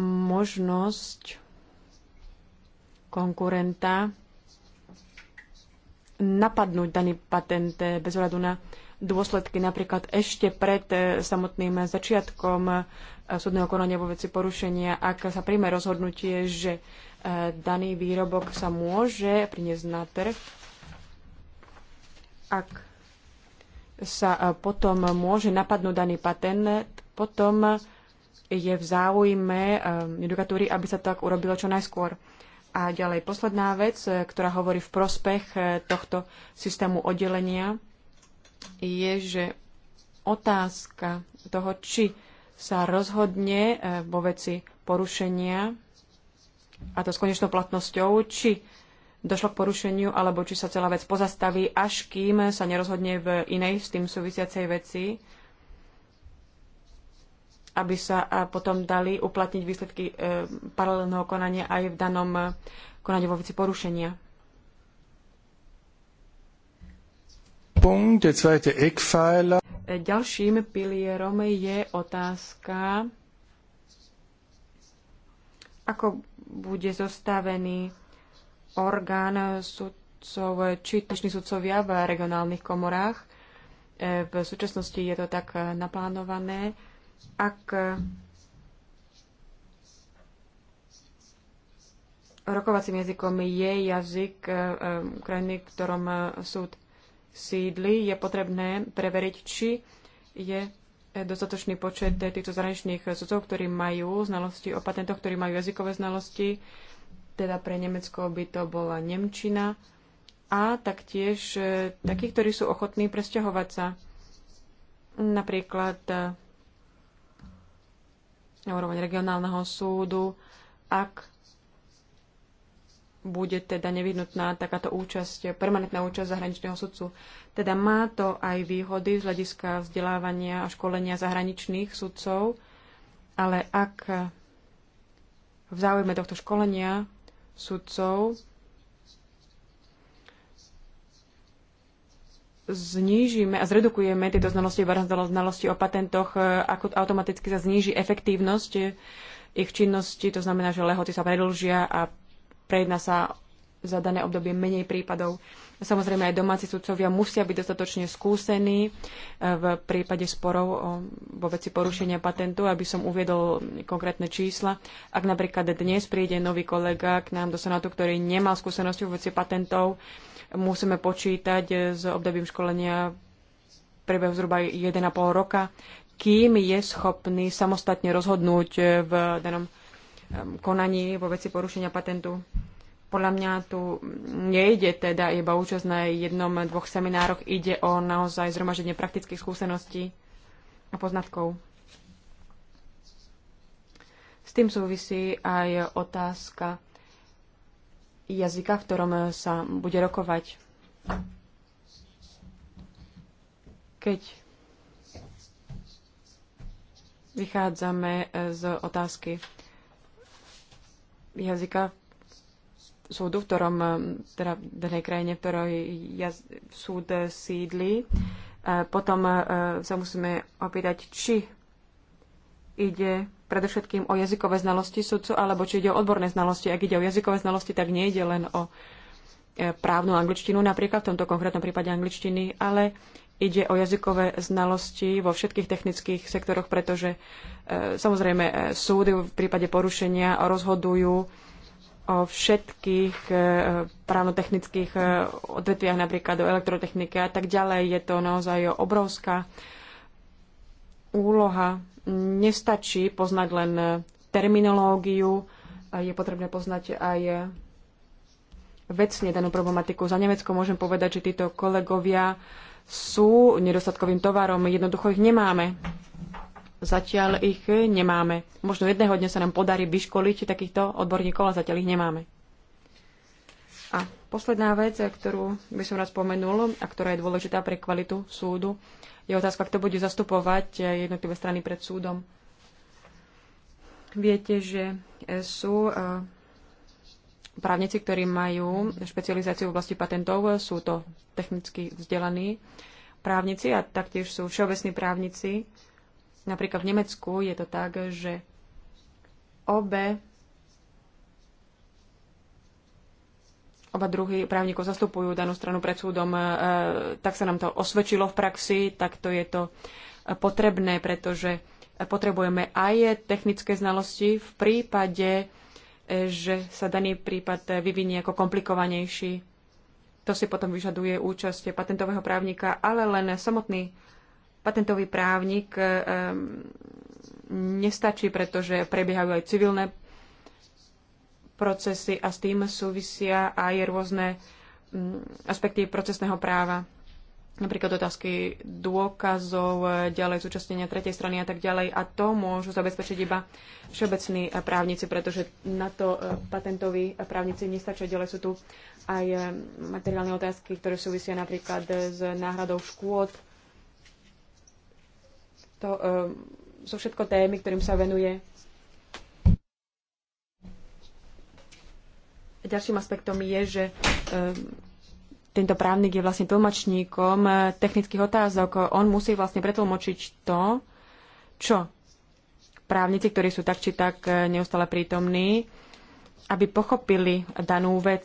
možnosť konkurenta napadnúť daný patent e, bez ohľadu na dôsledky napríklad ešte pred e, samotným začiatkom súdneho konania vo veci porušenia, ak sa príjme rozhodnutie, že E, daný výrobok sa môže priniesť na trh, ak sa e, potom môže napadnúť daný patent, potom je v záujme e, judikatúry, aby sa tak urobilo čo najskôr. A ďalej posledná vec, ktorá hovorí v prospech tohto systému oddelenia, je, že otázka toho, či sa rozhodne vo veci porušenia a to s konečnou platnosťou, či došlo k porušeniu, alebo či sa celá vec pozastaví, až kým sa nerozhodne v inej s tým súvisiacej veci, aby sa potom dali uplatniť výsledky e, paralelného konania aj v danom e, konaní vo veci porušenia. E, ďalším pilierom je otázka, ako bude zostavený orgán sudcov, či tační sudcovia v regionálnych komorách. E, v súčasnosti je to tak naplánované. Ak rokovacím jazykom je jazyk e, krajiny, ktorom súd sídli, je potrebné preveriť, či je dostatočný počet týchto zahraničných sudcov, ktorí majú znalosti o patentoch, ktorí majú jazykové znalosti. Teda pre Nemecko by to bola Nemčina. A taktiež e, takí, ktorí sú ochotní presťahovať sa. Napríklad e, na úroveň regionálneho súdu, ak bude teda nevyhnutná takáto účasť, permanentná účasť zahraničného sudcu. Teda má to aj výhody z hľadiska vzdelávania a školenia zahraničných sudcov, ale ak v záujme tohto školenia sudcov znížime a zredukujeme tieto znalosti, znalosti o patentoch, ako automaticky sa zníži efektívnosť ich činnosti, to znamená, že lehoty sa predlžia a prejedná sa za dané obdobie menej prípadov. Samozrejme, aj domáci sudcovia musia byť dostatočne skúsení eh, v prípade sporov vo veci porušenia patentu, aby som uviedol konkrétne čísla. Ak napríklad dnes príde nový kolega k nám do Senátu, ktorý nemal skúsenosti vo veci patentov, musíme počítať eh, s obdobím školenia prebehu zhruba 1,5 roka, kým je schopný samostatne rozhodnúť eh, v danom konaní vo veci porušenia patentu. Podľa mňa tu nejde teda iba účasť na jednom, dvoch seminároch, ide o naozaj zhromaždenie praktických skúseností a poznatkov. S tým súvisí aj otázka jazyka, v ktorom sa bude rokovať. Keď vychádzame z otázky jazyka súdu, v ktorom eh, teda v danej krajine, v ktorej jaz, súd sídli. Potom eh, sa musíme opýtať, či ide predovšetkým o jazykové znalosti sudcu, alebo či ide o odborné znalosti. Ak ide o jazykové znalosti, tak nie ide len o eh, právnu angličtinu, napríklad v tomto konkrétnom prípade angličtiny, ale ide o jazykové znalosti vo všetkých technických sektoroch, pretože e, samozrejme e, súdy v prípade porušenia rozhodujú o všetkých e, právno-technických odvetviach, napríklad o elektrotechnike a tak ďalej. Je to naozaj obrovská úloha. Nestačí poznať len terminológiu, je potrebné poznať aj vecne danú problematiku. Za Nemecko môžem povedať, že títo kolegovia sú nedostatkovým tovarom. Jednoducho ich nemáme. Zatiaľ ich nemáme. Možno jedného dňa sa nám podarí vyškoliť takýchto odborníkov, a zatiaľ ich nemáme. A posledná vec, ktorú by som raz spomenul a ktorá je dôležitá pre kvalitu súdu, je otázka, kto bude zastupovať jednotlivé strany pred súdom. Viete, že sú eh, právnici, ktorí majú špecializáciu v oblasti patentov, sú to technicky vzdelaní právnici a taktiež sú všeobecní právnici. Napríklad v Nemecku je to tak, že obe oba druhy právnikov zastupujú danú stranu pred súdom, e, tak sa nám to osvedčilo v praxi, tak to je to potrebné, pretože potrebujeme aj technické znalosti v prípade že sa daný prípad vyvinie ako komplikovanejší. To si potom vyžaduje účasť patentového právnika, ale len samotný patentový právnik um, nestačí, pretože prebiehajú aj civilné procesy a s tým súvisia aj rôzne um, aspekty procesného práva napríklad otázky dôkazov, ďalej zúčastnenia tretej strany a tak ďalej. A to môžu zabezpečiť iba všeobecní právnici, pretože na to e, patentoví právnici nestačia. Ďalej sú tu aj e, materiálne otázky, ktoré súvisia napríklad s náhradou škôd. To e, sú všetko témy, ktorým sa venuje. Ďalším aspektom je, že tento právnik je vlastne tlmočníkom eh, technických otázok. On musí vlastne pretlmočiť to, čo právnici, ktorí sú tak či tak eh, neustále prítomní, aby pochopili danú vec.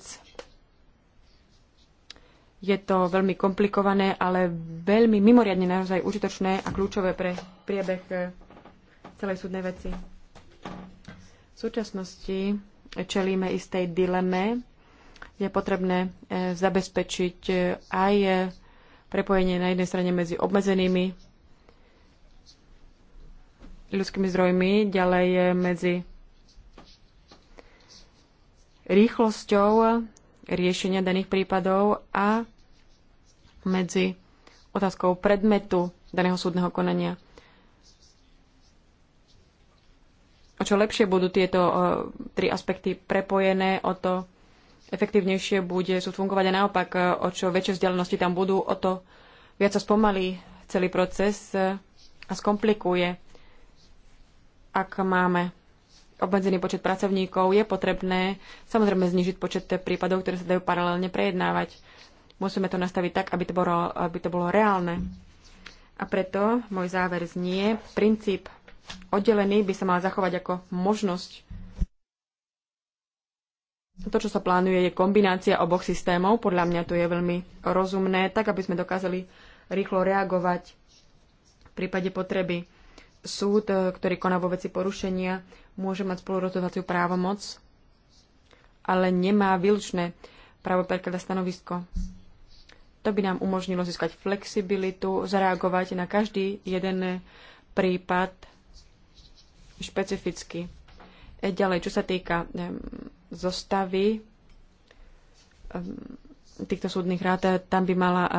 Je to veľmi komplikované, ale veľmi mimoriadne naozaj užitočné a kľúčové pre priebeh eh, celej súdnej veci. V súčasnosti čelíme istej dileme, je potrebné e, zabezpečiť e, aj e, prepojenie na jednej strane medzi obmedzenými ľudskými zdrojmi, ďalej medzi rýchlosťou riešenia daných prípadov a medzi otázkou predmetu daného súdneho konania. O čo lepšie budú tieto tri aspekty prepojené, o to efektívnejšie bude súd fungovať a naopak, e, o čo väčšie vzdialenosti tam budú, o to viac sa spomalí celý proces e, a skomplikuje. Ak máme obmedzený počet pracovníkov, je potrebné samozrejme znižiť počet prípadov, ktoré sa dajú paralelne prejednávať. Musíme to nastaviť tak, aby to bolo, aby to bolo reálne. A preto môj záver znie, princíp oddelený by sa mal zachovať ako možnosť to, čo sa plánuje, je kombinácia oboch systémov. Podľa mňa to je veľmi rozumné, tak aby sme dokázali rýchlo reagovať v prípade potreby. Súd, e, ktorý koná vo veci porušenia, môže mať spolurozhodovaciu právomoc, ale nemá výlučné právo prekladať stanovisko. To by nám umožnilo získať flexibilitu, zareagovať na každý jeden prípad špecificky. E, ďalej, čo sa týka zostavy ehm, týchto súdnych rád, eh, tam by mala eh,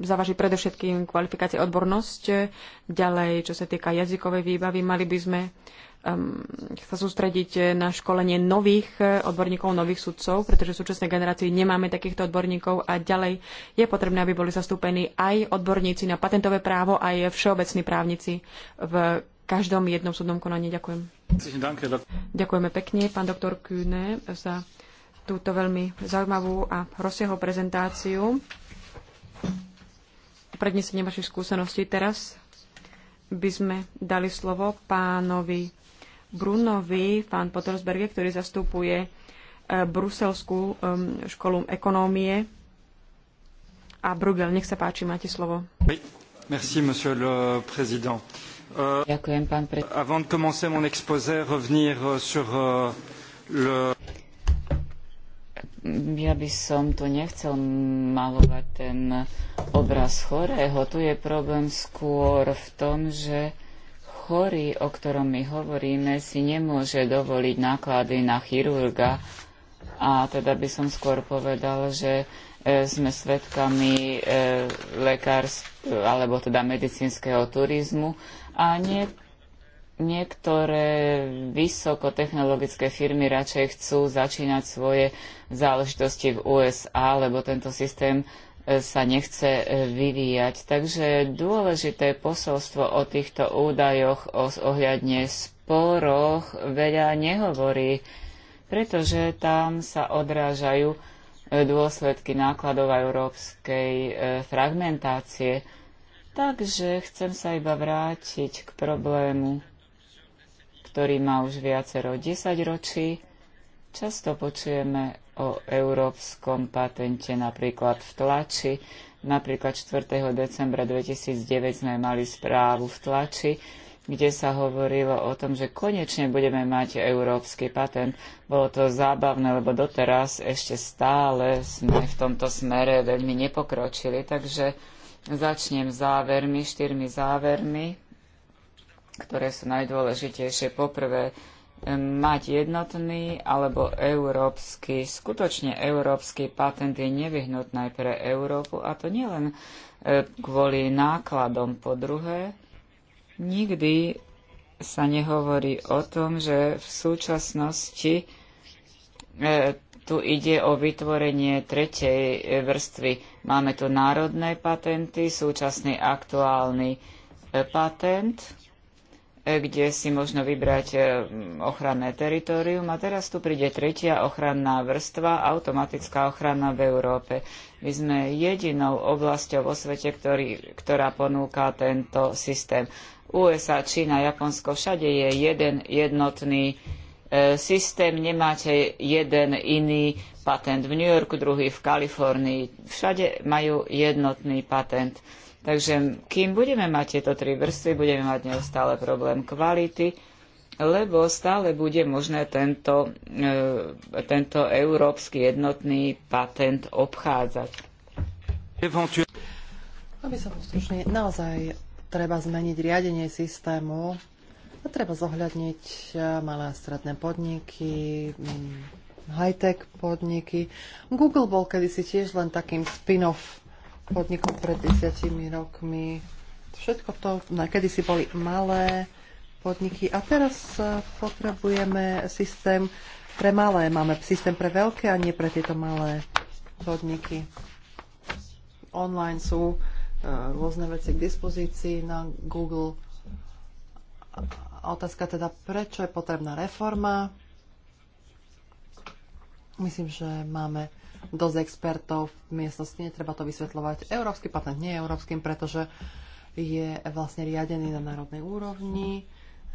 zavažiť predovšetkým kvalifikácie odbornosť. Ďalej, čo sa týka jazykovej výbavy, mali by sme ehm, sa sústrediť eh, na školenie nových odborníkov, nových sudcov, pretože v súčasnej generácii nemáme takýchto odborníkov a ďalej je potrebné, aby boli zastúpení aj odborníci na patentové právo, aj všeobecní právnici v každom jednom súdnom konaní. Ďakujem. Ďakujeme pekne, pán doktor Kühne, za túto veľmi zaujímavú a rozsiahlu prezentáciu prednesenie vašich skúseností. Teraz by sme dali slovo pánovi Brunovi, pán Potorsberger, ktorý zastupuje e, Bruselskú školu ekonómie a Brugel. Nech sa páči, máte slovo. Oui. Merci, monsieur le président. Euh, Ďakujem, pán predseda. Euh, euh, ja by som tu nechcel malovať ten obraz chorého. Tu je problém skôr v tom, že chorý, o ktorom my hovoríme, si nemôže dovoliť náklady na chirurga. A teda by som skôr povedal, že e, sme svedkami e, lekárs alebo teda medicínskeho turizmu a nie, niektoré vysokotechnologické firmy radšej chcú začínať svoje záležitosti v USA, lebo tento systém e, sa nechce e, vyvíjať. Takže dôležité posolstvo o týchto údajoch o ohľadne sporoch veľa nehovorí, pretože tam sa odrážajú e, dôsledky nákladov európskej fragmentácie. Takže chcem sa iba vrátiť k problému, ktorý má už viacero desaťročí. Často počujeme o európskom patente napríklad v tlači. Napríklad 4. decembra 2009 sme mali správu v tlači, kde sa hovorilo o tom, že konečne budeme mať európsky patent. Bolo to zábavné, lebo doteraz ešte stále sme v tomto smere veľmi nepokročili. Takže Začnem závermi, štyrmi závermi, ktoré sú najdôležitejšie. Poprvé, mať jednotný alebo európsky, skutočne európsky patent je nevyhnutný pre Európu a to nielen e, kvôli nákladom. Po druhé, nikdy sa nehovorí o tom, že v súčasnosti e, tu ide o vytvorenie tretej vrstvy. Máme tu národné patenty, súčasný aktuálny e, patent, e, kde si možno vybrať e, ochranné teritorium. A teraz tu príde tretia ochranná vrstva, automatická ochrana v Európe. My sme jedinou oblasťou vo svete, ktorý, ktorá ponúka tento systém. USA, Čína, Japonsko, všade je jeden jednotný E, systém, nemáte jeden iný patent v New Yorku, druhý v Kalifornii. Všade majú jednotný patent. Takže kým budeme mať tieto tri vrstvy, budeme mať neustále problém kvality, lebo stále bude možné tento, e, tento európsky jednotný patent obchádzať. Aby som stručne, naozaj treba zmeniť riadenie systému a treba zohľadniť eh, malé a stredné podniky, mm, high-tech podniky. Google bol kedysi tiež len takým spin-off podnikom pred desiatimi rokmi. Všetko to, no, kedysi boli malé podniky a teraz eh, potrebujeme systém pre malé. Máme systém pre veľké a nie pre tieto malé podniky. Online sú eh, rôzne veci k dispozícii na Google otázka teda, prečo je potrebná reforma. Myslím, že máme dosť expertov v miestnosti, netreba to vysvetľovať. Európsky patent nie je európskym, pretože je vlastne riadený na národnej úrovni.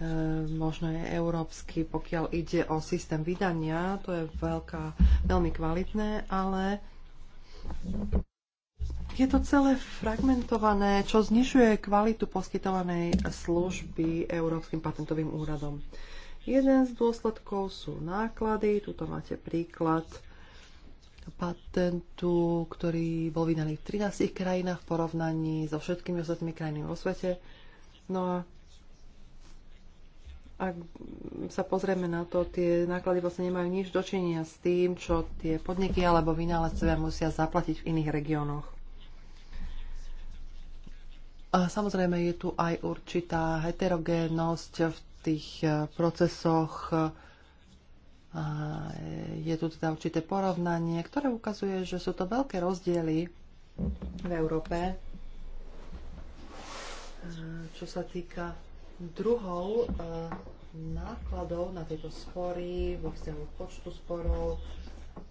E, možno je európsky, pokiaľ ide o systém vydania, to je veľká, veľmi kvalitné, ale je to celé fragmentované, čo znižuje kvalitu poskytovanej služby Európskym patentovým úradom. Jeden z dôsledkov sú náklady. Tuto máte príklad patentu, ktorý bol vydaný v 13 krajinách v porovnaní so všetkými ostatnými krajinami vo svete. No a ak sa pozrieme na to, tie náklady vlastne nemajú nič dočinenia s tým, čo tie podniky alebo vynálezcovia musia zaplatiť v iných regiónoch. A samozrejme je tu aj určitá heterogénnosť v tých e, procesoch. je tu teda určité porovnanie, ktoré ukazuje, že sú to veľké rozdiely v Európe, e, čo sa týka druhou eh, nákladov na tieto spory, vo vzťahu počtu sporov,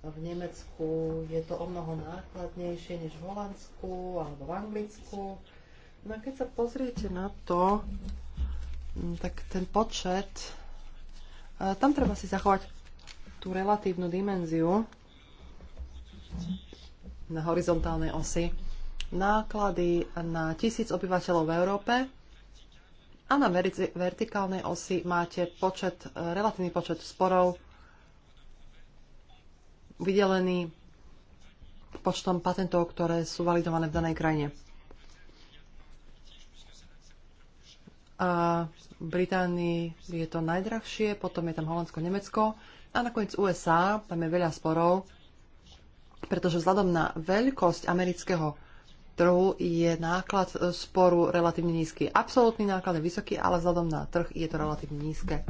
v Nemecku je to o mnoho nákladnejšie než v Holandsku alebo v Anglicku. No a keď sa pozriete na to, mm, tak ten počet, eh, tam treba si zachovať tú relatívnu dimenziu na horizontálnej osi. Náklady na tisíc obyvateľov v Európe a na vertikálnej osi máte počet, e, relatívny počet sporov vydelený počtom patentov, ktoré sú validované v danej krajine. A v Británii je to najdrahšie, potom je tam Holandsko, Nemecko a nakoniec USA, tam je veľa sporov, pretože vzhľadom na veľkosť amerického trhu je náklad sporu relatívne nízky. Absolutný náklad je vysoký, ale vzhľadom na trh je to relatívne nízke.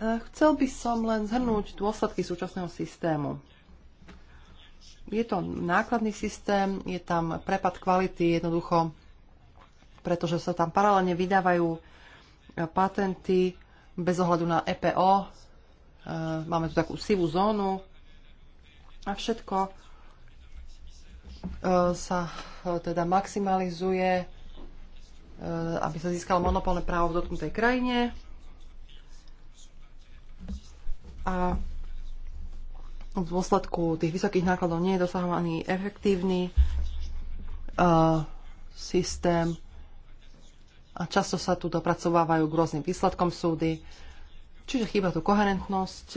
E, chcel by som len zhrnúť dôsledky súčasného systému. Je to nákladný systém, je tam prepad kvality jednoducho, pretože sa tam paralelne vydávajú patenty bez ohľadu na EPO, Eh, máme tu takú sivú zónu a všetko eh, sa eh, teda maximalizuje, aby sa získalo monopolné právo v dotknutej krajine. A v dôsledku tých vysokých nákladov nie je dosahovaný efektívny systém a často sa tu dopracovávajú k rôznym výsledkom súdy. Čiže chýba tu koherentnosť.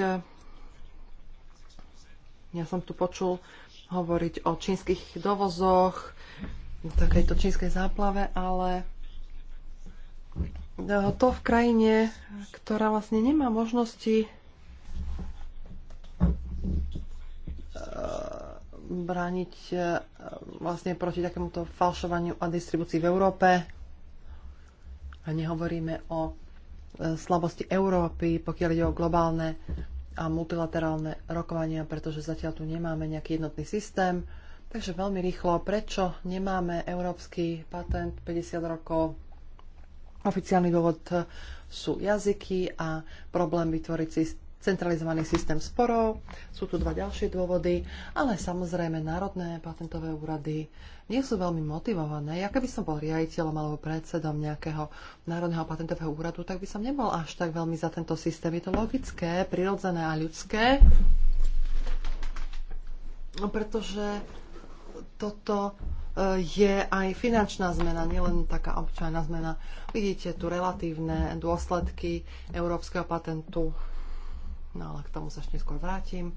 Ja som tu počul hovoriť o čínskych dovozoch, takejto čínskej záplave, ale e, to v krajine, ktorá vlastne nemá možnosti e, brániť e, vlastne proti takémuto falšovaniu a distribúcii v Európe. A nehovoríme o E, slabosti Európy, pokiaľ ide o globálne a multilaterálne rokovania, pretože zatiaľ tu nemáme nejaký jednotný systém. Takže veľmi rýchlo, prečo nemáme európsky patent 50 rokov? Oficiálny dôvod e, sú jazyky a problém vytvoriť centralizovaný systém sporov. Sú tu dva ďalšie dôvody, ale samozrejme národné patentové úrady nie sú veľmi motivované. Ja keby som bol riaditeľom alebo predsedom nejakého národného patentového úradu, tak by som nebol až tak veľmi za tento systém. Je to logické, prirodzené a ľudské, pretože toto e, je aj finančná zmena, nielen taká obyčajná zmena. Vidíte tu relatívne dôsledky európskeho patentu no ale k tomu sa ešte skôr vrátim.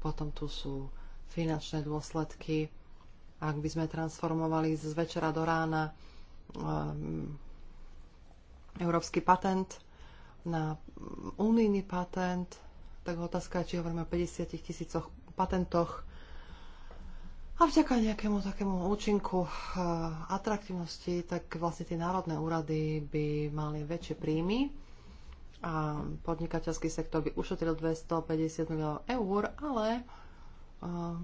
Potom tu sú finančné dôsledky. Ak by sme transformovali z večera do rána um, európsky patent na unijný patent, tak otázka je, či hovoríme o 50 tisícoch patentoch, a vďaka nejakému takému účinku eh, atraktivnosti, tak vlastne tie národné úrady by mali väčšie príjmy a podnikateľský sektor by ušetril 250 miliónov eur, ale uh,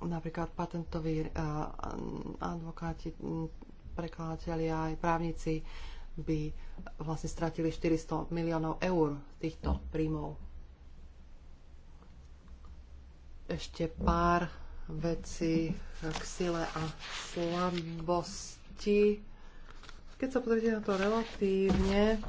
napríklad patentoví advokáti, prekladatelia aj právnici by vlastne stratili 400 miliónov eur týchto príjmov. Ešte pár vecí k sile a slabosti. Keď sa pozrite na to relatívne,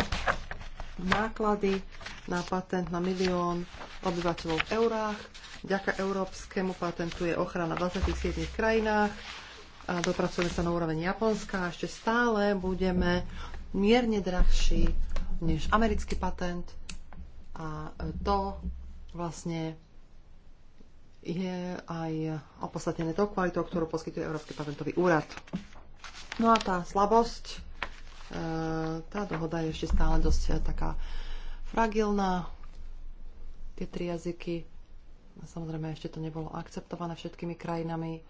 náklady na patent na milión obyvateľov v eurách. Vďaka európskemu patentu je ochrana v 27 krajinách. A dopracujeme sa na úroveň Japonska a ešte stále budeme mierne drahší než americký patent. A to vlastne je aj opodstatnené tou kvalitou, ktorú poskytuje Európsky patentový úrad. No a tá slabosť E, tá dohoda je ešte stále dosť e, taká fragilná. Tie tri jazyky, samozrejme ešte to nebolo akceptované všetkými krajinami.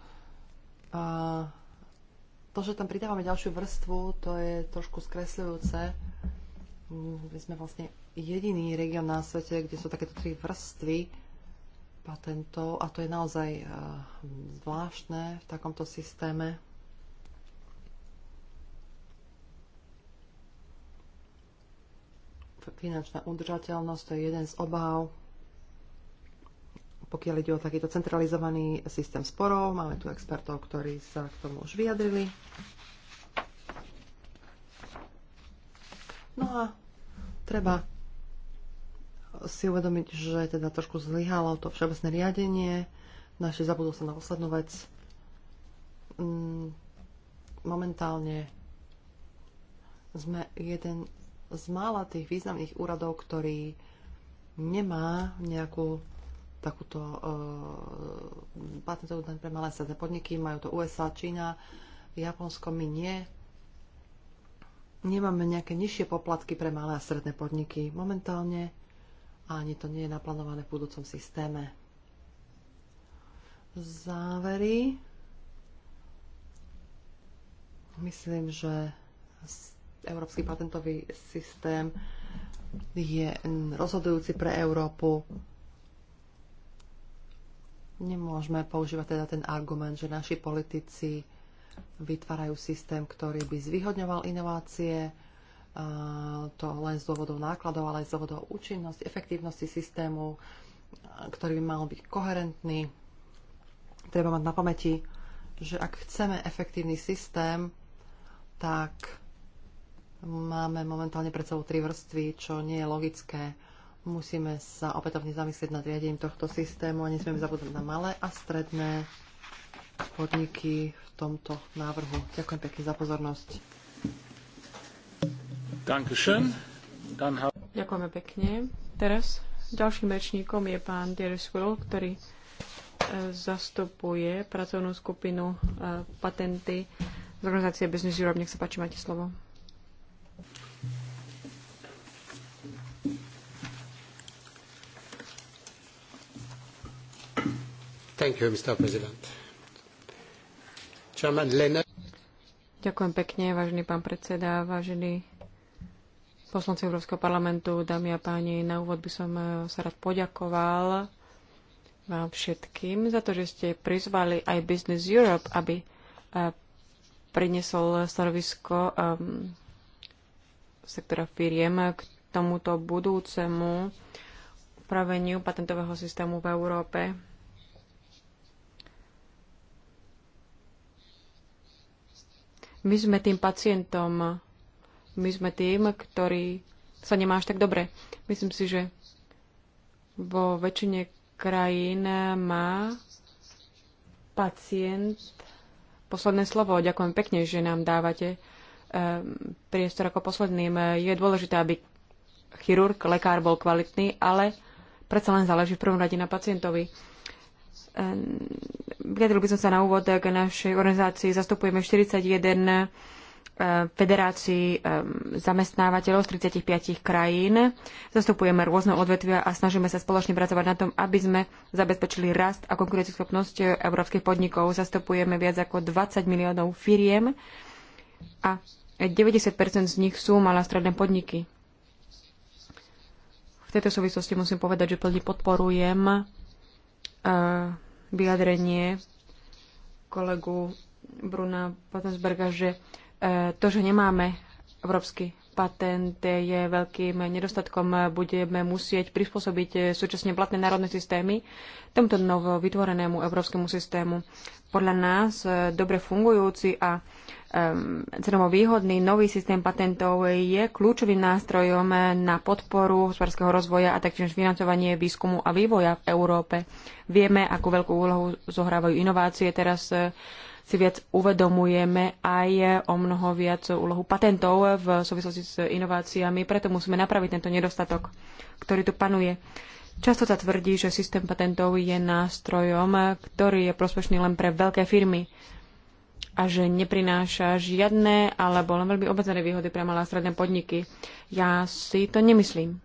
A e, to, že tam pridávame ďalšiu vrstvu, to je trošku skresľujúce. My sme vlastne jediný región na svete, kde sú takéto tri vrstvy patentov a to je naozaj zvláštne v takomto systéme finančná udržateľnosť, to je jeden z obáv, pokiaľ ide o takýto centralizovaný systém sporov. Máme tu expertov, ktorí sa k tomu už vyjadrili. No a treba si uvedomiť, že teda trošku zlyhalo to všeobecné riadenie. Naši zabudol sa na poslednú vec. Mm, momentálne sme jeden z mála tých významných úradov, ktorý nemá nejakú takúto uh, patentovú daň pre malé stredné podniky, majú to USA, Čína, Japonsko, my nie. Nemáme nejaké nižšie poplatky pre malé a stredné podniky momentálne a ani to nie je naplánované v budúcom systéme. Závery. Myslím, že Európsky patentový systém je rozhodujúci pre Európu. Nemôžeme používať teda ten argument, že naši politici vytvárajú systém, ktorý by zvyhodňoval inovácie, to len z dôvodov nákladov, ale aj z dôvodov účinnosti, efektívnosti systému, ktorý by mal byť koherentný. Treba mať na pamäti, že ak chceme efektívny systém, tak Máme momentálne pred sebou tri vrstvy, čo nie je logické. Musíme sa opätovne zamyslieť nad riadením tohto systému a nesmieme zabudnúť na malé a stredné podniky v tomto návrhu. Ďakujem pekne za pozornosť. Ďakujeme pekne. Teraz ďalším rečníkom je pán Darius Will, ktorý e, zastupuje pracovnú skupinu e, patenty z organizácie Business Europe. Nech sa páči, máte slovo. Thank you, Mr. President. Chairman Lennart. Ďakujem pekne, vážený pán predseda, vážení poslanci Európskeho parlamentu, dámy a páni. Na úvod by som eh, sa rád poďakoval vám všetkým za to, že ste prizvali aj Business Europe, aby eh, priniesol stanovisko um, sektora firiem k tomuto budúcemu upraveniu patentového systému v Európe. My sme tým pacientom, my sme tým, ktorý sa nemá až tak dobre. Myslím si, že vo väčšine krajín má pacient posledné slovo. Ďakujem pekne, že nám dávate eh, priestor ako posledným. Je dôležité, aby chirurg, lekár bol kvalitný, ale predsa len záleží v prvom rade na pacientovi. Ehm, vyjadril by som sa na úvod k našej organizácii. Zastupujeme 41 ehm, federácií ehm, zamestnávateľov z 35 krajín. Zastupujeme rôzne odvetvia a snažíme sa spoločne pracovať na tom, aby sme zabezpečili rast a konkurencieschopnosť európskych podnikov. Zastupujeme viac ako 20 miliónov firiem a 90 z nich sú malé stredné podniky. V tejto súvislosti musím povedať, že plne podporujem vyjadrenie kolegu Bruna Patensberga, že e, to, že nemáme európsky patent, je veľkým nedostatkom. Budeme musieť prispôsobiť e, súčasne platné národné systémy tomuto novo vytvorenému európskemu systému. Podľa nás e, dobre fungujúci a cenovo výhodný nový systém patentov je kľúčovým nástrojom na podporu hospodárskeho rozvoja a taktiež financovanie výskumu a vývoja v Európe. Vieme, akú veľkú úlohu zohrávajú inovácie. Teraz eh, si viac uvedomujeme aj eh, o mnoho viac úlohu patentov v súvislosti s inováciami, preto musíme napraviť tento nedostatok, ktorý tu panuje. Často sa tvrdí, že systém patentov je nástrojom, eh, ktorý je prospešný len pre veľké firmy a že neprináša žiadne alebo len veľmi obecné výhody pre malé a stredné podniky. Ja si to nemyslím.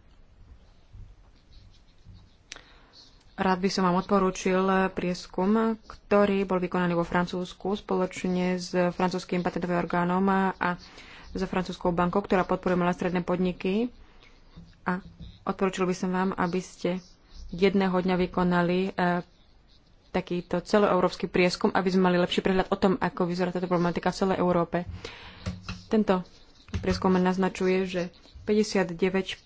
Rád by som vám odporúčil prieskum, ktorý bol vykonaný vo Francúzsku spoločne s francúzským patentovým orgánom a za francúzskou bankou, ktorá podporuje malé stredné podniky. A odporúčil by som vám, aby ste jedného dňa vykonali eh, takýto celoeurópsky prieskum, aby sme mali lepší prehľad o tom, ako vyzerá táto problematika v celej Európe. Tento prieskum naznačuje, že 59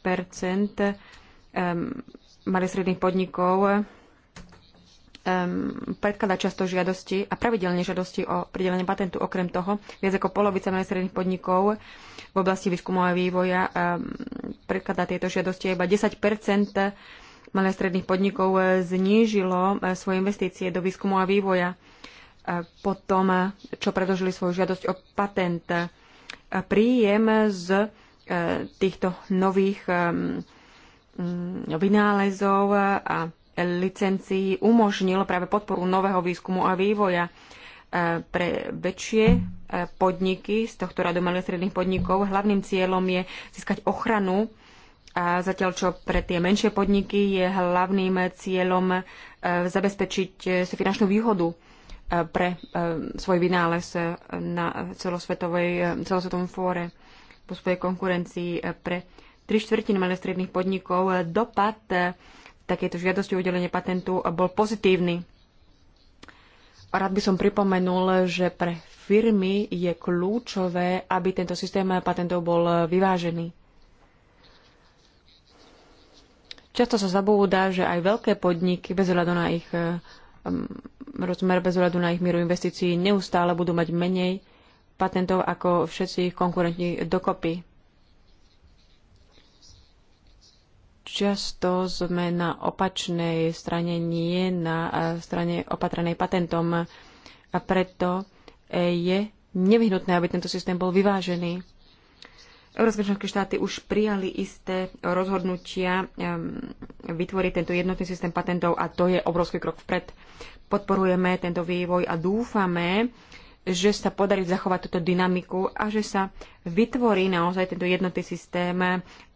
malých stredných podnikov um, predkladá často žiadosti a pravidelne žiadosti o pridelenie patentu. Okrem toho, viac ako polovica malých stredných podnikov v oblasti výskumu a vývoja um, predkladá tieto žiadosti iba 10 malé stredných podnikov e, znížilo e, svoje investície do výskumu a vývoja e, po tom, čo predložili svoju žiadosť o patent. Príjem z týchto nových vynálezov a licencií umožnil práve podporu nového výskumu a vývoja pre väčšie podniky z tohto radu malých stredných podnikov. Hlavným cieľom je získať ochranu a zatiaľ, čo pre tie menšie podniky je hlavným cieľom e, zabezpečiť e, si finančnú výhodu e, pre svoj vynález na celosvetovej, celosvetovom fóre po svojej konkurencii pre tri štvrtiny malých stredných podnikov. Dopad takéto žiadosti o udelenie patentu bol pozitívny. Rád by som pripomenul, že pre firmy je kľúčové, aby tento systém patentov bol vyvážený Často sa zabúda, že aj veľké podniky, bez hľadu na ich eh, rozmer, bez hľadu na ich mieru investícií, neustále budú mať menej patentov ako všetci ich konkurenti dokopy. Často sme na opačnej strane, nie na eh, strane opatrenej patentom a preto eh, je nevyhnutné, aby tento systém bol vyvážený. Európske členské štáty už prijali isté rozhodnutia vytvoriť tento jednotný systém patentov a to je obrovský krok vpred. Podporujeme tento vývoj a dúfame, že sa podarí zachovať túto dynamiku a že sa vytvorí naozaj tento jednotný systém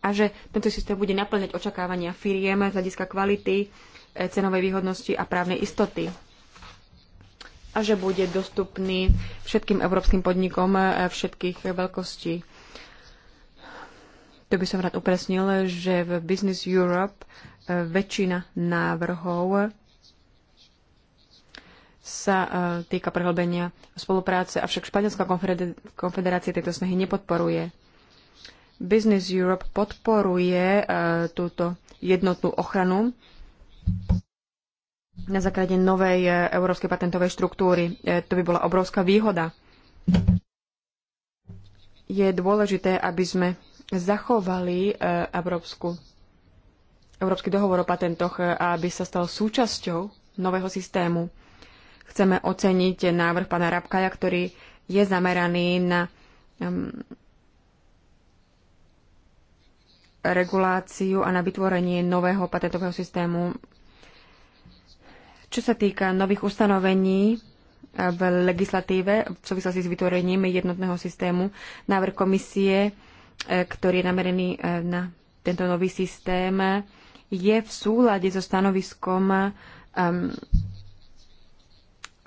a že tento systém bude naplňať očakávania firiem z hľadiska kvality, e, cenovej výhodnosti a právnej istoty a že bude dostupný všetkým európskym podnikom e, všetkých veľkostí to by som rád upresnil, že v Business Europe e, väčšina návrhov sa e, týka prehlbenia spolupráce, avšak Španielská konfederácia tejto snahy nepodporuje. Business Europe podporuje e, túto jednotnú ochranu na základe novej európskej patentovej štruktúry. To by bola obrovská výhoda. Je dôležité, aby sme zachovali e, Európsku, Európsky dohovor o patentoch a e, aby sa stal súčasťou nového systému. Chceme oceniť návrh pána Rabkaja, ktorý je zameraný na um, reguláciu a na vytvorenie nového patentového systému. Čo sa týka nových ustanovení e, v legislatíve v súvislosti s vytvorením jednotného systému, návrh komisie E, ktorý je namerený e, na tento nový systém, je v súlade so stanoviskom um,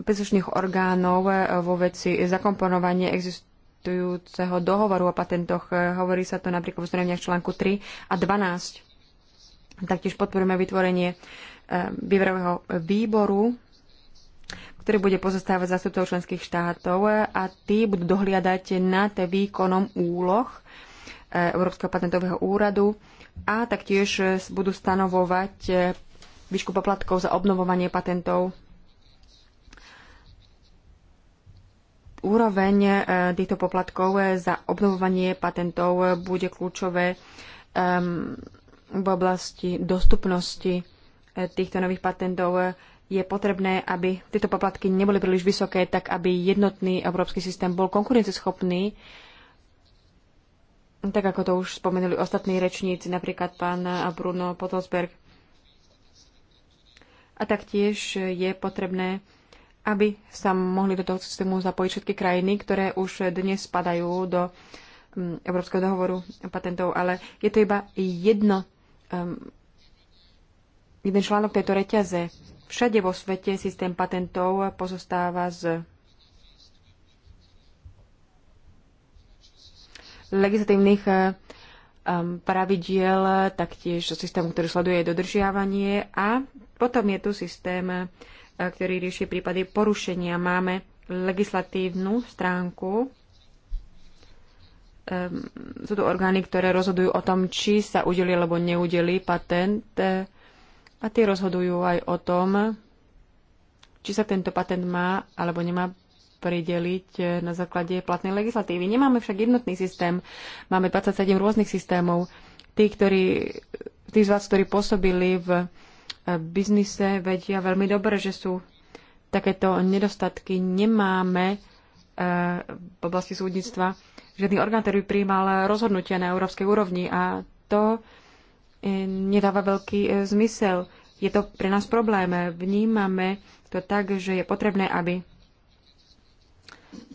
príslušných orgánov e, vo veci zakomponovanie existujúceho dohovoru o patentoch. Hovorí sa to napríklad v ustanoveniach článku 3 a 12. Taktiež podporujeme vytvorenie výberového výboru, ktorý bude pozostávať zástupcov členských štátov a tí budú dohliadať nad výkonom úloh, Európskeho patentového úradu a taktiež budú stanovovať eh, výšku poplatkov za obnovovanie patentov. Úroveň eh, týchto poplatkov eh, za obnovovanie patentov bude kľúčové ehm, v oblasti dostupnosti týchto nových patentov je potrebné, aby tieto poplatky neboli príliš vysoké, tak aby jednotný európsky systém bol konkurenceschopný tak ako to už spomenuli ostatní rečníci, napríklad pán Bruno Potosberg. A taktiež je potrebné, aby sa mohli do toho systému zapojiť všetky krajiny, ktoré už dnes spadajú do mm, Európskeho dohovoru patentov, ale je to iba jedno, um, jeden článok tejto reťaze. Všade vo svete systém patentov pozostáva z legislatívnych eh, pravidiel, taktiež systém, ktorý sleduje dodržiavanie a potom je tu systém, eh, ktorý rieši prípady porušenia. Máme legislatívnu stránku. Sú tu orgány, ktoré rozhodujú o tom, či sa udeli alebo neudeli patent eh, a tie rozhodujú aj o tom, či sa tento patent má alebo nemá prideliť eh, na základe platnej legislatívy. Nemáme však jednotný systém, máme 27 rôznych systémov. Tí, ktorí, tí z vás, ktorí pôsobili v eh, biznise, vedia veľmi dobre, že sú takéto nedostatky. Nemáme eh, v oblasti súdnictva žiadny orgán, ktorý by prijímal rozhodnutia na európskej úrovni a to nedáva veľký zmysel. Je to pre nás problém. Vnímame to tak, že je potrebné, aby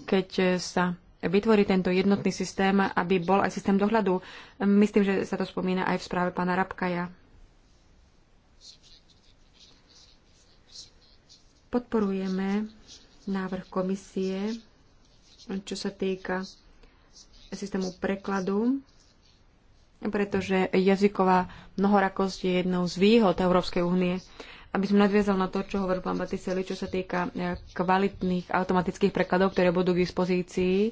keď e, sa vytvorí tento jednotný systém, aby bol aj systém dohľadu. Myslím, že sa to spomína aj v správe pána Rabkaja. Podporujeme návrh komisie, čo sa týka systému prekladu, pretože jazyková mnohorakosť je jednou z výhod Európskej únie aby som nadviazal na to, čo hovoril pán Batiseli, čo sa týka e, kvalitných automatických prekladov, ktoré budú k dispozícii e,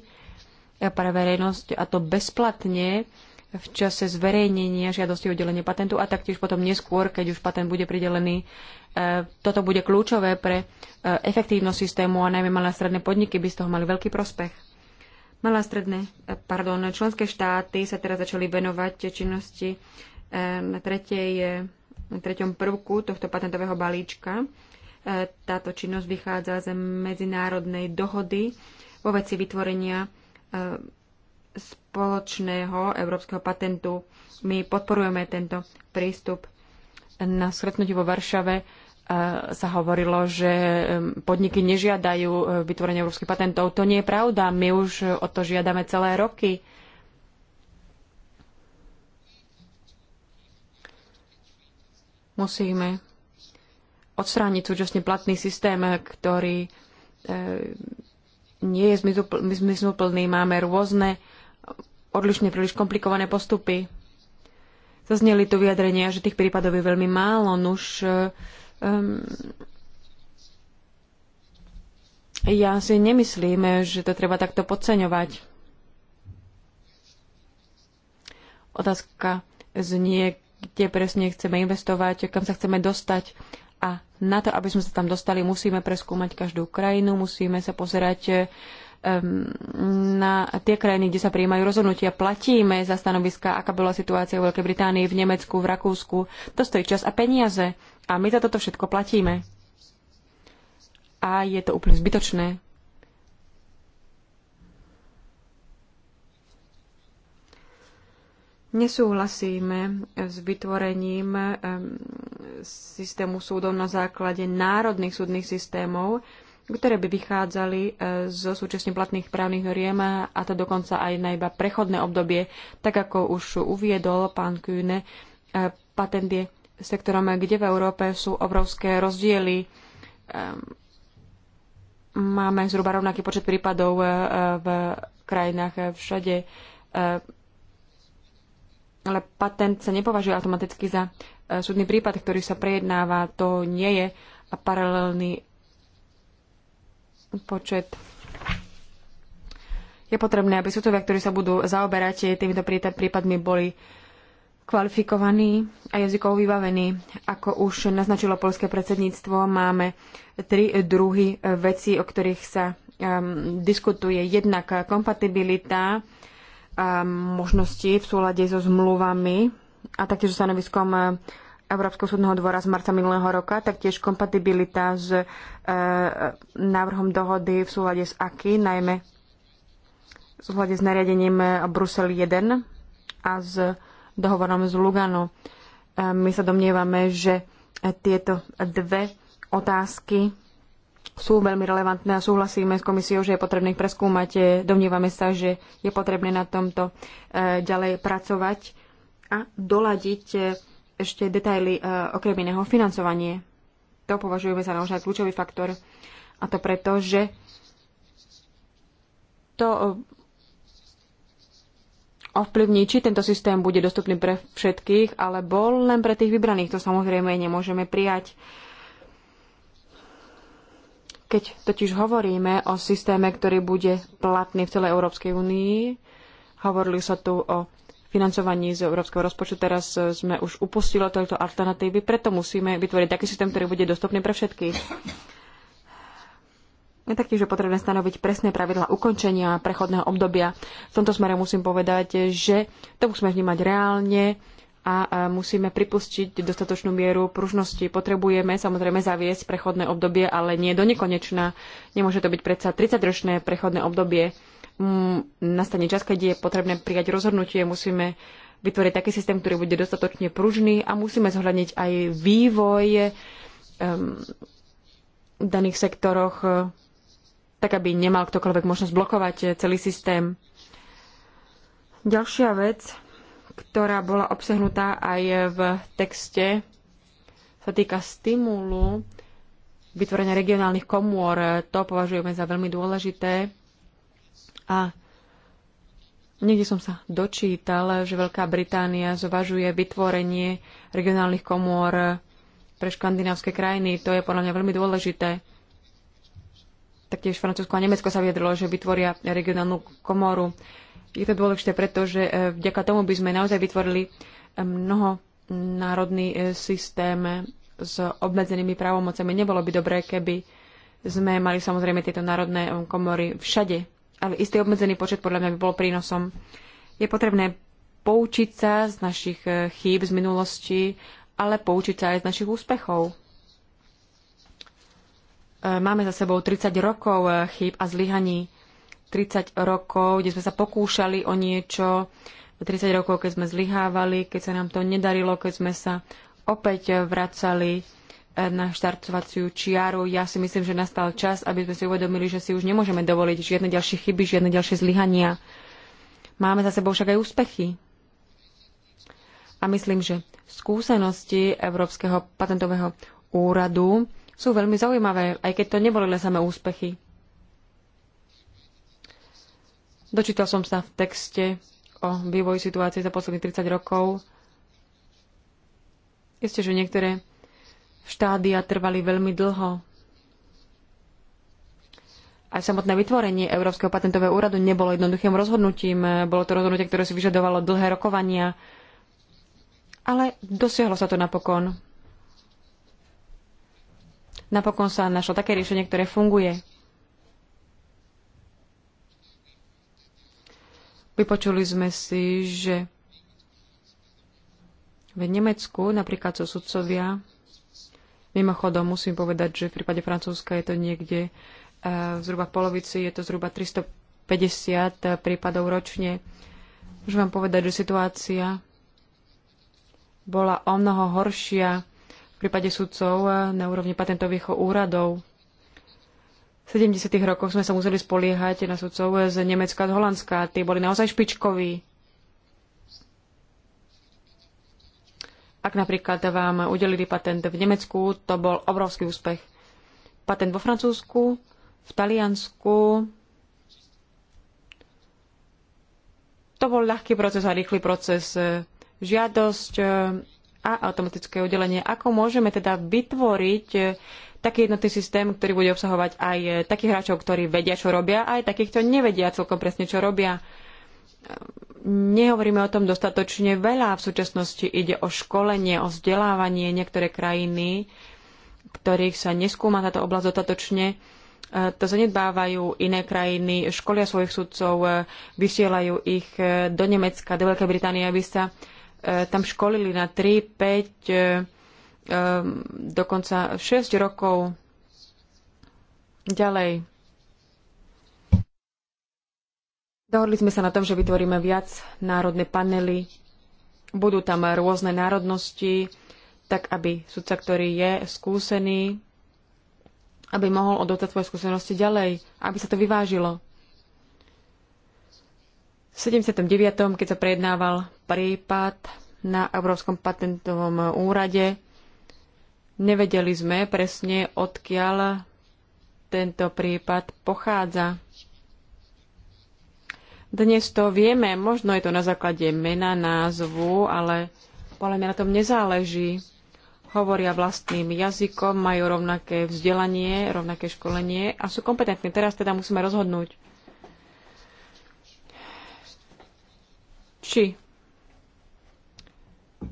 pre verejnosť a to bezplatne v čase zverejnenia žiadosti o udelenie patentu a taktiež potom neskôr, keď už patent bude pridelený. E, toto bude kľúčové pre efektívnosť systému a najmä malé a stredné podniky by z toho mali veľký prospech. Malé a stredné, pardon, členské štáty sa teraz začali venovať činnosti na tretej treťom prvku tohto patentového balíčka. E, táto činnosť vychádza z medzinárodnej dohody vo veci vytvorenia e, spoločného európskeho patentu. My podporujeme tento prístup. Na stretnutí vo Varšave e, sa hovorilo, že podniky nežiadajú vytvorenie európskych patentov. To nie je pravda. My už o to žiadame celé roky. Musíme odstrániť súčasne platný systém, ktorý e, nie je zmysluplný. Máme rôzne odlišne príliš komplikované postupy. Zazneli tu vyjadrenia, že tých prípadov je veľmi málo. Nuž, e, ja si nemyslím, že to treba takto podceňovať. Otázka znie, kde presne chceme investovať, kam sa chceme dostať. A na to, aby sme sa tam dostali, musíme preskúmať každú krajinu, musíme sa pozerať ehm, na tie krajiny, kde sa prijímajú rozhodnutia, platíme za stanoviska, aká bola situácia v Veľkej Británii, v Nemecku, v Rakúsku. To stojí čas a peniaze. A my za toto všetko platíme. A je to úplne zbytočné. Nesúhlasíme s vytvorením systému súdov na základe národných súdnych systémov, ktoré by vychádzali e, zo súčasne platných právnych noriem a to dokonca aj na iba prechodné obdobie, tak ako už uviedol pán Kühne, e, patent je sektorom, kde v Európe sú obrovské rozdiely. Máme zhruba rovnaký počet prípadov e, v krajinách všade ale patent sa nepovažuje automaticky za e, súdny prípad, ktorý sa prejednáva. To nie je paralelný počet. Je potrebné, aby sudcovia, ktorí sa budú zaoberať týmito prípadmi, boli kvalifikovaní a jazykov vybavení. Ako už naznačilo polské predsedníctvo, máme tri druhy veci, o ktorých sa um, diskutuje. Jednak kompatibilita možnosti v súlade so zmluvami a taktiež stanoviskom eh, Európskeho súdneho dvora z marca minulého roka, taktiež kompatibilita s e, návrhom dohody v súlade s AKI, najmä v súlade s nariadením eh, Brusel 1 a s dohovorom z Lugano. E, my sa domnievame, že tieto dve otázky sú veľmi relevantné a súhlasíme s komisiou, že je potrebné ich preskúmať. Domnívame sa, že je potrebné na tomto e, ďalej pracovať a doladiť e, ešte detaily e, okrem iného financovanie. To považujeme za naozaj kľúčový faktor. A to preto, že to ovplyvní, či tento systém bude dostupný pre všetkých, alebo len pre tých vybraných. To samozrejme nemôžeme prijať. Uh, keď totiž hovoríme o systéme, ktorý bude platný v celej Európskej únii, hovorili sa tu o financovaní z európskeho rozpočtu, teraz sme už upustili od tejto alternatívy, preto musíme vytvoriť taký systém, ktorý bude dostupný pre všetkých. Je taktiež je potrebné stanoviť presné pravidla ukončenia prechodného obdobia. V tomto smere musím povedať, že to musíme vnímať reálne a musíme pripustiť dostatočnú mieru pružnosti. Potrebujeme samozrejme zaviesť prechodné obdobie, ale nie do nekonečna. Nemôže to byť predsa 30-ročné prechodné obdobie. Mm, nastane čas, keď je potrebné prijať rozhodnutie, musíme vytvoriť taký systém, ktorý bude dostatočne pružný a musíme zohľadniť aj vývoj um, v daných sektoroch, tak aby nemal ktokoľvek možnosť blokovať celý systém. Ďalšia vec, ktorá bola obsahnutá aj v texte, sa týka stimulu vytvorenia regionálnych komôr. To považujeme za veľmi dôležité. A Niekde som sa dočítal, že Veľká Británia zvažuje vytvorenie regionálnych komôr pre škandinávské krajiny. To je podľa mňa veľmi dôležité. Taktiež Francúzsko a Nemecko sa viedrilo, že vytvoria regionálnu komoru. Je to dôležité, pretože e, vďaka tomu by sme naozaj vytvorili e, mnoho národný e, systém s obmedzenými právomocami. Nebolo by dobré, keby sme mali samozrejme tieto národné komory všade, ale istý obmedzený počet podľa mňa by bol prínosom. Je potrebné poučiť sa z našich chýb z minulosti, ale poučiť sa aj z našich úspechov. Máme za sebou 30 rokov chýb a zlyhaní. 30 rokov, kde sme sa pokúšali o niečo, 30 rokov, keď sme zlyhávali, keď sa nám to nedarilo, keď sme sa opäť vracali eh, na štartovaciu čiaru. Ja si myslím, že nastal čas, aby sme si uvedomili, že si už nemôžeme dovoliť žiadne ďalšie chyby, žiadne ďalšie zlyhania. Máme za sebou však aj úspechy. A myslím, že skúsenosti Európskeho patentového úradu sú veľmi zaujímavé, aj keď to neboli len samé úspechy. Dočítal som sa v texte o vývoji situácie za posledných 30 rokov. Isté, že niektoré štádia trvali veľmi dlho. Aj samotné vytvorenie Európskeho patentového úradu nebolo jednoduchým rozhodnutím. Bolo to rozhodnutie, ktoré si vyžadovalo dlhé rokovania. Ale dosiahlo sa to napokon. Napokon sa našlo také riešenie, ktoré funguje. Vypočuli sme si, že v Nemecku napríklad sú sudcovia, mimochodom musím povedať, že v prípade Francúzska je to niekde uh, zhruba v polovici, je to zhruba 350 eh, prípadov ročne. Môžem vám povedať, že situácia bola o mnoho horšia v prípade sudcov eh, na úrovni patentových úradov. V 70. rokoch sme sa museli spoliehať na sudcov z Nemecka a z Holandska. Tí boli naozaj špičkoví. Ak napríklad vám udelili patent v Nemecku, to bol obrovský úspech. Patent vo Francúzsku, v Taliansku, to bol ľahký proces a rýchly proces. Žiadosť a automatické udelenie. Ako môžeme teda vytvoriť taký jednotný systém, ktorý bude obsahovať aj e, takých hráčov, ktorí vedia, čo robia, aj takých, ktorí nevedia celkom presne, čo robia. E, nehovoríme o tom dostatočne veľa. V súčasnosti ide o školenie, o vzdelávanie niektoré krajiny, ktorých sa neskúma táto oblasť dostatočne e, to zanedbávajú iné krajiny, školia svojich sudcov, vysielajú ich do Nemecka, do Veľkej Británie, aby sa tam školili na 3, 5 Ehm, dokonca 6 rokov ďalej. Dohodli sme sa na tom, že vytvoríme viac národné panely. Budú tam rôzne národnosti, tak aby sudca, ktorý je skúsený, aby mohol odotať svoje skúsenosti ďalej, aby sa to vyvážilo. V 79. keď sa prejednával prípad na Európskom patentovom úrade, Nevedeli sme presne, odkiaľ tento prípad pochádza. Dnes to vieme, možno je to na základe mena, názvu, ale podľa mňa na tom nezáleží. Hovoria vlastným jazykom, majú rovnaké vzdelanie, rovnaké školenie a sú kompetentní. Teraz teda musíme rozhodnúť, či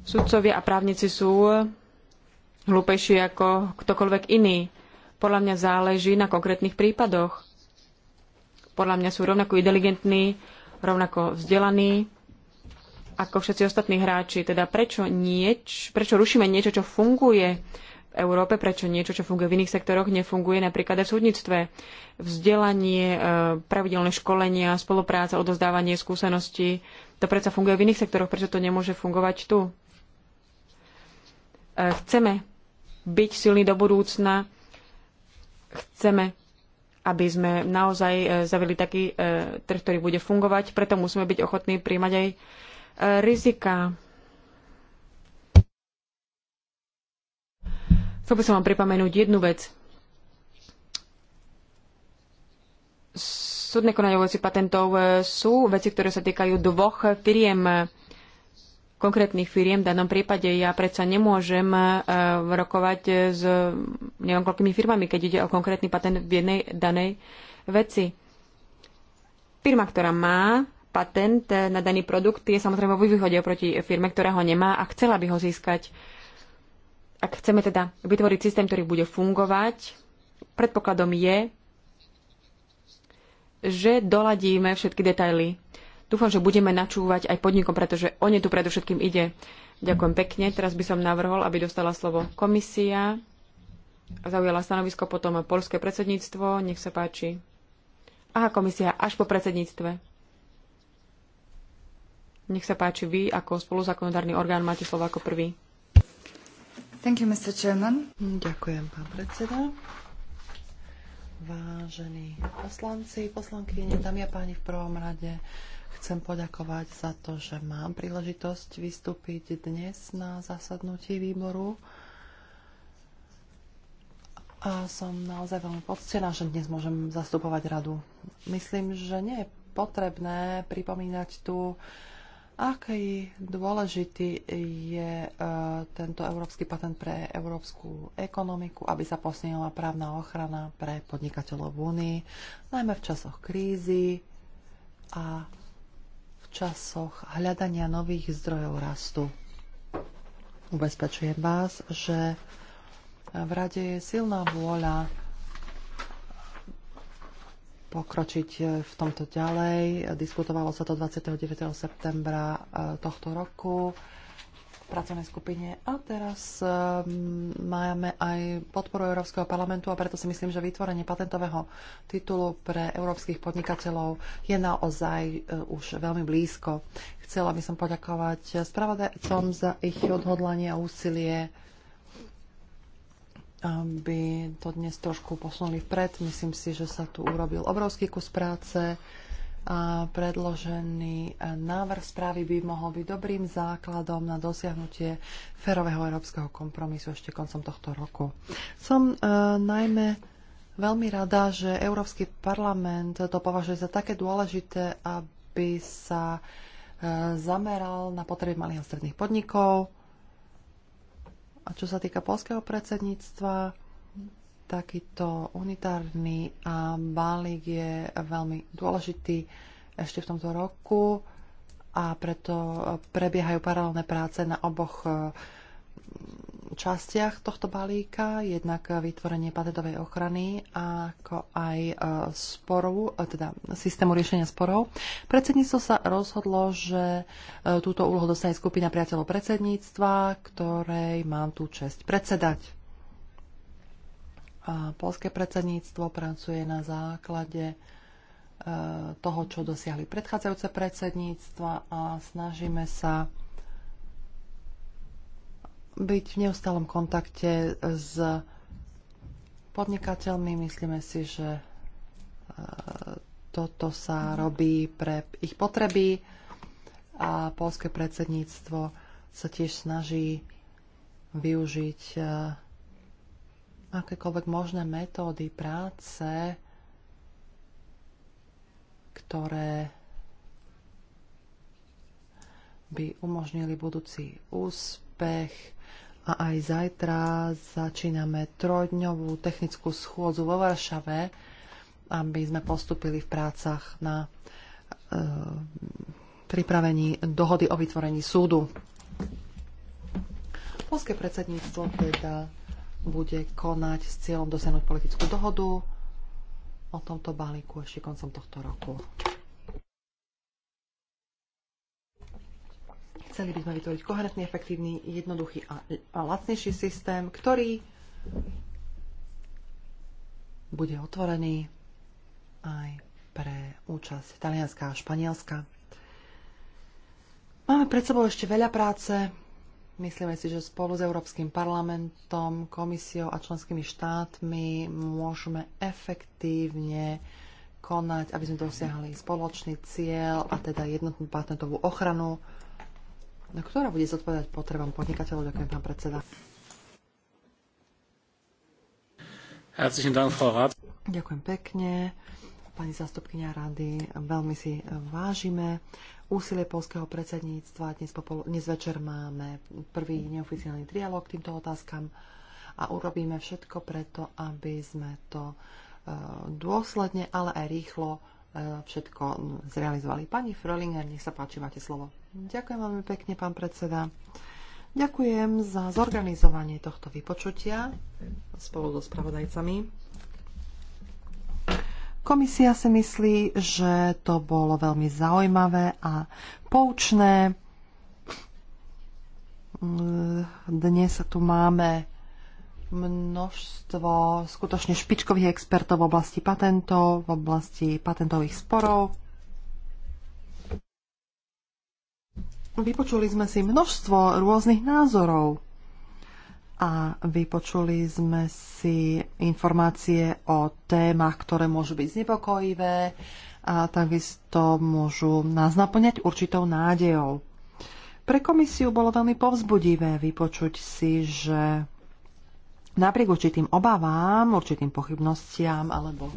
sudcovia a právnici sú hlúpejší ako ktokoľvek iný. Podľa mňa záleží na konkrétnych prípadoch. Podľa mňa sú rovnako inteligentní, rovnako vzdelaní ako všetci ostatní hráči. Teda prečo, nieč, prečo rušíme niečo, čo funguje v Európe, prečo niečo, čo funguje v iných sektoroch, nefunguje napríklad aj v súdnictve. Vzdelanie, e, pravidelné školenia, spolupráca, odozdávanie skúseností, to predsa funguje v iných sektoroch, prečo to nemôže fungovať tu? E, chceme byť silní do budúcna. Chceme, aby sme naozaj e, zavili taký e, trh, ktorý bude fungovať, preto musíme byť ochotní príjmať aj e, rizika. Chcel by som vám pripomenúť jednu vec. Súdne konania veci patentov sú veci, ktoré sa týkajú dvoch firiem konkrétnych firiem. V danom prípade ja predsa nemôžem e, rokovať s e, neviem koľkými firmami, keď ide o konkrétny patent v jednej danej veci. Firma, ktorá má patent na daný produkt, je samozrejme vo výhode oproti firme, ktorá ho nemá a chcela by ho získať. Ak chceme teda vytvoriť systém, ktorý bude fungovať, predpokladom je, že doladíme všetky detaily Dúfam, že budeme načúvať aj podnikom, pretože o ne tu predovšetkým ide. Ďakujem pekne. Teraz by som navrhol, aby dostala slovo komisia. Zaujala stanovisko potom polské predsedníctvo. Nech sa páči. Aha, komisia, až po predsedníctve. Nech sa páči, vy ako spoluzákonodárny orgán máte slovo ako prvý. You, Ďakujem, pán predseda. Vážení poslanci, poslankyne, dámy a páni, v prvom rade Chcem poďakovať za to, že mám príležitosť vystúpiť dnes na zasadnutí výboru. A som naozaj veľmi poctená, že dnes môžem zastupovať radu. Myslím, že nie je potrebné pripomínať tu, aký dôležitý je e, tento európsky patent pre európsku ekonomiku, aby sa posilnila právna ochrana pre podnikateľov v Únii, najmä v časoch krízy a časoch hľadania nových zdrojov rastu. Ubezpečujem vás, že v rade je silná vôľa pokročiť v tomto ďalej. Diskutovalo sa to 29. septembra eh, tohto roku pracovnej skupine. A teraz e, máme aj podporu Európskeho parlamentu a preto si myslím, že vytvorenie patentového titulu pre európskych podnikateľov je naozaj e, už veľmi blízko. Chcela by som poďakovať spravodajcom za ich odhodlanie a úsilie aby to dnes trošku posunuli vpred. Myslím si, že sa tu urobil obrovský kus práce a predložený e, návrh správy by mohol byť dobrým základom na dosiahnutie férového európskeho kompromisu ešte koncom tohto roku. Som uh, najmä veľmi rada, že Európsky parlament to považuje za také dôležité, aby sa uh, zameral na potreby malých a stredných podnikov. A čo sa týka polského predsedníctva, takýto unitárny balík je veľmi dôležitý ešte v tomto roku a preto prebiehajú paralelné práce na oboch e, častiach tohto balíka, jednak vytvorenie patentovej ochrany, ako aj e, sporov, e, teda systému riešenia sporov. Predsedníctvo sa rozhodlo, že túto úlohu dostane skupina priateľov predsedníctva, ktorej mám tú čest predsedať. A polské predsedníctvo pracuje na základe e, toho, čo dosiahli predchádzajúce predsedníctva a snažíme sa byť v neustálom kontakte s podnikateľmi. Myslíme si, že e, toto sa robí pre ich potreby a polské predsedníctvo sa tiež snaží využiť e, akékoľvek možné metódy práce, ktoré by umožnili budúci úspech. A aj zajtra začíname trojdňovú technickú schôdzu vo Varšave, aby sme postupili v prácach na e, pripravení dohody o vytvorení súdu. Polské predsedníctvo teda bude konať s cieľom dosiahnuť politickú dohodu o tomto balíku ešte koncom tohto roku. Chceli by sme vytvoriť koherentný, efektívny, jednoduchý a, a lacnejší systém, ktorý bude otvorený aj pre účasť Talianska a Španielska. Máme pred sebou ešte veľa práce, Myslíme si, že spolu s Európskym parlamentom, komisiou a členskými štátmi môžeme efektívne konať, aby sme dosiahli spoločný cieľ a teda jednotnú patentovú ochranu, ktorá bude zodpovedať potrebám podnikateľov. Ďakujem, pán predseda. Ďakujem pekne. Pani zástupkynia rady, veľmi si vážime úsilie polského predsedníctva. Dnes, popol- dnes večer máme prvý neoficiálny trialog k týmto otázkam a urobíme všetko preto, aby sme to e, dôsledne, ale aj rýchlo e, všetko zrealizovali. Pani Frölinger, nech sa páči, máte slovo. Ďakujem veľmi pekne, pán predseda. Ďakujem za zorganizovanie tohto vypočutia spolu so spravodajcami. Komisia si myslí, že to bolo veľmi zaujímavé a poučné. Mm, dnes tu máme množstvo skutočne špičkových expertov v oblasti patentov, v oblasti patentových sporov. Vypočuli sme si množstvo rôznych názorov a vypočuli sme si informácie o témach, ktoré môžu byť znepokojivé a takisto môžu nás naplňať určitou nádejou. Pre komisiu bolo veľmi povzbudivé vypočuť si, že napriek určitým obavám, určitým pochybnostiam alebo e,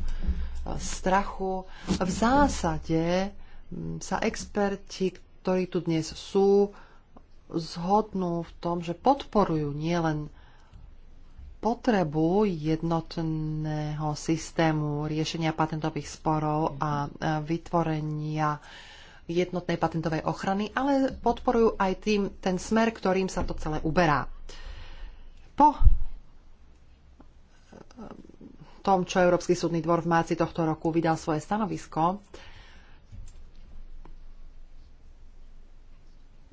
strachu, v zásade sa experti, ktorí tu dnes sú, zhodnú v tom, že podporujú nielen potrebu jednotného systému riešenia patentových sporov a vytvorenia jednotnej patentovej ochrany, ale podporujú aj tým ten smer, ktorým sa to celé uberá. Po e, tom, čo Európsky súdny dvor v máci tohto roku vydal svoje stanovisko,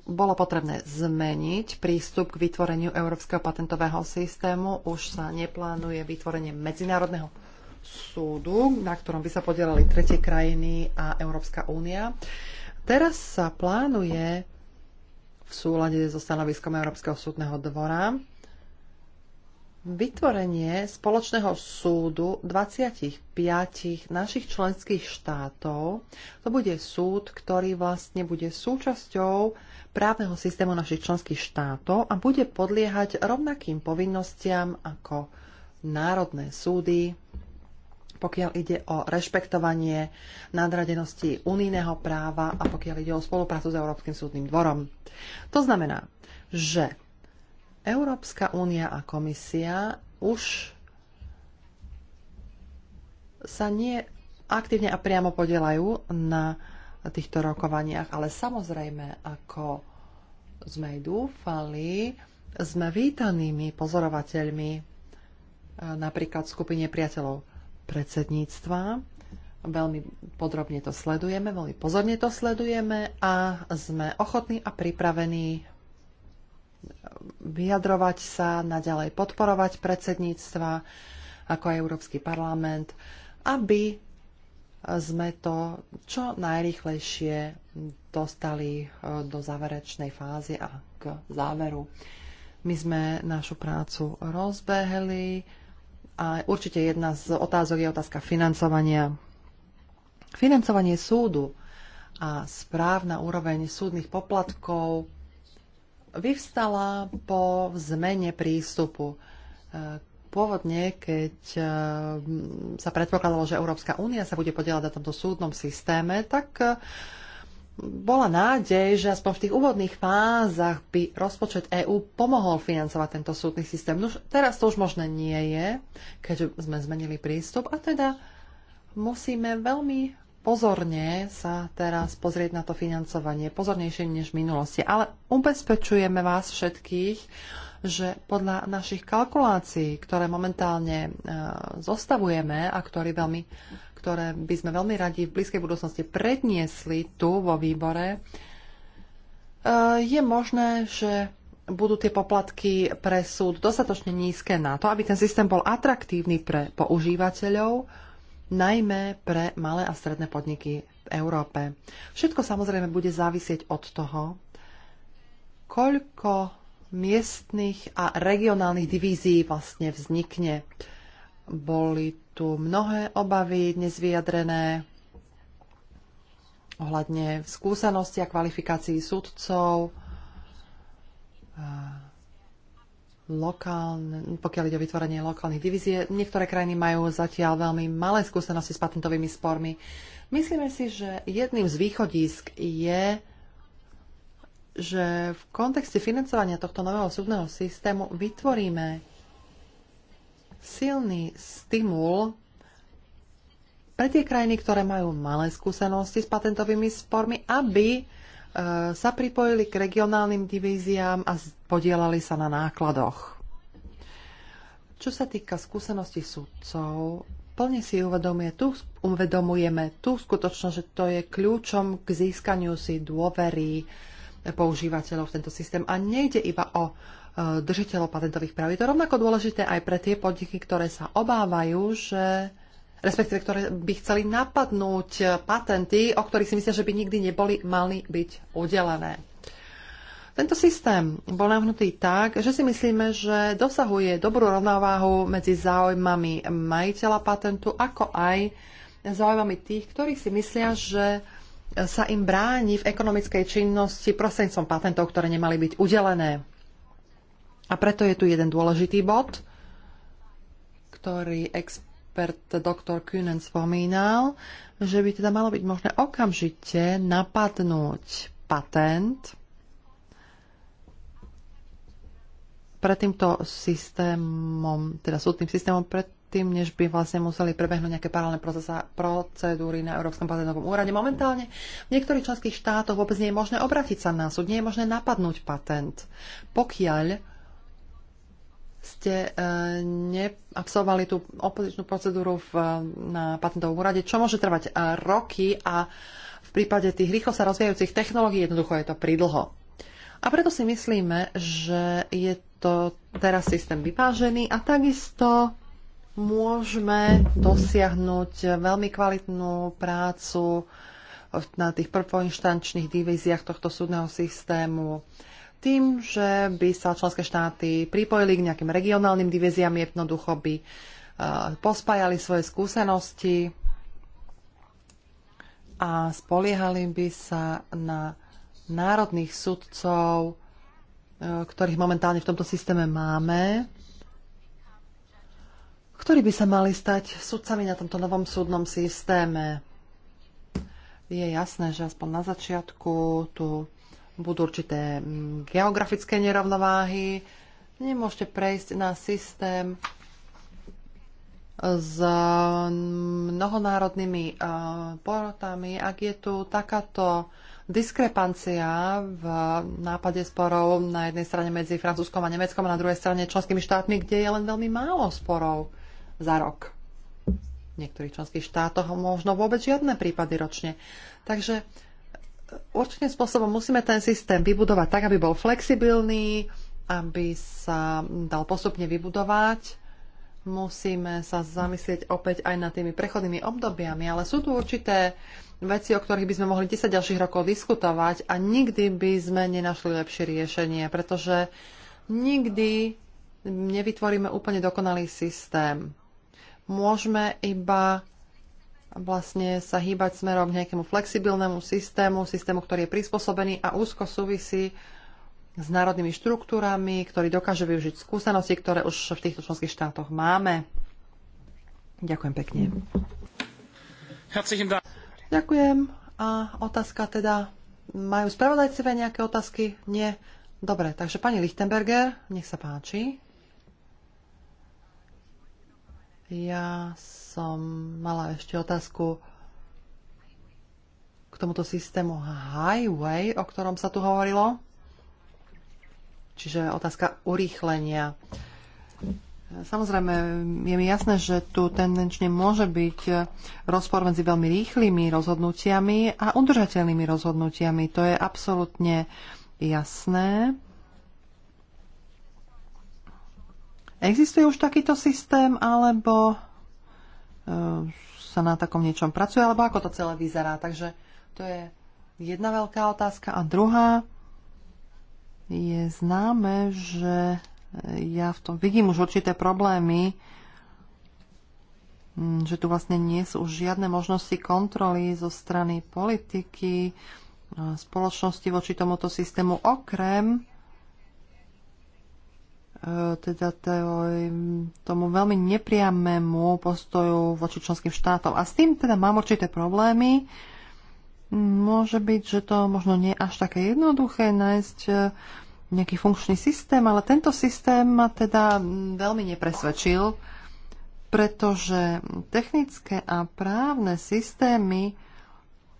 bolo potrebné zmeniť prístup k vytvoreniu Európskeho patentového systému. Už sa neplánuje vytvorenie medzinárodného súdu, na ktorom by sa podielali tretie krajiny a Európska únia. Teraz sa plánuje v súlade so stanoviskom Európskeho súdneho dvora vytvorenie spoločného súdu 25 našich členských štátov. To bude súd, ktorý vlastne bude súčasťou právneho systému našich členských štátov a bude podliehať rovnakým povinnostiam ako národné súdy, pokiaľ ide o rešpektovanie nadradenosti unijného práva a pokiaľ ide o spoluprácu s Európskym súdnym dvorom. To znamená, že Európska únia a komisia už sa nie aktívne a priamo podielajú na týchto rokovaniach, ale samozrejme, ako sme aj dúfali, sme vítanými pozorovateľmi e, napríklad v skupine priateľov predsedníctva. Veľmi podrobne to sledujeme, veľmi pozorne to sledujeme a sme ochotní a pripravení e, vyjadrovať sa, naďalej podporovať predsedníctva ako aj Európsky parlament, aby sme to čo najrychlejšie dostali e, do záverečnej fázy a k záveru. My sme našu prácu rozbehli a určite jedna z otázok je otázka financovania. Financovanie súdu a správna úroveň súdnych poplatkov vyvstala po zmene prístupu e, Pôvodne, keď eh, sa predpokladalo, že Európska únia sa bude podielať na tomto súdnom systéme, tak eh, bola nádej, že aspoň v tých úvodných fázach by rozpočet EÚ pomohol financovať tento súdny systém. No teraz to už možné nie je, keďže sme zmenili prístup a teda musíme veľmi pozorne sa teraz pozrieť na to financovanie, pozornejšie než v minulosti. Ale ubezpečujeme vás všetkých, že podľa našich kalkulácií, ktoré momentálne e, zostavujeme a ktoré, veľmi, ktoré by sme veľmi radi v blízkej budúcnosti predniesli tu vo výbore, e, je možné, že budú tie poplatky pre súd dostatočne nízke na to, aby ten systém bol atraktívny pre používateľov, najmä pre malé a stredné podniky v Európe. Všetko samozrejme bude závisieť od toho, koľko miestnych a regionálnych divízií vlastne vznikne. Boli tu mnohé obavy dnes vyjadrené ohľadne skúsenosti a kvalifikácií sudcov, lokálne, pokiaľ ide o vytvorenie lokálnych divízie. Niektoré krajiny majú zatiaľ veľmi malé skúsenosti s patentovými spormi. Myslíme si, že jedným z východisk je že v kontexte financovania tohto nového súdneho systému vytvoríme silný stimul pre tie krajiny, ktoré majú malé skúsenosti s patentovými spormi, aby e, sa pripojili k regionálnym divíziám a podielali sa na nákladoch. Čo sa týka skúseností súdcov, plne si uvedomuje, tu, uvedomujeme tú skutočnosť, že to je kľúčom k získaniu si dôvery používateľov v tento systém. A nejde iba o e, držiteľov patentových práv. Je to rovnako dôležité aj pre tie podniky, ktoré sa obávajú, že respektíve ktoré by chceli napadnúť patenty, o ktorých si myslia, že by nikdy neboli mali byť udelené. Tento systém bol navnutý tak, že si myslíme, že dosahuje dobrú rovnováhu medzi záujmami majiteľa patentu, ako aj záujmami tých, ktorí si myslia, že sa im bráni v ekonomickej činnosti prostredníctvom patentov, ktoré nemali byť udelené. A preto je tu jeden dôležitý bod, ktorý expert dr. Kühnen spomínal, že by teda malo byť možné okamžite napadnúť patent pred týmto systémom, teda súdnym systémom, pred predtým, než by vlastne museli prebehnúť nejaké paralelné procesa, procedúry na Európskom patentovom úrade. Momentálne v niektorých členských štátoch vôbec nie je možné obrátiť sa na súd, nie je možné napadnúť patent, pokiaľ ste e, neabsolvovali tú opozičnú procedúru v, na patentovom úrade, čo môže trvať a e, roky a v prípade tých rýchlo sa rozvíjajúcich technológií jednoducho je to pridlho. A preto si myslíme, že je to teraz systém vyvážený a takisto môžeme dosiahnuť veľmi kvalitnú prácu na tých prvoinštančných divíziách tohto súdneho systému tým, že by sa členské štáty pripojili k nejakým regionálnym divíziám, jednoducho by e, pospájali svoje skúsenosti a spoliehali by sa na národných sudcov, e, ktorých momentálne v tomto systéme máme, ktorí by sa mali stať sudcami na tomto novom súdnom systéme. Je jasné, že aspoň na začiatku tu budú určité mm, geografické nerovnováhy. Nemôžete prejsť na systém s mnohonárodnými e, porotami, ak je tu takáto diskrepancia v nápade sporov na jednej strane medzi Francúzskom a Nemeckom a na druhej strane členskými štátmi, kde je len veľmi málo sporov za rok. V niektorých členských štátoch možno vôbec žiadne prípady ročne. Takže e, určitým spôsobom musíme ten systém vybudovať tak, aby bol flexibilný, aby sa dal postupne vybudovať. Musíme sa zamyslieť opäť aj nad tými prechodnými obdobiami, ale sú tu určité veci, o ktorých by sme mohli 10 ďalších rokov diskutovať a nikdy by sme nenašli lepšie riešenie, pretože nikdy nevytvoríme úplne dokonalý systém môžeme iba vlastne sa hýbať smerom k nejakému flexibilnému systému, systému, ktorý je prispôsobený a úzko súvisí s národnými štruktúrami, ktorý dokáže využiť skúsenosti, ktoré už v týchto členských štátoch máme. Ďakujem pekne. Ďakujem. A otázka teda, majú spravodajcovia nejaké otázky? Nie. Dobre, takže pani Lichtenberger, nech sa páči. Ja som mala ešte otázku k tomuto systému Highway, o ktorom sa tu hovorilo. Čiže otázka urýchlenia. Samozrejme, je mi jasné, že tu tendenčne môže byť rozpor medzi veľmi rýchlymi rozhodnutiami a udržateľnými rozhodnutiami. To je absolútne jasné. Existuje už takýto systém, alebo e, sa na takom niečom pracuje, alebo ako to celé vyzerá. Takže to je jedna veľká otázka. A druhá je známe, že ja v tom vidím už určité problémy, že tu vlastne nie sú už žiadne možnosti kontroly zo strany politiky, spoločnosti voči tomuto systému, okrem E, teda tomu veľmi nepriamému postoju voči členským štátom. A s tým teda mám určité problémy. Môže byť, že to možno nie až také jednoduché nájsť e, nejaký funkčný systém, ale tento systém ma teda veľmi nepresvedčil, pretože technické a právne systémy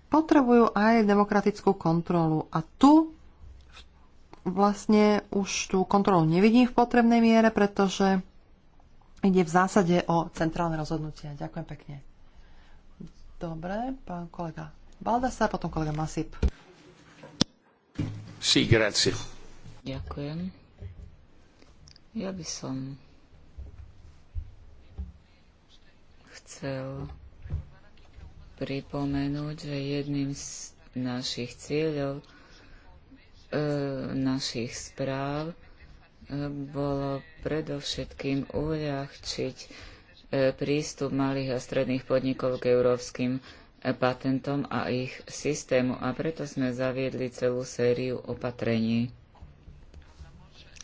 potrebujú aj demokratickú kontrolu. A tu vlastne už tú kontrolu nevidím v potrebnej miere, pretože ide v zásade o centrálne rozhodnutie. Ďakujem pekne. Dobre, pán kolega Baldasa, potom kolega Masip. Sí, grazie. Ďakujem. Ja by som chcel pripomenúť, že jedným z našich cieľov našich správ e, bolo predovšetkým uľahčiť e, prístup malých a stredných podnikov k európskym e, patentom a ich systému a preto sme zaviedli celú sériu opatrení.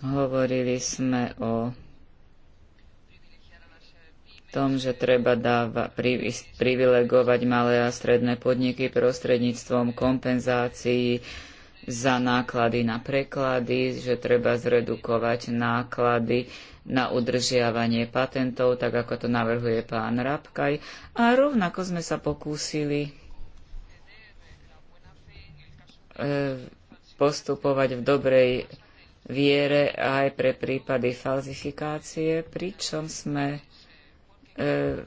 Hovorili sme o tom, že treba dáva, privilegovať malé a stredné podniky prostredníctvom kompenzácií za náklady na preklady, že treba zredukovať náklady na udržiavanie patentov, tak ako to navrhuje pán Rabkaj. A rovnako sme sa pokúsili e, postupovať v dobrej viere aj pre prípady falzifikácie, pričom sme e,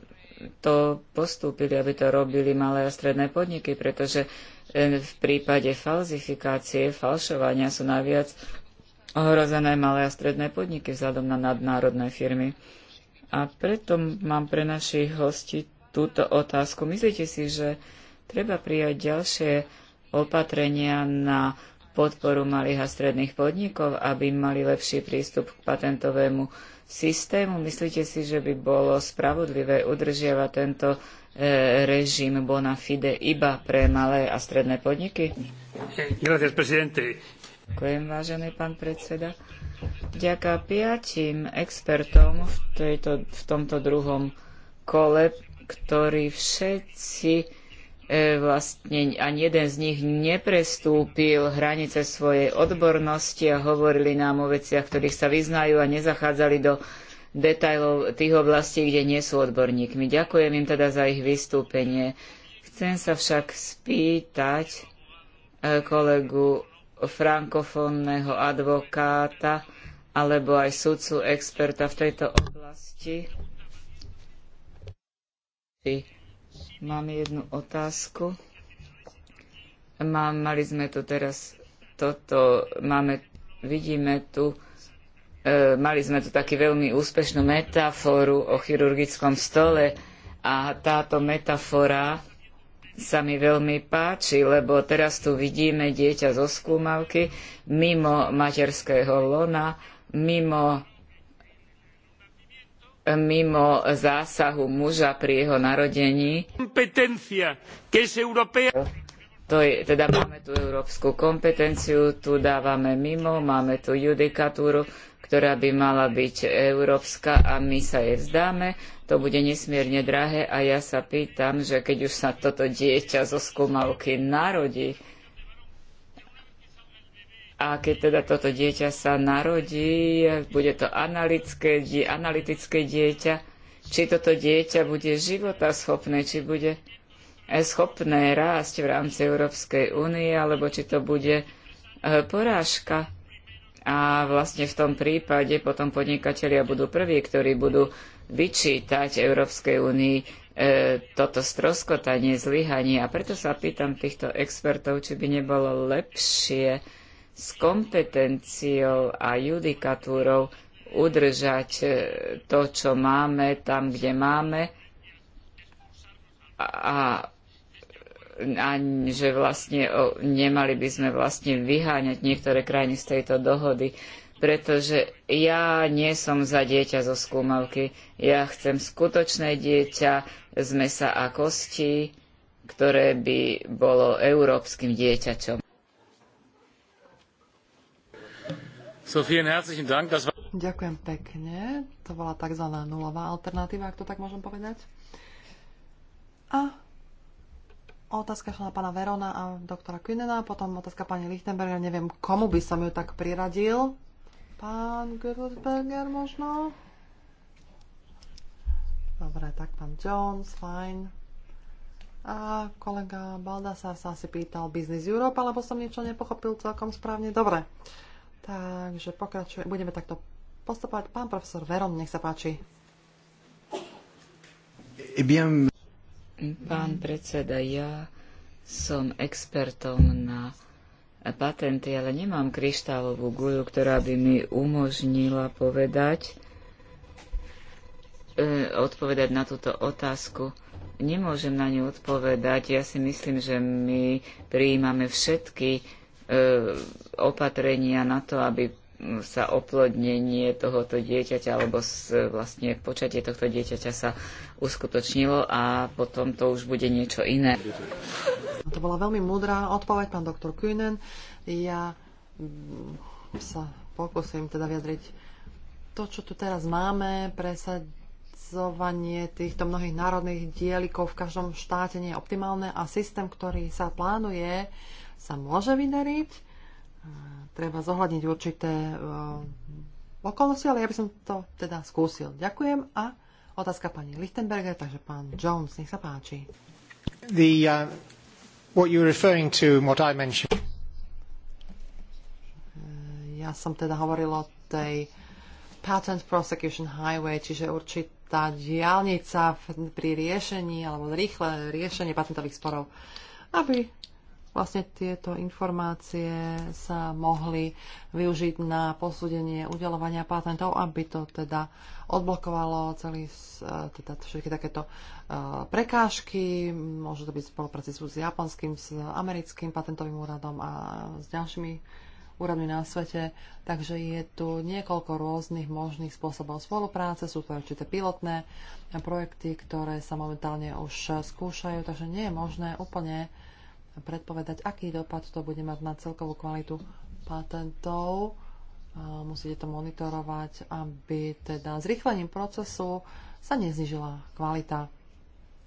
to postúpili, aby to robili malé a stredné podniky, pretože v prípade falzifikácie, falšovania sú najviac ohrozené malé a stredné podniky vzhľadom na nadnárodné firmy. A preto mám pre našich hostí túto otázku. Myslíte si, že treba prijať ďalšie opatrenia na podporu malých a stredných podnikov, aby mali lepší prístup k patentovému systému? Myslíte si, že by bolo spravodlivé udržiavať tento E, režim bona fide iba pre malé a stredné podniky? Ďakujem, vážený pán predseda. Ďaká piatim expertom v, tejto, v tomto druhom kole, ktorí všetci e, vlastne ani jeden z nich neprestúpil hranice svojej odbornosti a hovorili nám o veciach, ktorých sa vyznajú a nezachádzali do detajlov tých oblastí, kde nie sú odborníkmi. Ďakujem im teda za ich vystúpenie. Chcem sa však spýtať e, kolegu frankofónneho advokáta alebo aj sudcu experta v tejto oblasti. Mám jednu otázku. Mám, mali sme tu teraz toto, máme, vidíme tu E, mali sme tu takú veľmi úspešnú metaforu o chirurgickom stole a táto metafora sa mi veľmi páči, lebo teraz tu vidíme dieťa zo skúmavky mimo materského lona, mimo, mimo zásahu muža pri jeho narodení. To je, teda máme tu európsku kompetenciu, tu dávame mimo, máme tu judikatúru, ktorá by mala byť európska a my sa jej vzdáme. To bude nesmierne drahé a ja sa pýtam, že keď už sa toto dieťa zo skúmavky narodí, a keď teda toto dieťa sa narodí, bude to analytické, analytické dieťa, či toto dieťa bude životaschopné, či bude schopné rásť v rámci Európskej únie, alebo či to bude e, porážka. A vlastne v tom prípade potom podnikatelia budú prví, ktorí budú vyčítať Európskej únii e, toto stroskotanie, zlyhanie. A preto sa pýtam týchto expertov, či by nebolo lepšie s kompetenciou a judikatúrou udržať e, to, čo máme tam, kde máme a a že vlastne nemali by sme vlastne vyháňať niektoré krajiny z tejto dohody, pretože ja nie som za dieťa zo skúmavky. Ja chcem skutočné dieťa z mesa a kostí, ktoré by bolo európskym dieťaťom. Ďakujem pekne. To bola tzv. nulová alternatíva, ak to tak môžem povedať. A Otázka šla na pána Verona a doktora Kynena, potom otázka pani Lichtenberger, neviem, komu by som ju tak priradil. Pán Gerlsberger možno? Dobre, tak pán Jones, fajn. A kolega Baldasar sa asi pýtal Business Europe, alebo som niečo nepochopil celkom správne. Dobre, takže pokračujem. Budeme takto postupovať. Pán profesor Veron, nech sa páči. Eh bien, Pán predseda, ja som expertom na patenty, ale nemám kryštálovú guľu, ktorá by mi umožnila povedať, e, odpovedať na túto otázku. Nemôžem na ňu odpovedať. Ja si myslím, že my prijímame všetky e, opatrenia na to, aby sa oplodnenie tohoto dieťaťa alebo vlastne počatie tohto dieťaťa sa uskutočnilo a potom to už bude niečo iné. To bola veľmi múdra odpoveď, pán doktor Kühnen. Ja sa pokúsim teda vyjadriť to, čo tu teraz máme, presadzovanie týchto mnohých národných dielikov v každom štáte nie je optimálne a systém, ktorý sa plánuje, sa môže vydariť, treba zohľadniť určité eh, okolnosti, ale ja by som to teda skúsil. Ďakujem a otázka pani Lichtenberger, takže pán Jones, nech sa páči. The, uh, what you're referring to, what I mentioned. Eh, ja som teda hovoril o tej Patent Prosecution Highway, čiže určitá diálnica pri riešení alebo rýchle riešenie patentových sporov, aby vlastne tieto informácie sa mohli využiť na posúdenie udelovania patentov, aby to teda odblokovalo celý, e, teda všetky takéto e, prekážky. Môže to byť spolupráci s japonským, s americkým patentovým úradom a s ďalšími úradmi na svete. Takže je tu niekoľko rôznych možných spôsobov spolupráce, sú to určité pilotné projekty, ktoré sa momentálne už skúšajú, takže nie je možné úplne predpovedať, aký dopad to bude mať na celkovú kvalitu patentov. Musíte to monitorovať, aby teda zrýchlením procesu sa neznižila kvalita.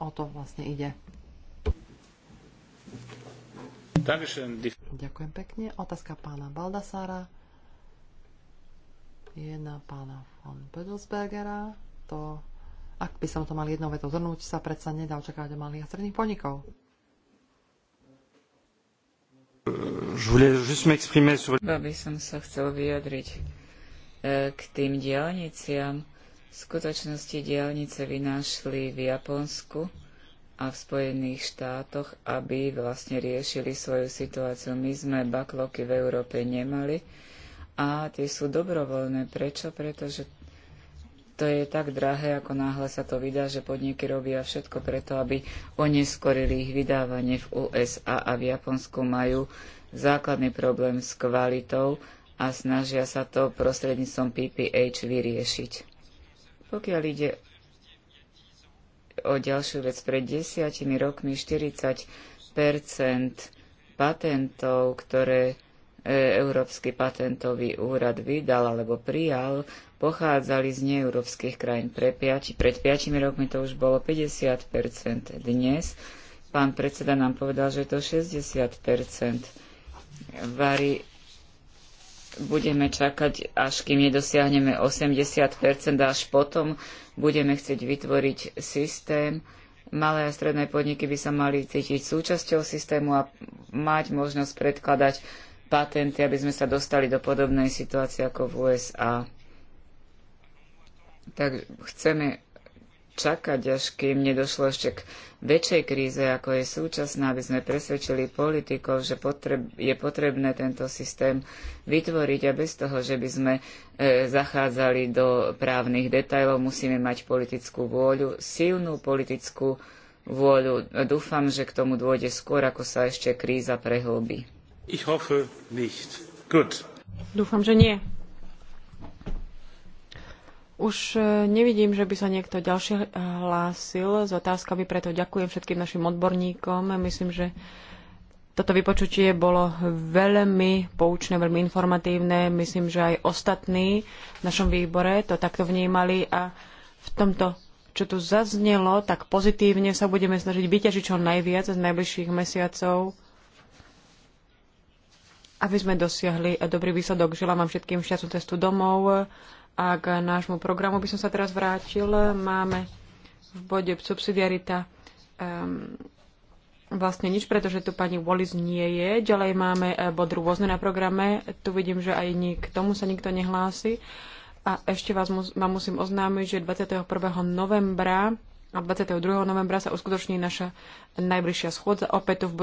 O to vlastne ide. Ďakujem pekne. Otázka pána Baldasára je na pána von Bedelsbergera. To, ak by som to mal jednou vetou zhrnúť, sa predsa nedá očakávať od malých a stredných podnikov. Iba by som sa chcel vyjadriť e, k tým diaľniciam. V skutočnosti diaľnice vynášli v Japonsku a v Spojených štátoch, aby vlastne riešili svoju situáciu. My sme bakloky v Európe nemali a tie sú dobrovoľné. Prečo? Pretože to je tak drahé, ako náhle sa to vydá, že podniky robia všetko preto, aby oneskorili ich vydávanie v USA a v Japonsku majú základný problém s kvalitou a snažia sa to prostredníctvom PPH vyriešiť. Pokiaľ ide o ďalšiu vec, pred desiatimi rokmi 40 patentov, ktoré E, Európsky patentový úrad vydal alebo prijal, pochádzali z neeurópskych krajín. Pre piači, pred 5 rokmi to už bolo 50 Dnes pán predseda nám povedal, že je to 60 Vary, budeme čakať, až kým nedosiahneme 80 až potom budeme chcieť vytvoriť systém, malé a stredné podniky by sa mali cítiť súčasťou systému a mať možnosť predkladať patenty, aby sme sa dostali do podobnej situácie ako v USA. Tak chceme čakať, až kým nedošlo ešte k väčšej kríze, ako je súčasná, aby sme presvedčili politikov, že potreb, je potrebné tento systém vytvoriť a bez toho, že by sme e, zachádzali do právnych detajlov, musíme mať politickú vôľu, silnú politickú vôľu. Dúfam, že k tomu dôjde skôr, ako sa ešte kríza prehlbí. Ich hoffe nicht. Gut. Dúfam, že nie. Už e, nevidím, že by sa niekto ďalší e, hlásil s otázkami, preto ďakujem všetkým našim odborníkom. Myslím, že toto vypočutie bolo veľmi poučné, veľmi informatívne. Myslím, že aj ostatní v našom výbore to takto vnímali a v tomto, čo tu zaznelo, tak pozitívne sa budeme snažiť vyťažiť čo najviac z najbližších mesiacov aby sme dosiahli dobrý výsledok. Želám vám všetkým šťastnú cestu domov a k nášmu programu by som sa teraz vrátil. Máme v bode subsidiarita um, vlastne nič, pretože tu pani Wallis nie je. Ďalej máme eh, bod rôzne na programe. Tu vidím, že aj k tomu sa nikto nehlási. A ešte vás, mus, vám musím oznámiť, že 21. novembra a 22. novembra sa uskutoční naša najbližšia schôdza opäť tu v